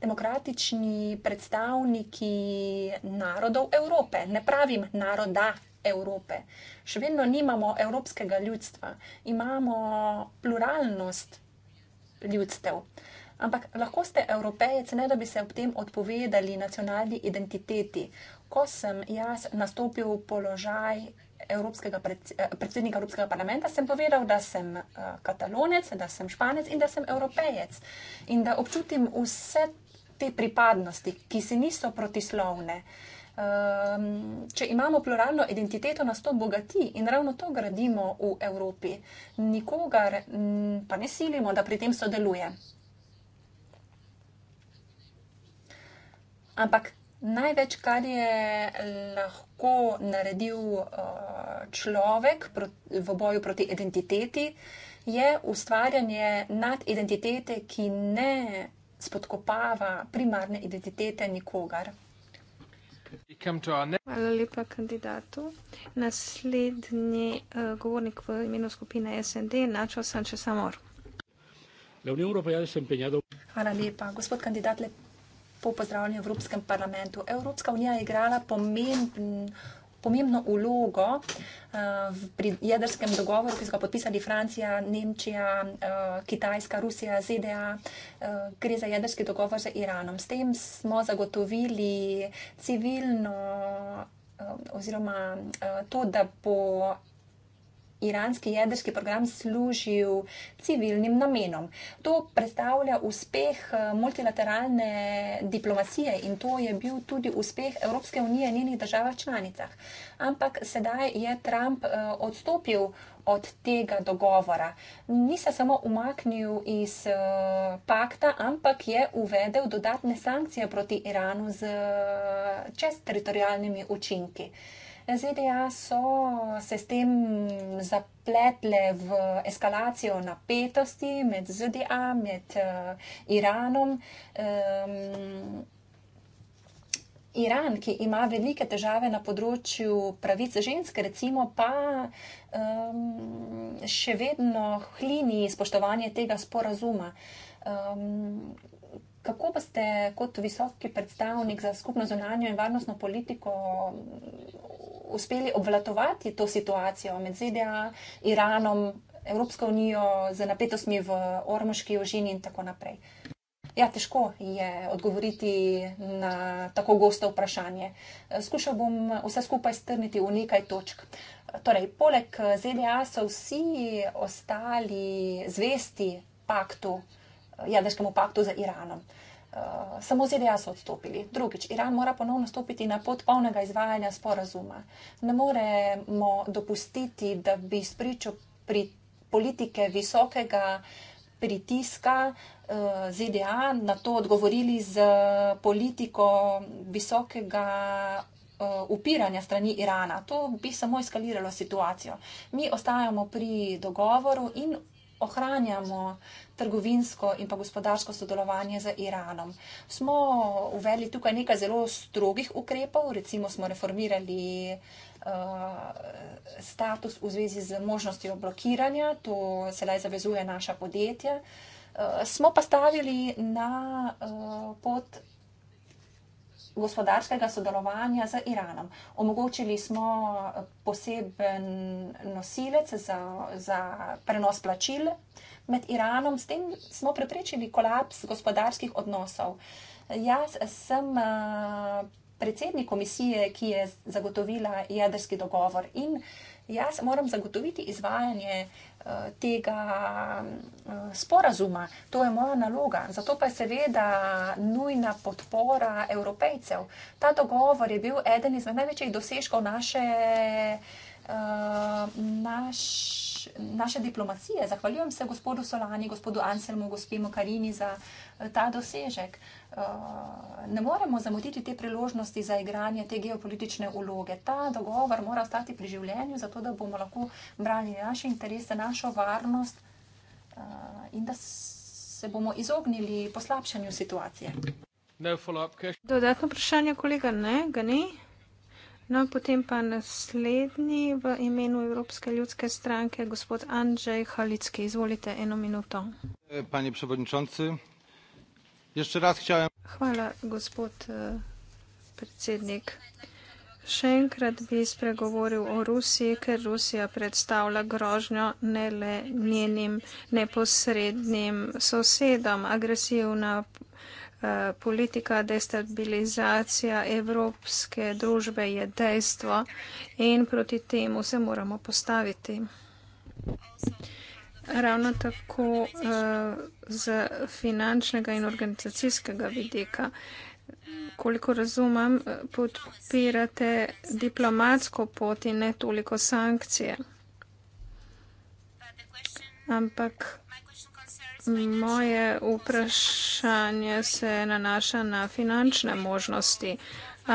demokratični predstavniki narodov Evrope, ne pravim naroda Evrope. Še vedno nimamo evropskega ljudstva, imamo pluralnost ljudstev. Ampak lahko ste evropejec, ne da bi se ob tem odpovedali nacionalni identiteti. Ko sem jaz nastopil v položaj evropskega predse, eh, predsednika Evropskega parlamenta, sem povedal, da sem eh, katalonec, da sem španec in da sem evropejec. In da občutim vse te pripadnosti, ki se niso protislovne. Ehm, če imamo pluralno identiteto, nas to bogati in ravno to gradimo v Evropi. Nikogar pa ne silimo, da pri tem sodeluje. Ampak največ, kar je lahko. Eh, lahko naredil uh, človek v boju proti identiteti, je ustvarjanje nadidentitete, ki ne spodkopava primarne identitete nikogar. Hvala lepa kandidatu. Naslednji uh, govornik v imenu skupine SND, Načo Sančesamor. Hvala lepa, gospod kandidat. Lep po pozdravljanju v Evropskem parlamentu. Evropska unija je igrala pomembn, pomembno ulogo uh, pri jedrskem dogovoru, ki so ga podpisali Francija, Nemčija, uh, Kitajska, Rusija, ZDA. Uh, eh, gre za jedrski dogovor z Iranom. S tem smo zagotovili civilno. Oziroma, to, da bo iranski jedrski program služil civilnim namenom. To predstavlja uspeh eh, multilateralne diplomacije in to je bil tudi uspeh Evropske unije in njenih državah članicah. Ampak sedaj je Trump eh, odstopil od tega dogovora. Ni se samo umaknil iz eh, pakta, ampak je uvedel dodatne sankcije proti Iranu z čez teritorijalnimi učinki zdaj dejansko se s tem zapletle v eskalacijo napetosti med ZDA, med uh, Iranom. Um, Iran, ki ima velike težave na področju pravic žensk, recimo, pa um, še vedno hlini spoštovanje tega sporazuma. Um, kako pa ste kot visoki predstavnik za skupno zonanjo in varnostno politiko uspeli obvladovati to situacijo med ZDA, Iranom, Evropsko unijo, z napetostmi v Ormoški ožini in tako naprej. Ja, težko je odgovoriti na tako gosto vprašanje. Skušal bom vse skupaj strniti v nekaj točk. Torej, poleg ZDA so vsi ostali zvesti paktu, jadrskemu paktu z Iranom. Uh, Eh, samo ZDA so odstopili. Drugič, Iran mora ponovno stopiti na pot polnega izvajanja sporazuma. Ne moremo dopustiti, da bi spričo pri politike visokega pritiska uh, eh, ZDA na to odgovorili z politiko visokega eh, upiranja strani Irana. To bi samo eskaliralo situacijo. Mi ostajamo pri dogovoru in ohranjamo trgovinsko in pa gospodarsko sodelovanje z Iranom. Smo uvedli tukaj nekaj zelo strogih ukrepov, recimo smo reformirali uh, status v zvezi z možnostjo blokiranja, to se le zavezuje naša podjetja. Uh, smo pa stavili na uh, pot gospodarskega sodelovanja z Iranom. Omogočili smo eh, poseben nosilec za, za prenos plačil med Iranom, s tem smo preprečili kolaps gospodarskih odnosov. Jaz sem eh, predsednik komisije, ki je zagotovila jedrski dogovor in jaz moram zagotoviti izvajanje tega eh, sporazuma. To je moja naloga. Zato pa je seveda nujna podpora evropejcev. Ta dogovor je bil eden izmed največjih dosežkov naše. Eh, naš, naše diplomacije. Zahvaljujem se gospodu Solani, gospodu Anselmu, gospemu Karini za eh, ta dosežek. Eh, ne moremo zamotiti te priložnosti za igranje te geopolitične uloge. Ta dogovor mora ostati pri življenju, zato da bomo lahko branili naše interese, našo varnost in da se bomo izognili poslabšanju situacije. No Dodatno vprašanje, kolega, ne, ga ni. No, potem pa naslednji v imenu Evropske ljudske stranke, gospod Andrzej Halicki. Izvolite eno minuto. Pani predsednici, še raz hčelam. Hvala, gospod e, predsednik. Še enkrat bi spregovoril o Rusiji, ker Rusija predstavlja grožnjo ne le njenim neposrednim sosedom, agresivna Eh, politika destabilizacija evropske družbe je dejstvo in proti temu se moramo postaviti. Ravno tako eh, z finančnega in organizacijskega vidika. Koliko razumem, eh, podpirate diplomatsko pot in ne toliko sankcije. Ampak Moje vprašanje se nanaša na finančne možnosti.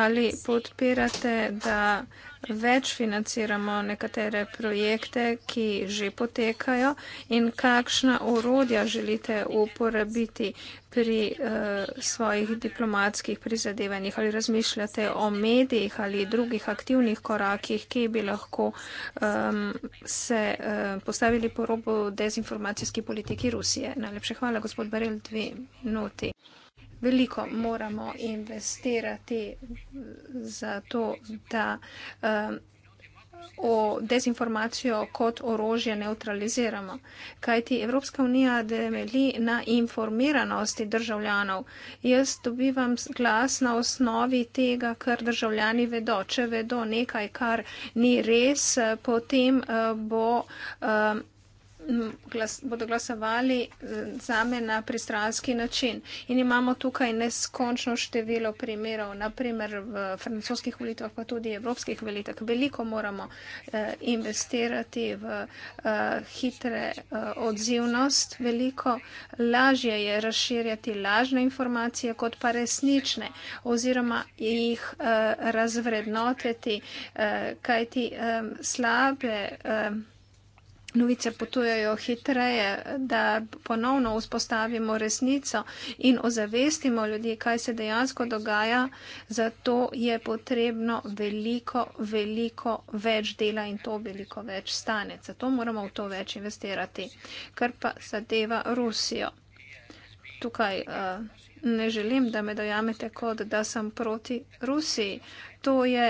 Ali podpirate, da več financiramo nekatere projekte, ki že potekajo in kakšna urodja želite uporabiti pri uh, svojih diplomatskih prizadevanjih ali razmišljate o medijih ali drugih aktivnih korakih, ki bi lahko um, se uh, postavili po robu dezinformacijski politiki Rusije. Najlepše hvala, gospod Barel, dve minuti veliko moramo investirati za to, da um, o dezinformacijo kot orožje neutraliziramo. Kajti Evropska unija demeli na informiranosti državljanov. Jaz dobivam glas na osnovi tega, kar državljani vedo. Če vedo nekaj, kar ni res, potem eh, bo. Um, glas, bodo glasovali eh, za me na pristranski način. In imamo tukaj neskončno število primerov, naprimer v francoskih volitvah, pa tudi evropskih volitvah. Veliko moramo eh, investirati v eh, hitre eh, odzivnost, veliko lažje je razširjati lažne informacije, kot pa resnične oziroma jih eh, razvrednoteti, eh, kajti eh, slabe. Eh, Novice potujejo hitreje, da ponovno vzpostavimo resnico in ozavestimo ljudi, kaj se dejansko dogaja. Zato je potrebno veliko, veliko več dela in to veliko več stane. Zato moramo v to več investirati. Kar pa zadeva Rusijo. Tukaj uh, ne želim, da me dojamete kot, da sem proti Rusiji. To je.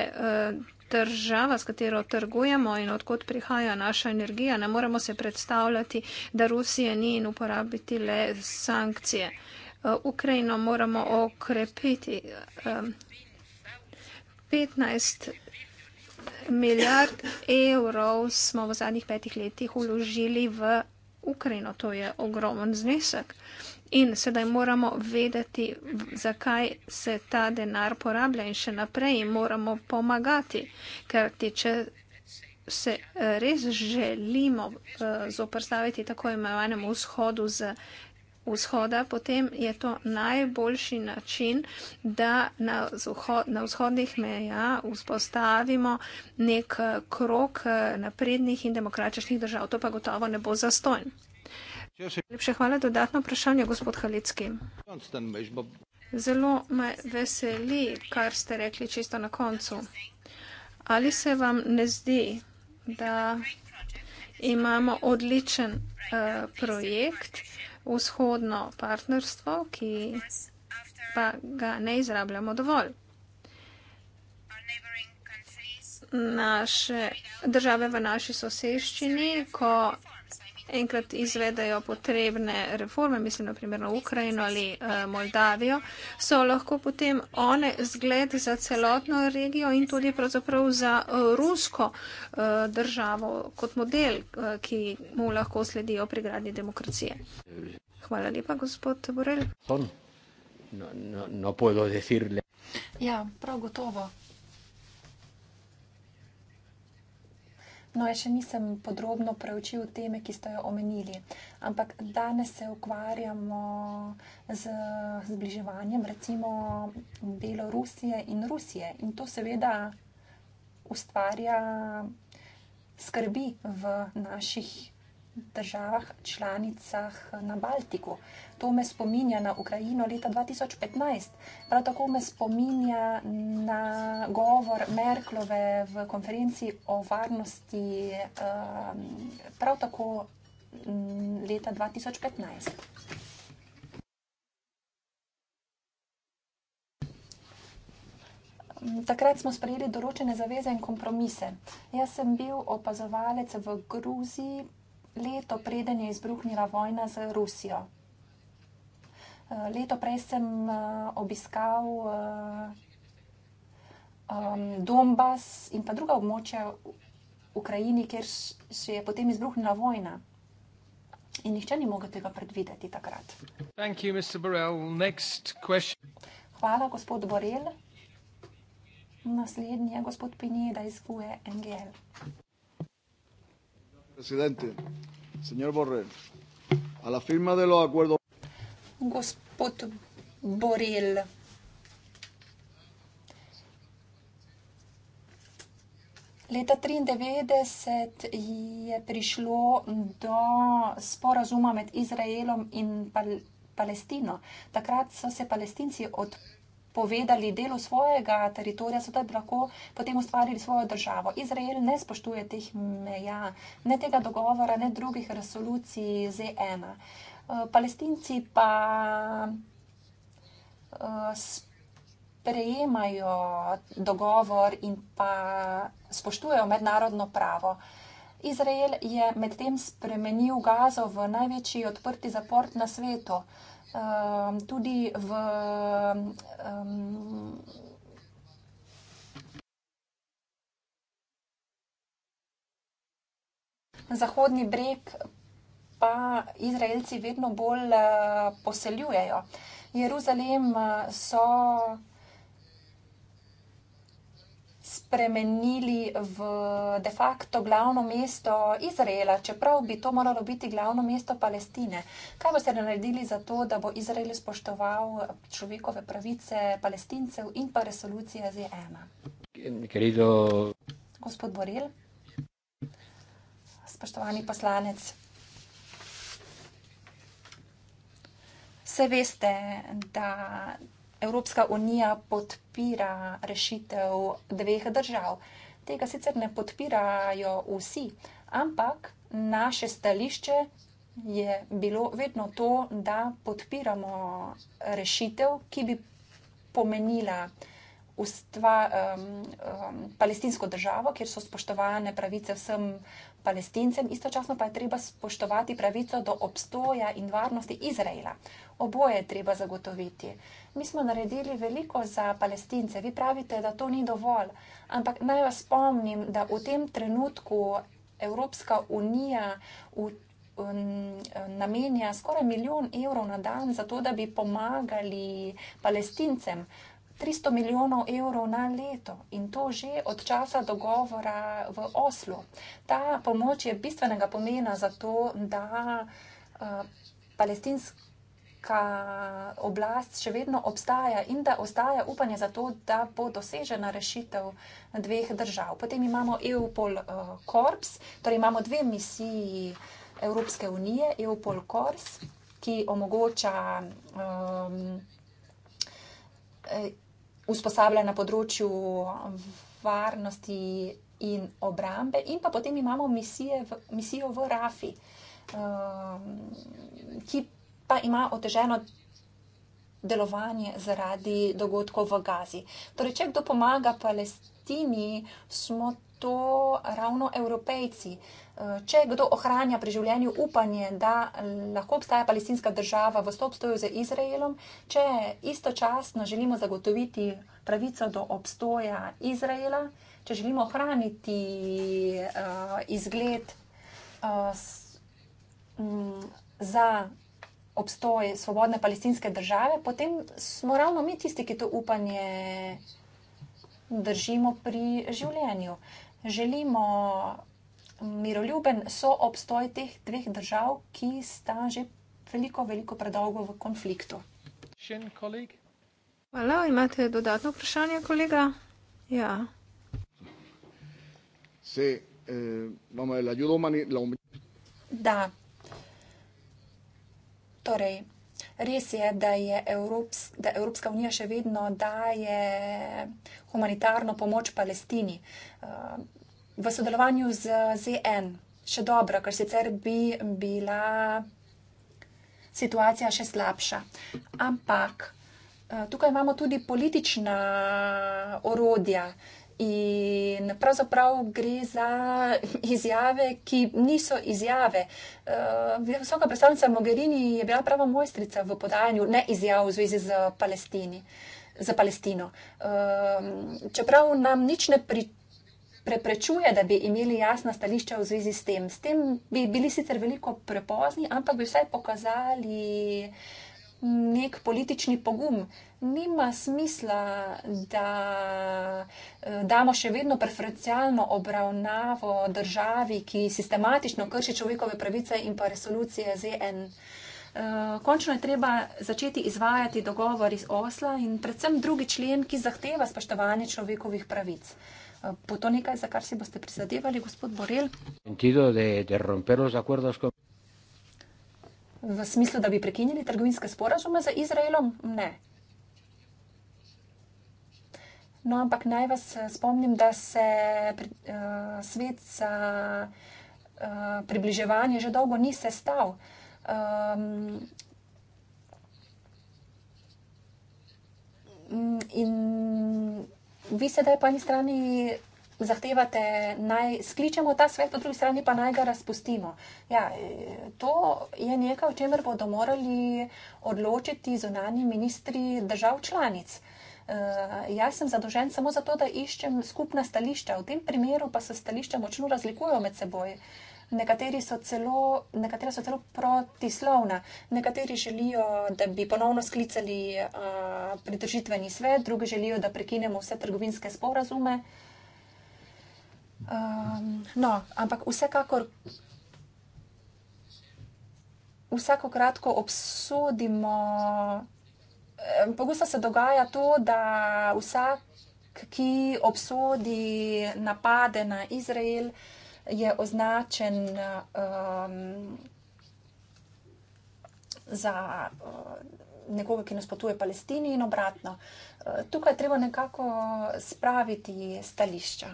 Uh, država, s katero trgujemo in odkot prihaja naša energija. Ne moremo se predstavljati, da Rusije ni in uporabiti le sankcije. Eh, Ukrajino moramo okrepiti. 15 milijard evrov smo v zadnjih petih letih uložili v Ukrajino. To je ogromen znesek. In sedaj moramo vedeti, zakaj se ta denar porablja in še naprej moramo pomagati, ker ti, če se res želimo eh, zoprstaviti tako imenovanemu vzhodu z vzhoda, potem je to najboljši način, da na, vzhod, na vzhodnih meja vzpostavimo nek eh, krok eh, naprednih in demokratičnih držav. To pa gotovo ne bo zastojno. Lepša hvala. Dodatno vprašanje, gospod Halecki. Zelo me veseli, kar ste rekli čisto na koncu. Ali se vam ne zdi, da imamo odličen uh, projekt, vzhodno partnerstvo, ki pa ga ne izrabljamo dovolj? Naše države v naši soseščini, ko enkrat izvedajo potrebne reforme, mislim naprimer na Ukrajino ali uh, Moldavijo, so lahko potem one zgled za celotno regijo in tudi pravzaprav za uh, rusko uh, državo kot model, uh, ki mu lahko sledijo pri gradnji demokracije. Hvala lepa, gospod Borel. No, no, no ja, prav gotovo. No, jaz še nisem podrobno preučil teme, ki ste jo omenili, ampak danes se ukvarjamo z zbliževanjem recimo Belorusije in Rusije in to seveda ustvarja skrbi v naših državah, članicah na Baltiku to me spominja na Ukrajino leta 2015, prav tako me spominja na govor Merklove v konferenci o varnosti, ehm, prav tako leta 2015. Takrat smo sprejeli doročene zaveze in kompromise. Jaz sem bil opazovalec v Gruziji leto preden je izbruhnila vojna z Rusijo. Leto prej sem uh, obiskal uh, um, Donbas in pa druga območja v Ukrajini, kjer se je potem izbruhnila vojna. In nihče ni mogel tega predvideti takrat. You, Hvala, gospod Borel. Naslednji je gospod Pineda iz UE NGL. Presidente, señor Borrell, a la firma de los acuerdos gospod Borel. Leta 1993 je prišlo do sporazuma med Izraelom in Pal Palestino. Takrat so se palestinci odpovedali delu svojega teritorija, so da bi lahko potem ustvarili svojo državo. Izrael ne spoštuje teh meja, ne tega dogovora, ne drugih resolucij ZN. Eh, palestinci pa eh, sprejemajo dogovor in pa spoštujejo mednarodno pravo. Izrael je medtem spremenil Gazo v največji odprti zaport na svetu. Um, tudi v um, Zahodni breg pa Izraelci vedno bolj eh, poseljujejo. Jeruzalem eh, so spremenili v de facto glavno mesto Izraela, čeprav bi to moralo biti glavno mesto Palestine. Kaj boste naredili za to, da bo Izrael spoštoval človekove pravice palestincev in pa resolucije z ena? Gospod Borel, spoštovani poslanec, Vse veste, da Evropska unija podpira rešitev dveh držav. Tega sicer ne podpirajo vsi, ampak naše stališče je bilo vedno to, da podpiramo rešitev, ki bi pomenila ustva, um, um, palestinsko državo, kjer so spoštovane pravice vsem palestincem, istočasno pa je treba spoštovati pravico do obstoja in varnosti Izraela. Oboje je treba zagotoviti. Mi smo naredili veliko za palestince. Vi pravite, da to ni dovolj. Ampak naj vas spomnim, da v tem trenutku Evropska unija v, um, namenja skoraj milijon evrov na dan za to, da bi pomagali palestincem. Uh, 300 milijonov evrov na leto in to že od časa dogovora v Oslu. Ta pomoč je bistvenega pomena za to, da uh, palestinska oblast še vedno obstaja in da ostaja upanje za to, da bo dosežena rešitev dveh držav. Potem imamo EUPOL eh, Korps, torej imamo dve misiji Evropske unije, EUPOL Korps, ki omogoča um, usposablja na področju varnosti in obrambe, in pa potem imamo misije, misijo v Rafi, um, ki pa ima oteženo delovanje zaradi dogodkov v Gazi. Torej, če kdo pomaga Palestini, smo to ravno evropejci. Eh, če kdo ohranja pri življenju upanje, da lahko obstaja palestinska država v sobstoju z Izraelom, če istočasno želimo zagotoviti pravico do obstoja Izraela, če želimo ohraniti uh, izgled uh, s, um, za obstoj svobodne palestinske države, potem smo ravno mi tisti, ki to upanje držimo pri življenju želimo miroljuben soobstoj teh dveh držav, ki sta že veliko, veliko predolgo v konfliktu. Hvala, imate dodatno vprašanje, kolega? Ja. Eh, no da. Torej, Res je, da, je Evrops, da Evropska unija še vedno daje humanitarno pomoč Palestini v sodelovanju z ZN. Še dobro, ker sicer bi bila situacija še slabša. Ampak eh, tukaj imamo tudi politična orodja. In pravzaprav gre za izjave, ki niso izjave. Uh, visoka predstavnica Mogherini je bila prava mojstrica v podajanju ne izjav v zvezi z, z Palestino. Uh, čeprav nam nič ne pri, preprečuje, da bi imeli jasna stališča v zvezi s tem. S tem bi bili sicer veliko prepozni, ampak bi vsaj pokazali nek politični pogum. Nima smisla, da eh, damo še vedno preferencialno obravnavo državi, ki sistematično krši človekove pravice in pa resolucije ZN. Eh, končno je treba začeti izvajati dogovor iz Osla in predvsem drugi člen, ki zahteva spoštovanje človekovih pravic. Po eh, to nekaj, za kar si boste prizadevali, gospod Borel v smislu, da bi prekinili trgovinske sporazume z Izraelom? Ne. No, ampak naj vas eh, spomnim, da se uh, svet za uh, približevanje že dolgo ni sestav. Um, ehm, mm, in vi sedaj po eni strani zahtevate, naj skličemo ta svet, po drugi strani pa naj ga razpustimo. Ja, to je nekaj, o čemer bodo morali odločiti zunani ministri držav članic. Eh, jaz sem zadožen samo zato, da iščem skupna stališča. V tem primeru pa se stališča močno razlikujejo med seboj. So celo, nekatera so celo protislovna. Nekateri želijo, da bi ponovno sklicali uh, pridržitveni svet, drugi želijo, da prekinemo vse trgovinske sporazume. Uh, Um, no, ampak vsekakor. Vsakokrat, ko obsodimo, ehm, pogosto se dogaja to, da vsak, ki obsodi napade na Izrael, je označen um, za uh, nekoga, ki nasprotuje Palestini in obratno. Uh, tukaj treba nekako spraviti stališča.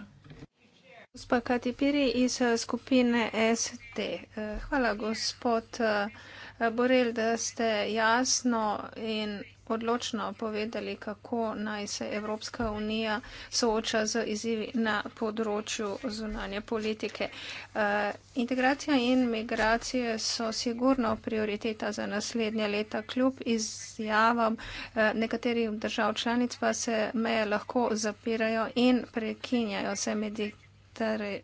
Gospa Kati Piri iz eh, skupine ST. Eh, hvala, gospod eh, Borel, da ste jasno in odločno povedali, kako naj se Evropska unija sooča z izzivi na področju zunanje politike. Integracija in migracije so sigurno prioriteta za naslednje leta. Kljub izjavam nekaterih držav članic pa se meje lahko zapirajo in prekinjajo se medikacije torej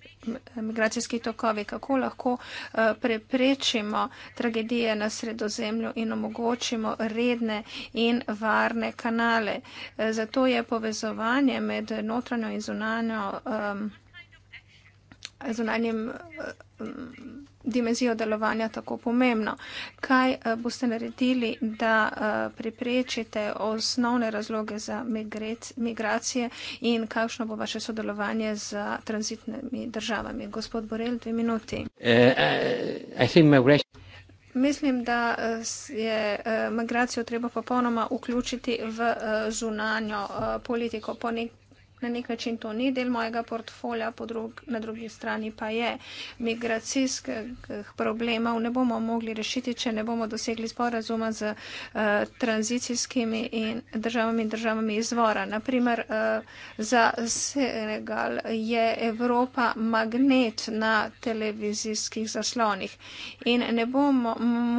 migracijski tokovi, kako lahko eh, preprečimo tragedije na sredozemlju in omogočimo redne in varne kanale. Eh, zato je povezovanje med notranjo in zunanjo. Um, zunanjim dimenzijo delovanja tako pomembno. Kaj eh, boste naredili, da eh, preprečite osnovne razloge za migracije in kakšno bo vaše sodelovanje z tranzitnimi državami? Gospod Borel, dve minuti. Eh, Mislim, da je migracijo treba popolnoma vključiti v zunanjo politiko. Po nek na nek način to ni del mojega portfolja, po drug, na drugi strani pa je. Migracijskih problemov ne bomo mogli rešiti, če ne bomo dosegli sporazuma z uh, tranzicijskimi in državami in državami izvora. Naprimer, uh, eh, za Senegal je Evropa magnet na televizijskih zaslonih in ne bomo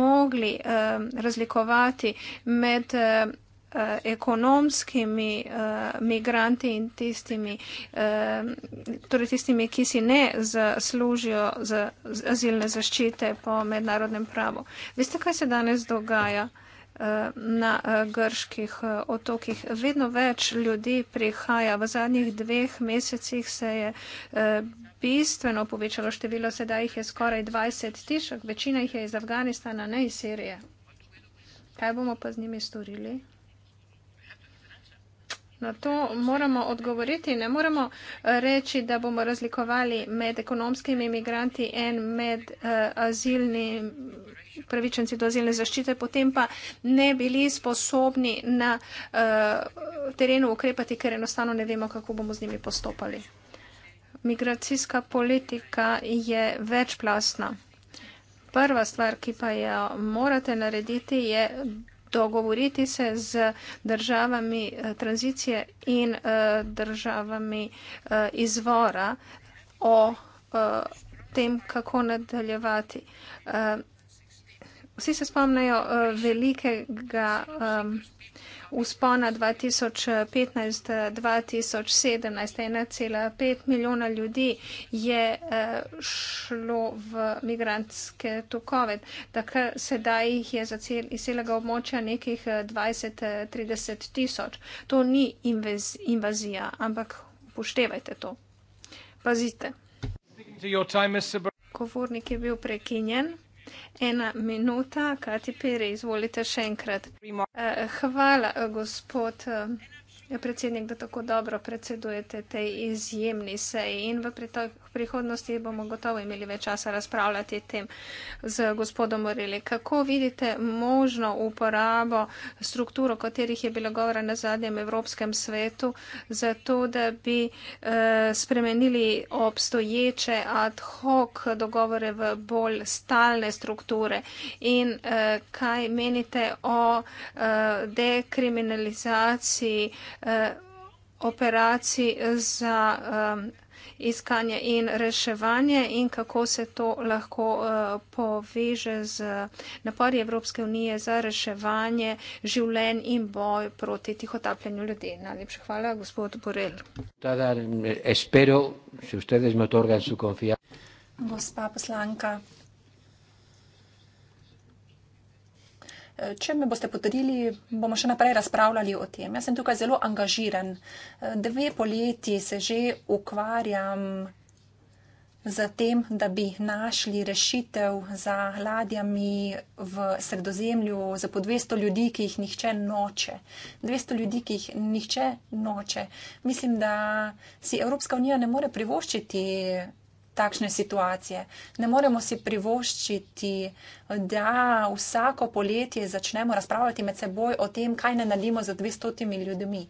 mogli uh, razlikovati med. Uh, Eh, ekonomskimi uh, migranti in tistimi, uh, torej tistimi, ki si ne zaslužijo z, z azilne zaščite po mednarodnem pravu. Veste, kaj se danes dogaja uh, na uh, grških uh, otokih? Vedno več ljudi prihaja. V zadnjih dveh mesecih se je uh, bistveno povečalo število, sedaj jih je skoraj 20 tisoč, večina jih je iz Afganistana, ne iz Sirije. Kaj bomo pa z njimi storili? Na to moramo odgovoriti. Ne moremo eh, reči, da bomo razlikovali med ekonomskimi imigranti in med uh, azilni pravičenci do azilne zaščite, potem pa ne bili sposobni na uh, terenu ukrepati, ker enostavno ne vemo, kako bomo z njimi postopali. Migracijska politika je večplastna. Prva stvar, ki pa jo morate narediti, je dogovoriti se z državami eh, tranzicije in eh, državami eh, izvora o tem, kako nadaljevati. Vsi se spomnijo velikega uspona 2015-2017, 1,5 milijona ljudi je eh, šlo v migrantske tokove. Tako sedaj jih je iz celega območja nekih 20-30 eh, eh, tisoč. To ni invez, invazija, ampak upoštevajte to. Pazite. Govornik je bil prekinjen. Ena minuta, Kati Pere, izvolite še enkrat. Eh, hvala, eh, gospod eh, predsednik, da tako dobro predsedujete tej izjemni seji in v pritoku v prihodnosti bomo gotovo imeli več časa razpravljati tem z gospodom Morili. Kako vidite možno uporabo strukturo, o katerih je bilo govora na zadnjem Evropskem svetu, za to, da bi eh, spremenili obstoječe ad hoc dogovore v bolj stalne strukture? In eh, kaj menite o eh, dekriminalizaciji eh, operacij za. Eh, iskanje in reševanje in kako se to lahko eh, poveže z napori Evropske unije za reševanje življenj in boj proti tihotapljenju ljudi. Najlepša hvala, gospod Borel. Gospa poslanka, Če me boste potrdili, bomo še naprej razpravljali o tem. Jaz sem tukaj zelo angažiran. Dve poleti se že ukvarjam za tem, da bi našli rešitev za ladjami v sredozemlju za po 200 ljudi, ki jih nihče noče. 200 ljudi, ki jih nihče noče. Mislim, da si Evropska unija ne more privoščiti takšne situacije. Ne moremo si privoščiti, da vsako poletje začnemo razpravljati med seboj o tem, kaj ne naredimo za 200 ljudmi.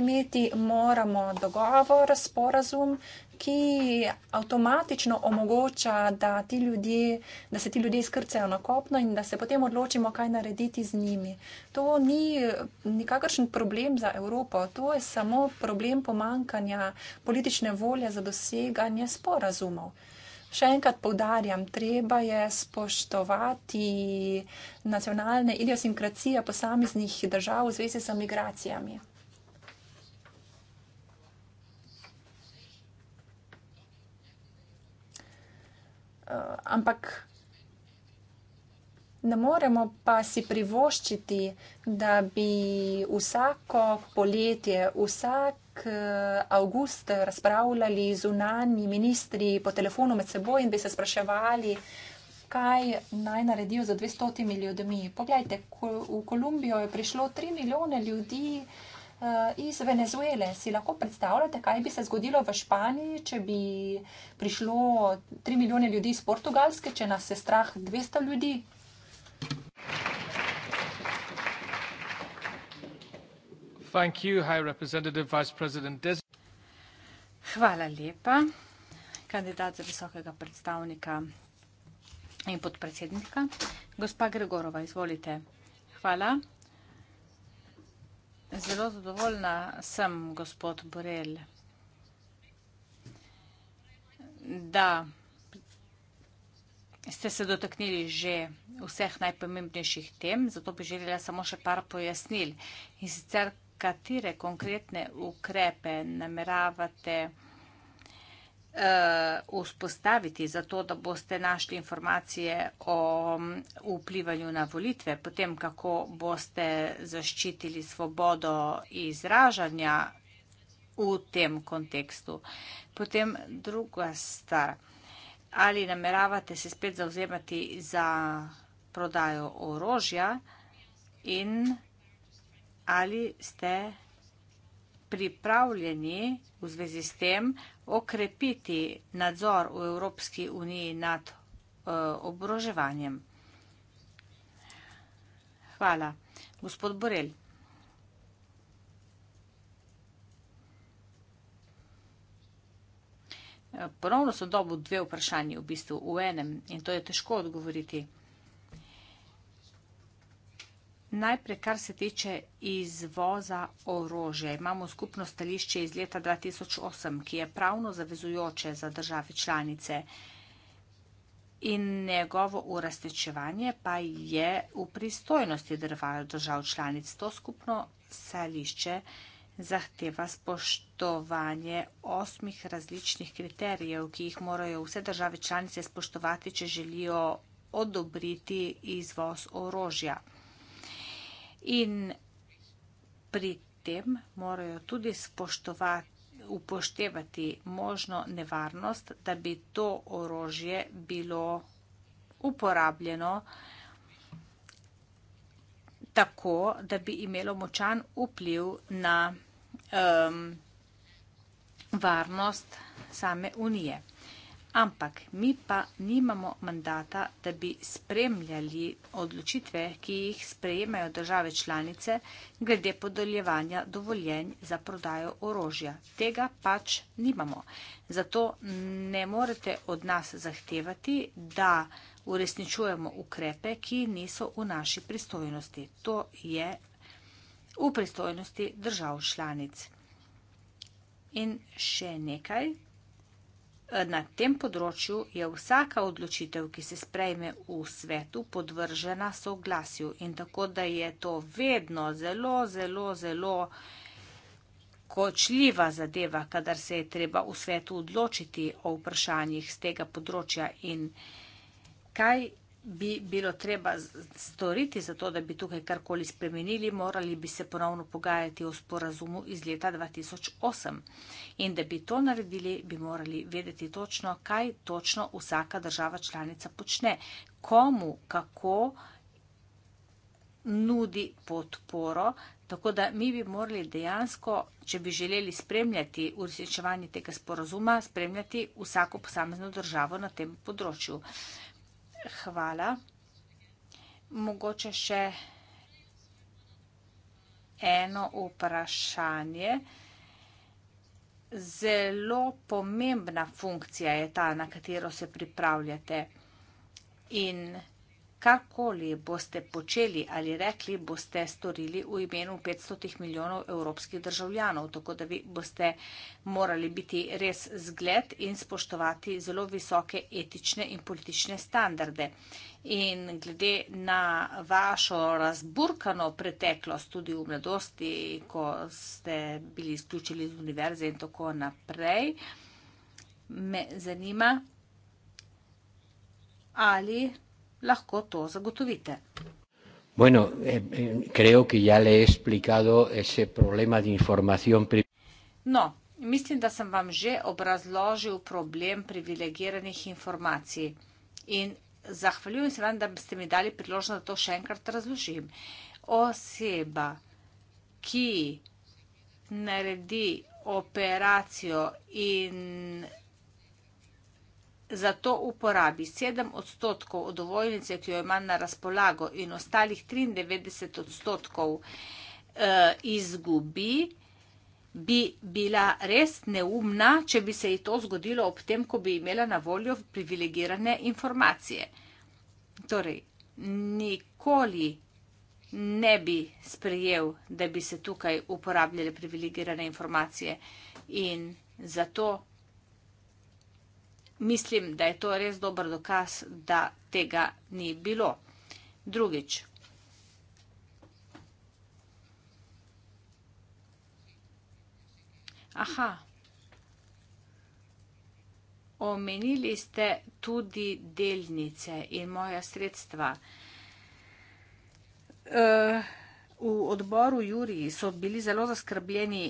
Imeti moramo dogovor, sporazum ki avtomatično omogoča, da, ljudje, da se ti ljudje skrcajo na kopno in da se potem odločimo, kaj narediti z njimi. To ni nikakršen problem za Evropo, to je samo problem pomankanja politične volje za doseganje sporazumov. Še enkrat povdarjam, treba je spoštovati nacionalne idiosinkracije posameznih držav v zvezi s migracijami. Uh, ampak ne moremo pa si privoščiti, da bi vsako poletje, vsak uh, avgust razpravljali zunani ministri po telefonu med seboj in bi se spraševali, kaj naj naredijo za 200 ljudmi. Poglejte, ko, v Kolumbijo je prišlo 3 milijone ljudi. Uh, Eh, iz Venezuele. Si lahko predstavljate, kaj bi se zgodilo v Španiji, če bi prišlo 3 milijone ljudi iz Portugalske, če nas je strah 200 ljudi? You, Hvala lepa, kandidat za visokega predstavnika in podpredsednika. Gospa Gregorova, izvolite. Hvala. Zelo zadovoljna sem, gospod Borel, da ste se dotaknili že vseh najpomembnejših tem, zato bi želela samo še par pojasnil. In sicer, katere konkretne ukrepe nameravate izvesti? Eh, vzpostaviti za to, da boste našli informacije o mm, vplivanju na volitve, potem kako boste zaščitili svobodo izražanja v tem kontekstu. Potem druga stvar, ali nameravate se spet zauzemati za prodajo orožja in ali ste pripravljeni v zvezi s tem okrepiti nadzor v Evropski uniji nad eh, oboroževanjem. Hvala. Gospod Borel. Eh, ponovno so dobu dve vprašanji v bistvu v enem in to je težko odgovoriti. Najprej, kar se tiče izvoza orožja, imamo skupno stališče iz leta 2008, ki je pravno zavezujoče za države članice in njegovo uresničevanje pa je v pristojnosti držav članic. To skupno stališče zahteva spoštovanje osmih različnih kriterijev, ki jih morajo vse države članice spoštovati, če želijo odobriti izvoz orožja in pri tem morajo tudi upoštevati možno nevarnost, da bi to orožje bilo uporabljeno tako, da bi imelo močan vpliv na um, varnost same unije. Ampak mi pa nimamo mandata, da bi spremljali odločitve, ki jih sprejemajo države članice glede podeljevanja dovoljenj za prodajo orožja. Tega pač nimamo. Zato ne morete od nas zahtevati, da uresničujemo ukrepe, ki niso v naši pristojnosti. To je v pristojnosti držav članic. In še nekaj. Na tem področju je vsaka odločitev, ki se sprejme v svetu, podvržena soglasju in tako, da je to vedno zelo, zelo, zelo kočljiva zadeva, kadar se je treba v svetu odločiti o vprašanjih z tega področja in kaj bi bilo treba storiti za to, da bi tukaj karkoli spremenili, morali bi se ponovno pogajati o sporazumu iz leta 2008. In da bi to naredili, bi morali vedeti točno, kaj točno vsaka država članica počne, komu, kako nudi podporo. Tako da mi bi morali dejansko, če bi želeli spremljati uresničevanje tega sporazuma, spremljati vsako posamezno državo na tem področju hvala. Mogoče še eno vprašanje. Zelo pomembna funkcija je ta, na katero se pripravljate. In Karkoli boste počeli ali rekli, boste storili v imenu 500 milijonov evropskih državljanov, tako da vi boste morali biti res zgled in spoštovati zelo visoke etične in politične standarde. In glede na vašo razburkano preteklost, tudi v mladosti, ko ste bili izključili iz univerze in tako naprej, me zanima, ali lahko to zagotovite. Bueno, eh, eh, creo que ya le he explicado ese problema de información. Pri... No, mislim, da sem vam že obrazložil problem privilegiranih informacij. In zahvaljujem se vam, da ste mi dali priložnost, da to še enkrat razložim. Oseba, ki naredi operacijo in zato uporabi sedem odstotkov od ovojnice, ki jo ima na razpolago in ostalih 93 odstotkov eh, izgubi, bi bila res neumna, če bi se ji to zgodilo ob tem, ko bi imela na voljo privilegirane informacije. Torej, nikoli ne bi sprejel, da bi se tukaj uporabljale privilegirane informacije in zato Mislim, da je to res dober dokaz, da tega ni bilo. Drugič. Aha. Omenili ste tudi delnice in moja sredstva. E, v odboru Juriji so bili zelo zaskrbljeni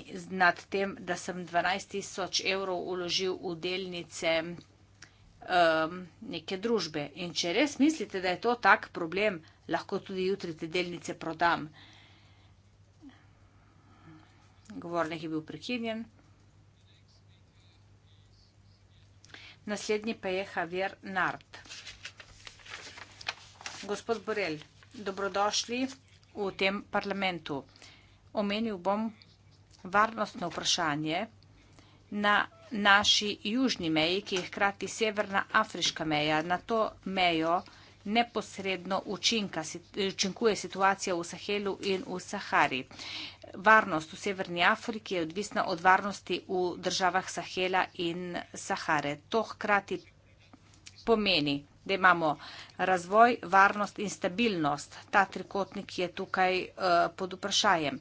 nad tem, da sem 12 tisoč evrov uložil v delnice um, neke družbe. In če res mislite, da je to tak problem, lahko tudi jutri te delnice prodam. Govornik je bil prekinjen. Naslednji pa je Javier Nart. Gospod Borel, dobrodošli v tem parlamentu. Omenil bom varnostno vprašanje na naši južni meji, ki je hkrati severna afriška meja, na to mejo neposredno učinka, učinkuje situacija v Sahelu in v Sahari. Varnost v Severni Afriki je odvisna od varnosti v državah Sahela in Sahare. To hkrati pomeni da imamo razvoj, varnost in stabilnost. Ta trikotnik je tukaj uh, pod vprašanjem.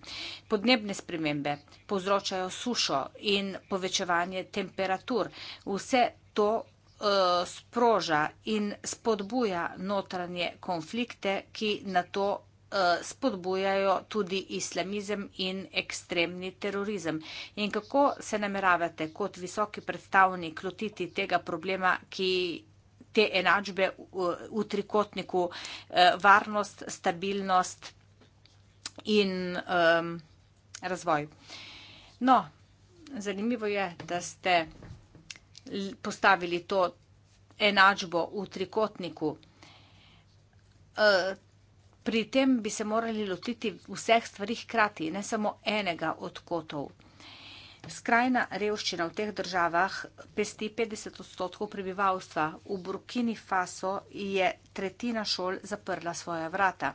Podnebne spremembe povzročajo sušo in povečevanje temperatur. Vse to uh, sproža in spodbuja notranje konflikte, ki na to eh, spodbujajo tudi islamizem in ekstremni terorizem. In kako se nameravate kot visoki predstavnik lotiti tega problema, ki te enačbe v, v trikotniku eh, varnost, stabilnost in eh, razvoj. No, zanimivo je, da ste postavili to enačbo v trikotniku. Eh, pri tem bi se morali lotiti vseh stvari hkrati, ne samo enega od kotov. Skrajna revščina v teh državah pesti 50 odstotkov prebivalstva. V Burkini Faso je tretjina šol zaprla svoja vrata.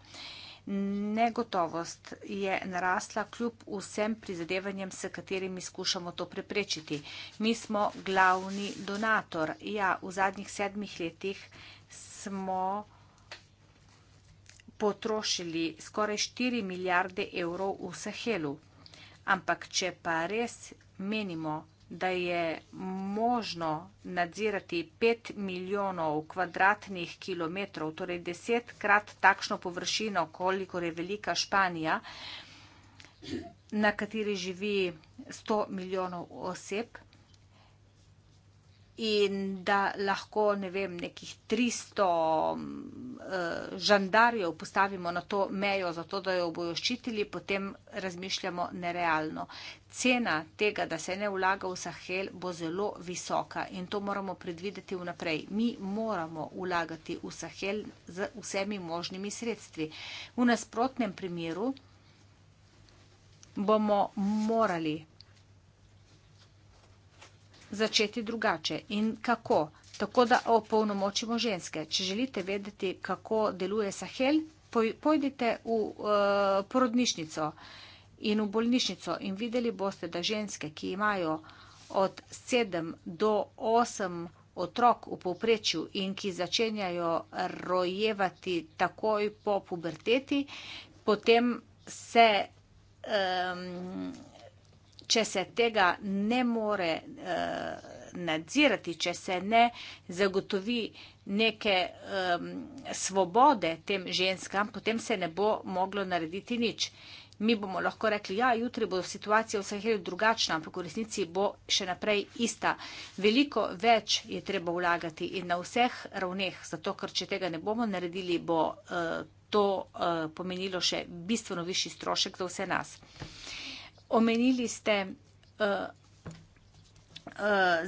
Negotovost je narasla kljub vsem prizadevanjem, s katerimi skušamo to preprečiti. Mi smo glavni donator. Ja, v zadnjih sedmih letih smo potrošili skoraj 4 milijarde evrov v Sahelu. Ampak, če pa res menimo, da je možno nadzirati 5 milijonov kvadratnih kilometrov, torej desetkrat takšno površino, koliko je velika Španija, na kateri živi 100 milijonov oseb, in da lahko ne vem, nekih 300 uh, mm, eh, žandarjev postavimo na to mejo, zato da jo bojo ščitili, potem razmišljamo nerealno. Cena tega, da se ne vlaga v Sahel, bo zelo visoka in to moramo predvideti vnaprej. Mi moramo vlagati v Sahel z vsemi možnimi sredstvi. V nasprotnem primeru bomo morali začeti drugače in kako. Tako da opolnomočimo ženske. Če želite vedeti, kako deluje Sahel, pojdite v uh, porodnišnico in v bolnišnico in videli boste, da ženske, ki imajo od 7 do 8 otrok v povprečju in ki začenjajo rojevati takoj po puberteti, potem se. Um, če se tega ne more eh, nadzirati, če se ne zagotovi neke svobode tem ženskam, potem se ne bo moglo narediti nič. Mi bomo lahko rekli, ja, jutri bo situacija vseh je drugačna, ampak v resnici bo še naprej ista. Veliko več je treba vlagati in na vseh ravneh, zato ker če tega ne bomo naredili, bo uh, to uh, pomenilo še bistveno višji strošek za vse nas. Uh, omenili ste uh, uh,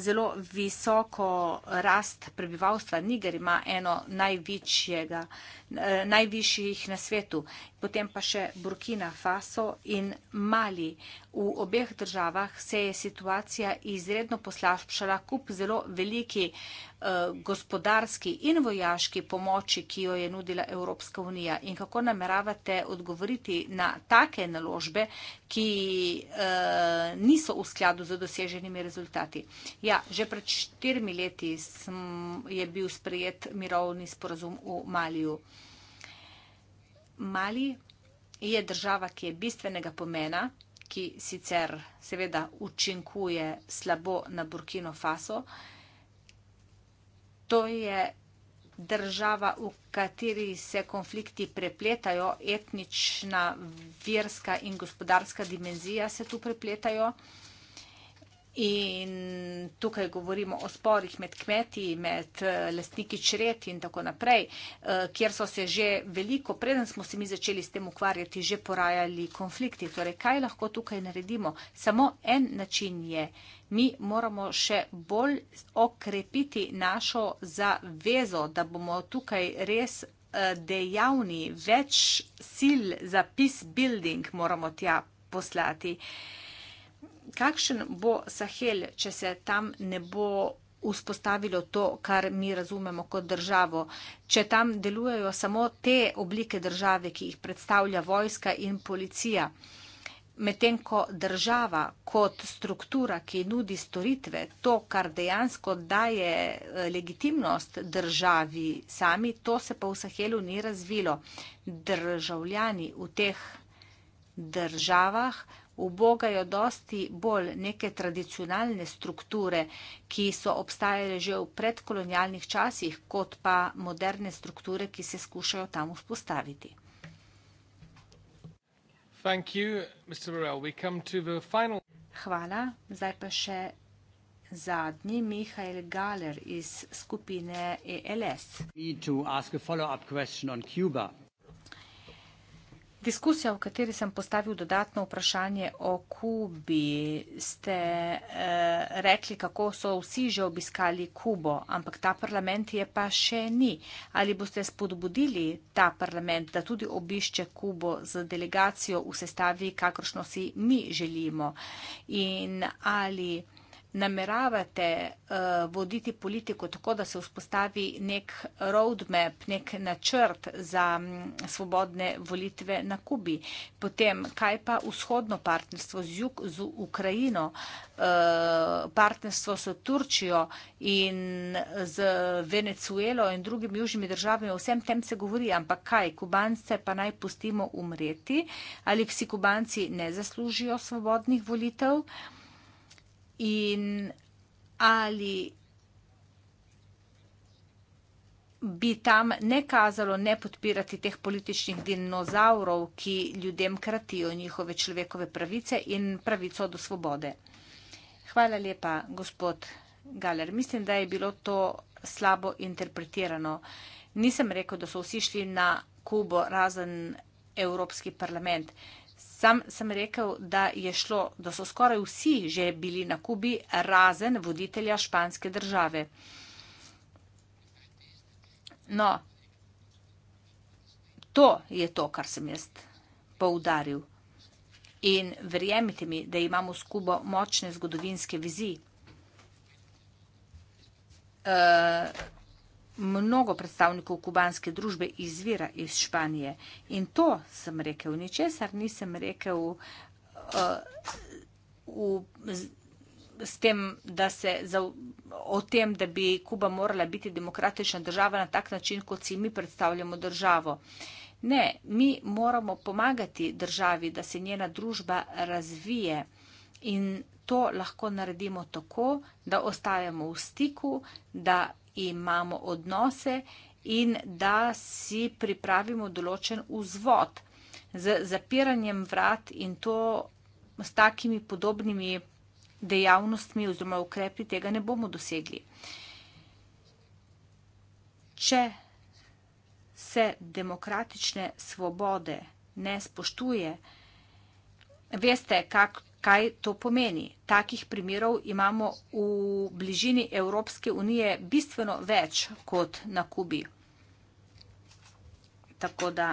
zelo visoko rast prebivalstva. Niger ima eno največjega, uh, najvišjih na svetu potem pa še Burkina Faso in Mali. V obeh državah se je situacija izredno poslabšala kup zelo veliki eh, gospodarski in vojaški pomoči, ki jo je nudila Evropska unija. In kako nameravate odgovoriti na take naložbe, ki eh, niso v skladu z doseženimi rezultati? Ja, že pred štirimi leti sm, je bil sprejet mirovni sporazum v Maliju. Mali je država, ki je bistvenega pomena, ki sicer seveda učinkuje slabo na Burkino Faso. To je država, v kateri se konflikti prepletajo, etnična, verska in gospodarska dimenzija se tu prepletajo. In tukaj govorimo o sporih med kmeti, med eh, lastniki čred in tako naprej, eh, kjer so se že veliko, preden smo se mi začeli s tem ukvarjati, že porajali konflikti. Torej, kaj lahko tukaj naredimo? Samo en način je. Mi moramo še bolj okrepiti našo zavezo, da bomo tukaj res eh, dejavni, več sil za peace building moramo tja poslati. Uh, kakšen bo Sahel, če se tam ne bo vzpostavilo to, kar mi razumemo kot državo, če tam delujejo samo te oblike države, ki jih predstavlja vojska in policija. Medtem ko država kot struktura, ki nudi storitve, to, kar dejansko daje eh, legitimnost državi sami, to se pa v Sahelu ni razvilo. Državljani v teh državah ubogajo dosti bolj neke tradicionalne strukture, ki so obstajale že v predkolonialnih časih, kot pa moderne strukture, ki se skušajo tam vzpostaviti. Thank you, Mr. Morel. We come to the final... Hvala. Zdaj pa še zadnji, Mihajl Galer iz skupine ELS. Need to ask a follow-up question on Cuba. Diskusija, v kateri sem postavil dodatno vprašanje o Kubi, ste eh, rekli, kako so vsi že obiskali Kubo, ampak ta parlament je pa še ni. Ali boste spodbudili ta parlament, da tudi obišče Kubo z delegacijo v sestavi, kakršno si mi želimo? In ali nameravate uh, voditi politiko tako, da se vzpostavi nek roadmap, nek načrt za m, mm, svobodne volitve na Kubi. Potem, kaj pa vzhodno partnerstvo z, jug, z Ukrajino, uh, partnerstvo s Turčijo in z Venezuelo in drugimi južnimi državami, o vsem tem se govori, ampak kaj, kubance pa naj pustimo umreti ali vsi kubanci ne zaslužijo svobodnih volitev. Uh, in ali bi tam ne kazalo ne podpirati teh političnih dinozavrov, ki ljudem kratijo njihove človekove pravice in pravico do svobode. Hvala lepa, gospod Galer. Mislim, da je bilo to slabo interpretirano. Nisem rekel, da so vsi šli na Kubo razen Evropski parlament. Sam sem rekel, da, šlo, da so skoraj vsi že bili na Kubi, razen voditelja španske države. No, to je to, kar sem jaz poudaril. In verjemite mi, da imamo s Kubo močne zgodovinske vizije. Uh, mnogo predstavnikov kubanske družbe izvira iz Španije. In to sem rekel, ničesar nisem rekel uh, v, z, s tem, da se za, o tem, da bi Kuba morala biti demokratična država na tak način, kot si mi predstavljamo državo. Ne, mi moramo pomagati državi, da se njena družba razvije in to lahko naredimo tako, da ostajamo v stiku, da imamo odnose in da si pripravimo določen vzvod z zapiranjem vrat in to s takimi podobnimi dejavnostmi oziroma ukrepi tega ne bomo dosegli. Če se demokratične svobode ne spoštuje, veste, kak, kaj to pomeni. Takih primerov imamo v bližini Evropske unije bistveno več kot na Kubi. Tako da,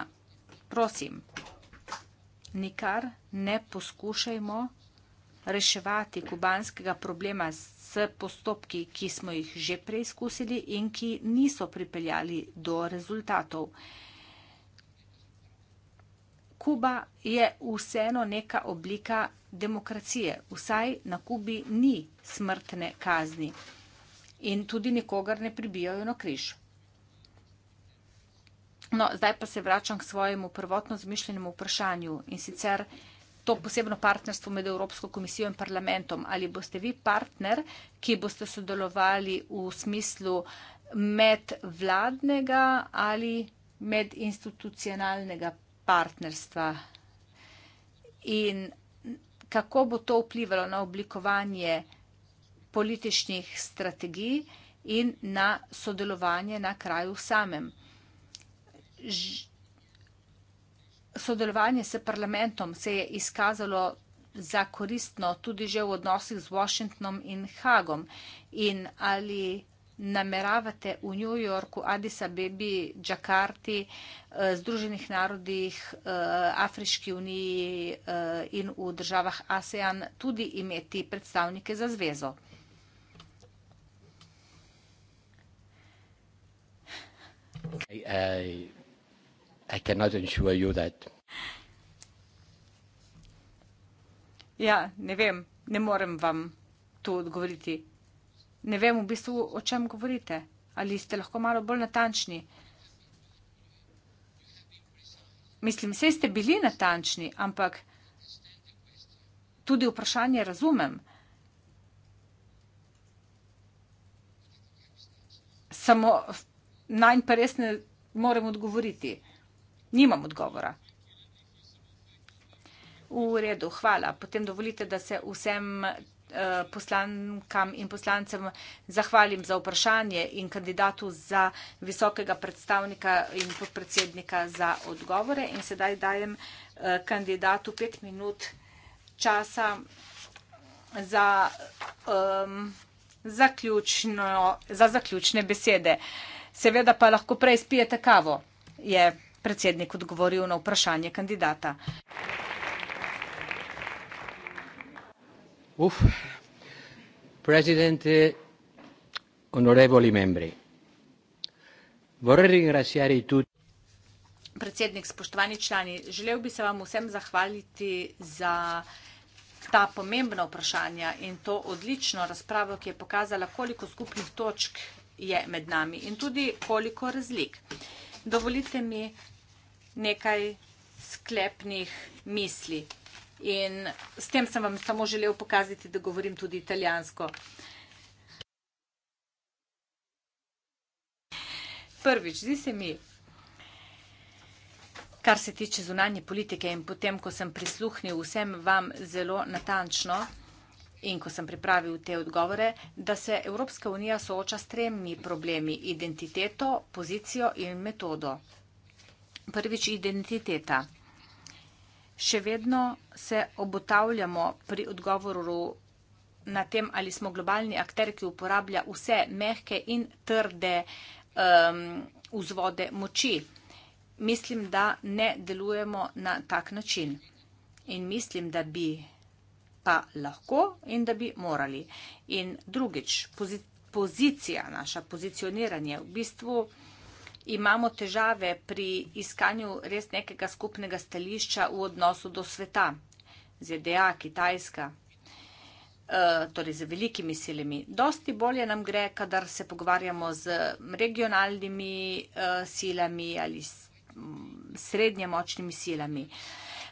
prosim, nikar ne poskušajmo reševati kubanskega problema s postopki, ki smo jih že preizkusili in ki niso pripeljali do rezultatov. Kuba je vseeno neka oblika demokracije. Vsaj na Kubi ni smrtne kazni in tudi nikogar ne pribijajo na križ. No, zdaj pa se vračam k svojemu prvotno zmišljenemu vprašanju in sicer to posebno partnerstvo med Evropsko komisijo in parlamentom. Ali boste vi partner, ki boste sodelovali v smislu medvladnega ali medinstitucionalnega partnerstva? In kako bo to vplivalo na oblikovanje političnih strategij in na sodelovanje na kraju samem. Ž sodelovanje s parlamentom se je izkazalo za koristno tudi že v odnosih z Washingtonom in Hagom. In ali nameravate v New Yorku, Addis Abebi, Džakarti, eh, Združenih narodih, eh, Afriški uniji eh, in v državah ASEAN tudi imeti predstavnike za zvezo? I, I, I ja, ne vem, ne morem vam to odgovoriti ne vem v bistvu, o čem govorite. Ali ste lahko malo bolj natančni? Mislim, vse ste bili natančni, ampak tudi vprašanje razumem. Samo najn pa res ne morem odgovoriti. Nimam odgovora. V redu, hvala. Potem dovolite, da se vsem poslankam in poslancem zahvalim za vprašanje in kandidatu za visokega predstavnika in podpredsednika za odgovore. In sedaj dajem eh, kandidatu pet minut časa za, um, zaključno, za zaključne besede. Seveda pa lahko prej spijete kavo, je predsednik odgovoril na vprašanje kandidata. Thank you. Uf. Presidente, onorevoli membri, vorrei ringraziare tutti. Predsednik, spoštovani člani, želel bi se vam vsem zahvaliti za ta pomembna vprašanja in to odlično razpravo, ki je pokazala, koliko skupnih točk je med nami in tudi koliko razlik. Dovolite mi nekaj sklepnih misli. In s tem sem vam samo želel pokazati, da govorim tudi italijansko. Prvič, zdi se mi, kar se tiče zunanje politike in potem, ko sem prisluhnil vsem vam zelo natančno in ko sem pripravil te odgovore, da se Evropska unija sooča s tremi problemi – identiteto, pozicijo in metodo. Prvič, identiteta še vedno se obotavljamo pri odgovoru na tem, ali smo globalni akter, ki uporablja vse mehke in trde um, vzvode moči. Mislim, da ne delujemo na tak način. In mislim, da bi pa lahko in da bi morali. In drugič, pozicija, naša pozicioniranje v bistvu imamo težave pri iskanju res nekega skupnega stališča v odnosu do sveta, ZDA, Kitajska, eh, torej z velikimi silami. Dosti bolje nam gre, kadar se pogovarjamo z regionalnimi eh, silami ali mm, srednje močnimi silami.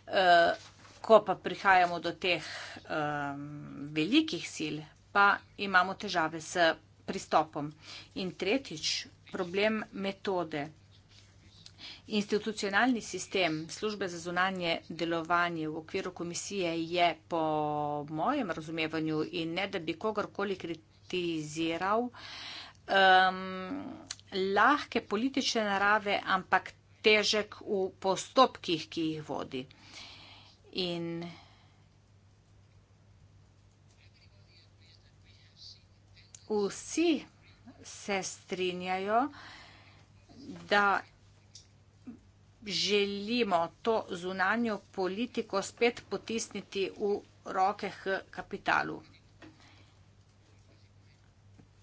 Eh, ko pa prihajamo do teh um, velikih sil, pa imamo težave s pristopom. In tretjič, problem metode. Institucionalni sistem službe za zunanje delovanje v okviru komisije je po mojem razumevanju in ne da bi kogarkoli kritiziral, um, lahke politične narave, ampak težek v postopkih, ki jih vodi. In vsi se strinjajo, da želimo to zunanjo politiko spet potisniti v roke h kapitalu.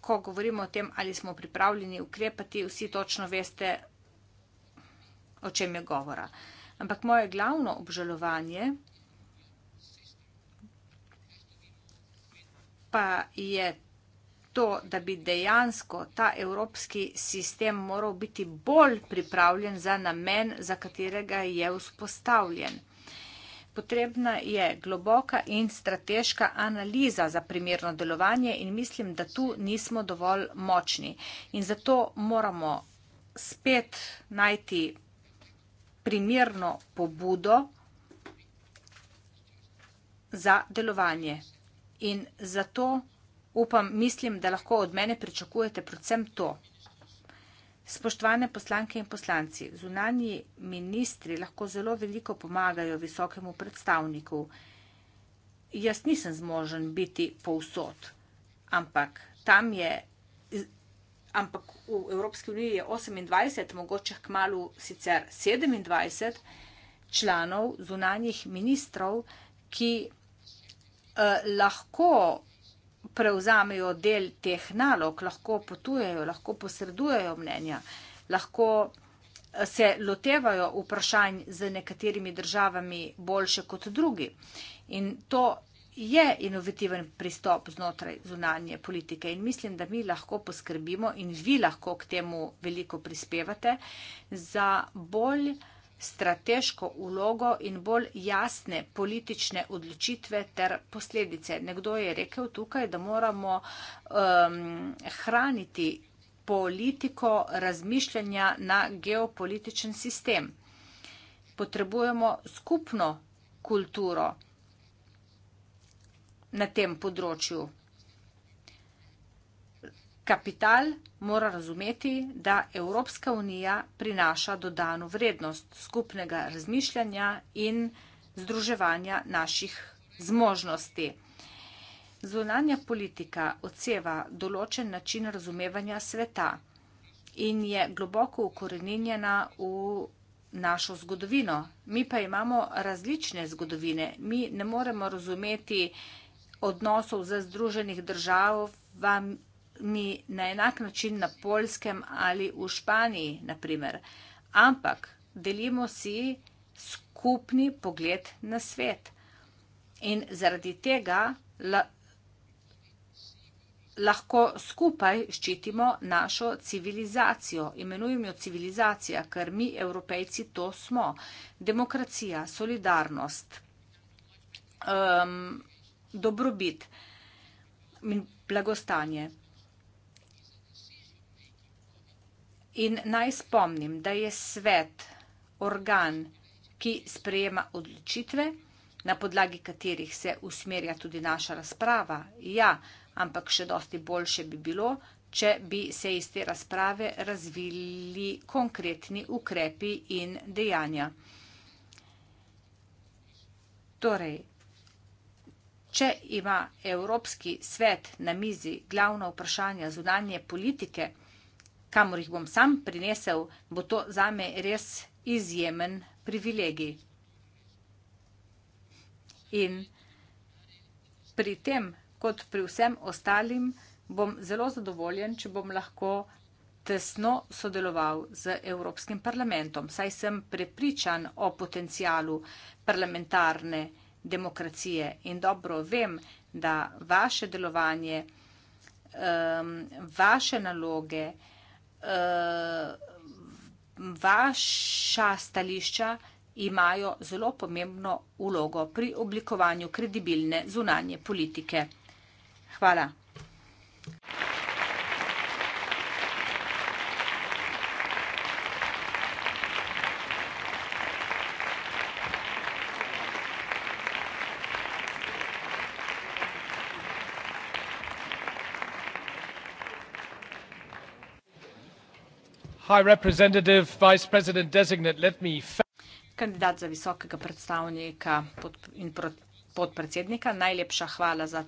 Ko govorimo o tem, ali smo pripravljeni ukrepati, vsi točno veste, o čem je govora. Ampak moje glavno obžalovanje pa je to, to, da bi dejansko ta evropski sistem moral biti bolj pripravljen za namen, za katerega je vzpostavljen. Potrebna je globoka in strateška analiza za primerno delovanje in mislim, da tu nismo dovolj močni. In zato moramo spet najti primerno pobudo za delovanje. In zato Upam, mislim, da lahko od mene pričakujete predvsem to. Spoštovane poslanke in poslanci, zunanji ministri lahko zelo veliko pomagajo visokemu predstavniku. Jaz nisem zmožen biti povsod, ampak tam je, ampak v Evropski uniji je 28, mogoče k malu sicer 27 članov zunanjih ministrov, ki eh, lahko prevzamejo del teh nalog, lahko potujejo, lahko posredujejo mnenja, lahko eh, se lotevajo vprašanj z nekaterimi državami boljše kot drugi. In to je inovativen pristop znotraj zunanje politike in mislim, da mi lahko poskrbimo in vi lahko k temu veliko prispevate za bolj strateško vlogo in bolj jasne politične odločitve ter posledice. Nekdo je rekel tukaj, da moramo um, hraniti politiko razmišljanja na geopolitičen sistem. Potrebujemo skupno kulturo na tem področju. Kapital mora razumeti, da Evropska unija prinaša dodano vrednost skupnega razmišljanja in združevanja naših zmožnosti. Zunanja politika odseva določen način razumevanja sveta in je globoko ukoreninjena v našo zgodovino. Mi pa imamo različne zgodovine. Mi ne moremo razumeti odnosov z združenih državami ni na enak način na polskem ali v Španiji, naprimer. ampak delimo si skupni pogled na svet. In zaradi tega la, lahko skupaj ščitimo našo civilizacijo. Imenujem jo civilizacija, ker mi, evropejci, to smo. Demokracija, solidarnost, um, dobrobit in blagostanje. In naj spomnim, da je svet organ, ki sprejema odločitve, na podlagi katerih se usmerja tudi naša razprava. Ja, ampak še dosti boljše bi bilo, če bi se iz te razprave razvili konkretni ukrepi in dejanja. Torej, če ima Evropski svet na mizi glavna vprašanja zunanje politike, kamor jih bom sam prinesel, bo to zame res izjemen privilegij. In pri tem, kot pri vsem ostalim, bom zelo zadovoljen, če bom lahko tesno sodeloval z Evropskim parlamentom, saj sem prepričan o potencijalu parlamentarne demokracije in dobro vem, da vaše delovanje, um, vaše naloge, uh, uh, vaša stališča imajo zelo pomembno ulogo pri oblikovanju kredibilne zunanje politike. Hvala. High Representative, Vice President Designate, let me... Kandidat za visokega predstavnika in podpredsednika, najlepša hvala za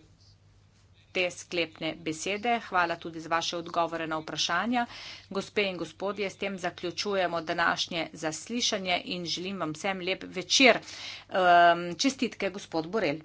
te sklepne besede. Hvala tudi za vaše odgovore na vprašanja. Gospe in gospodje, s tem zaključujemo današnje zaslišanje in želim vam vsem lep večer. Ehm, čestitke, gospod Borelj.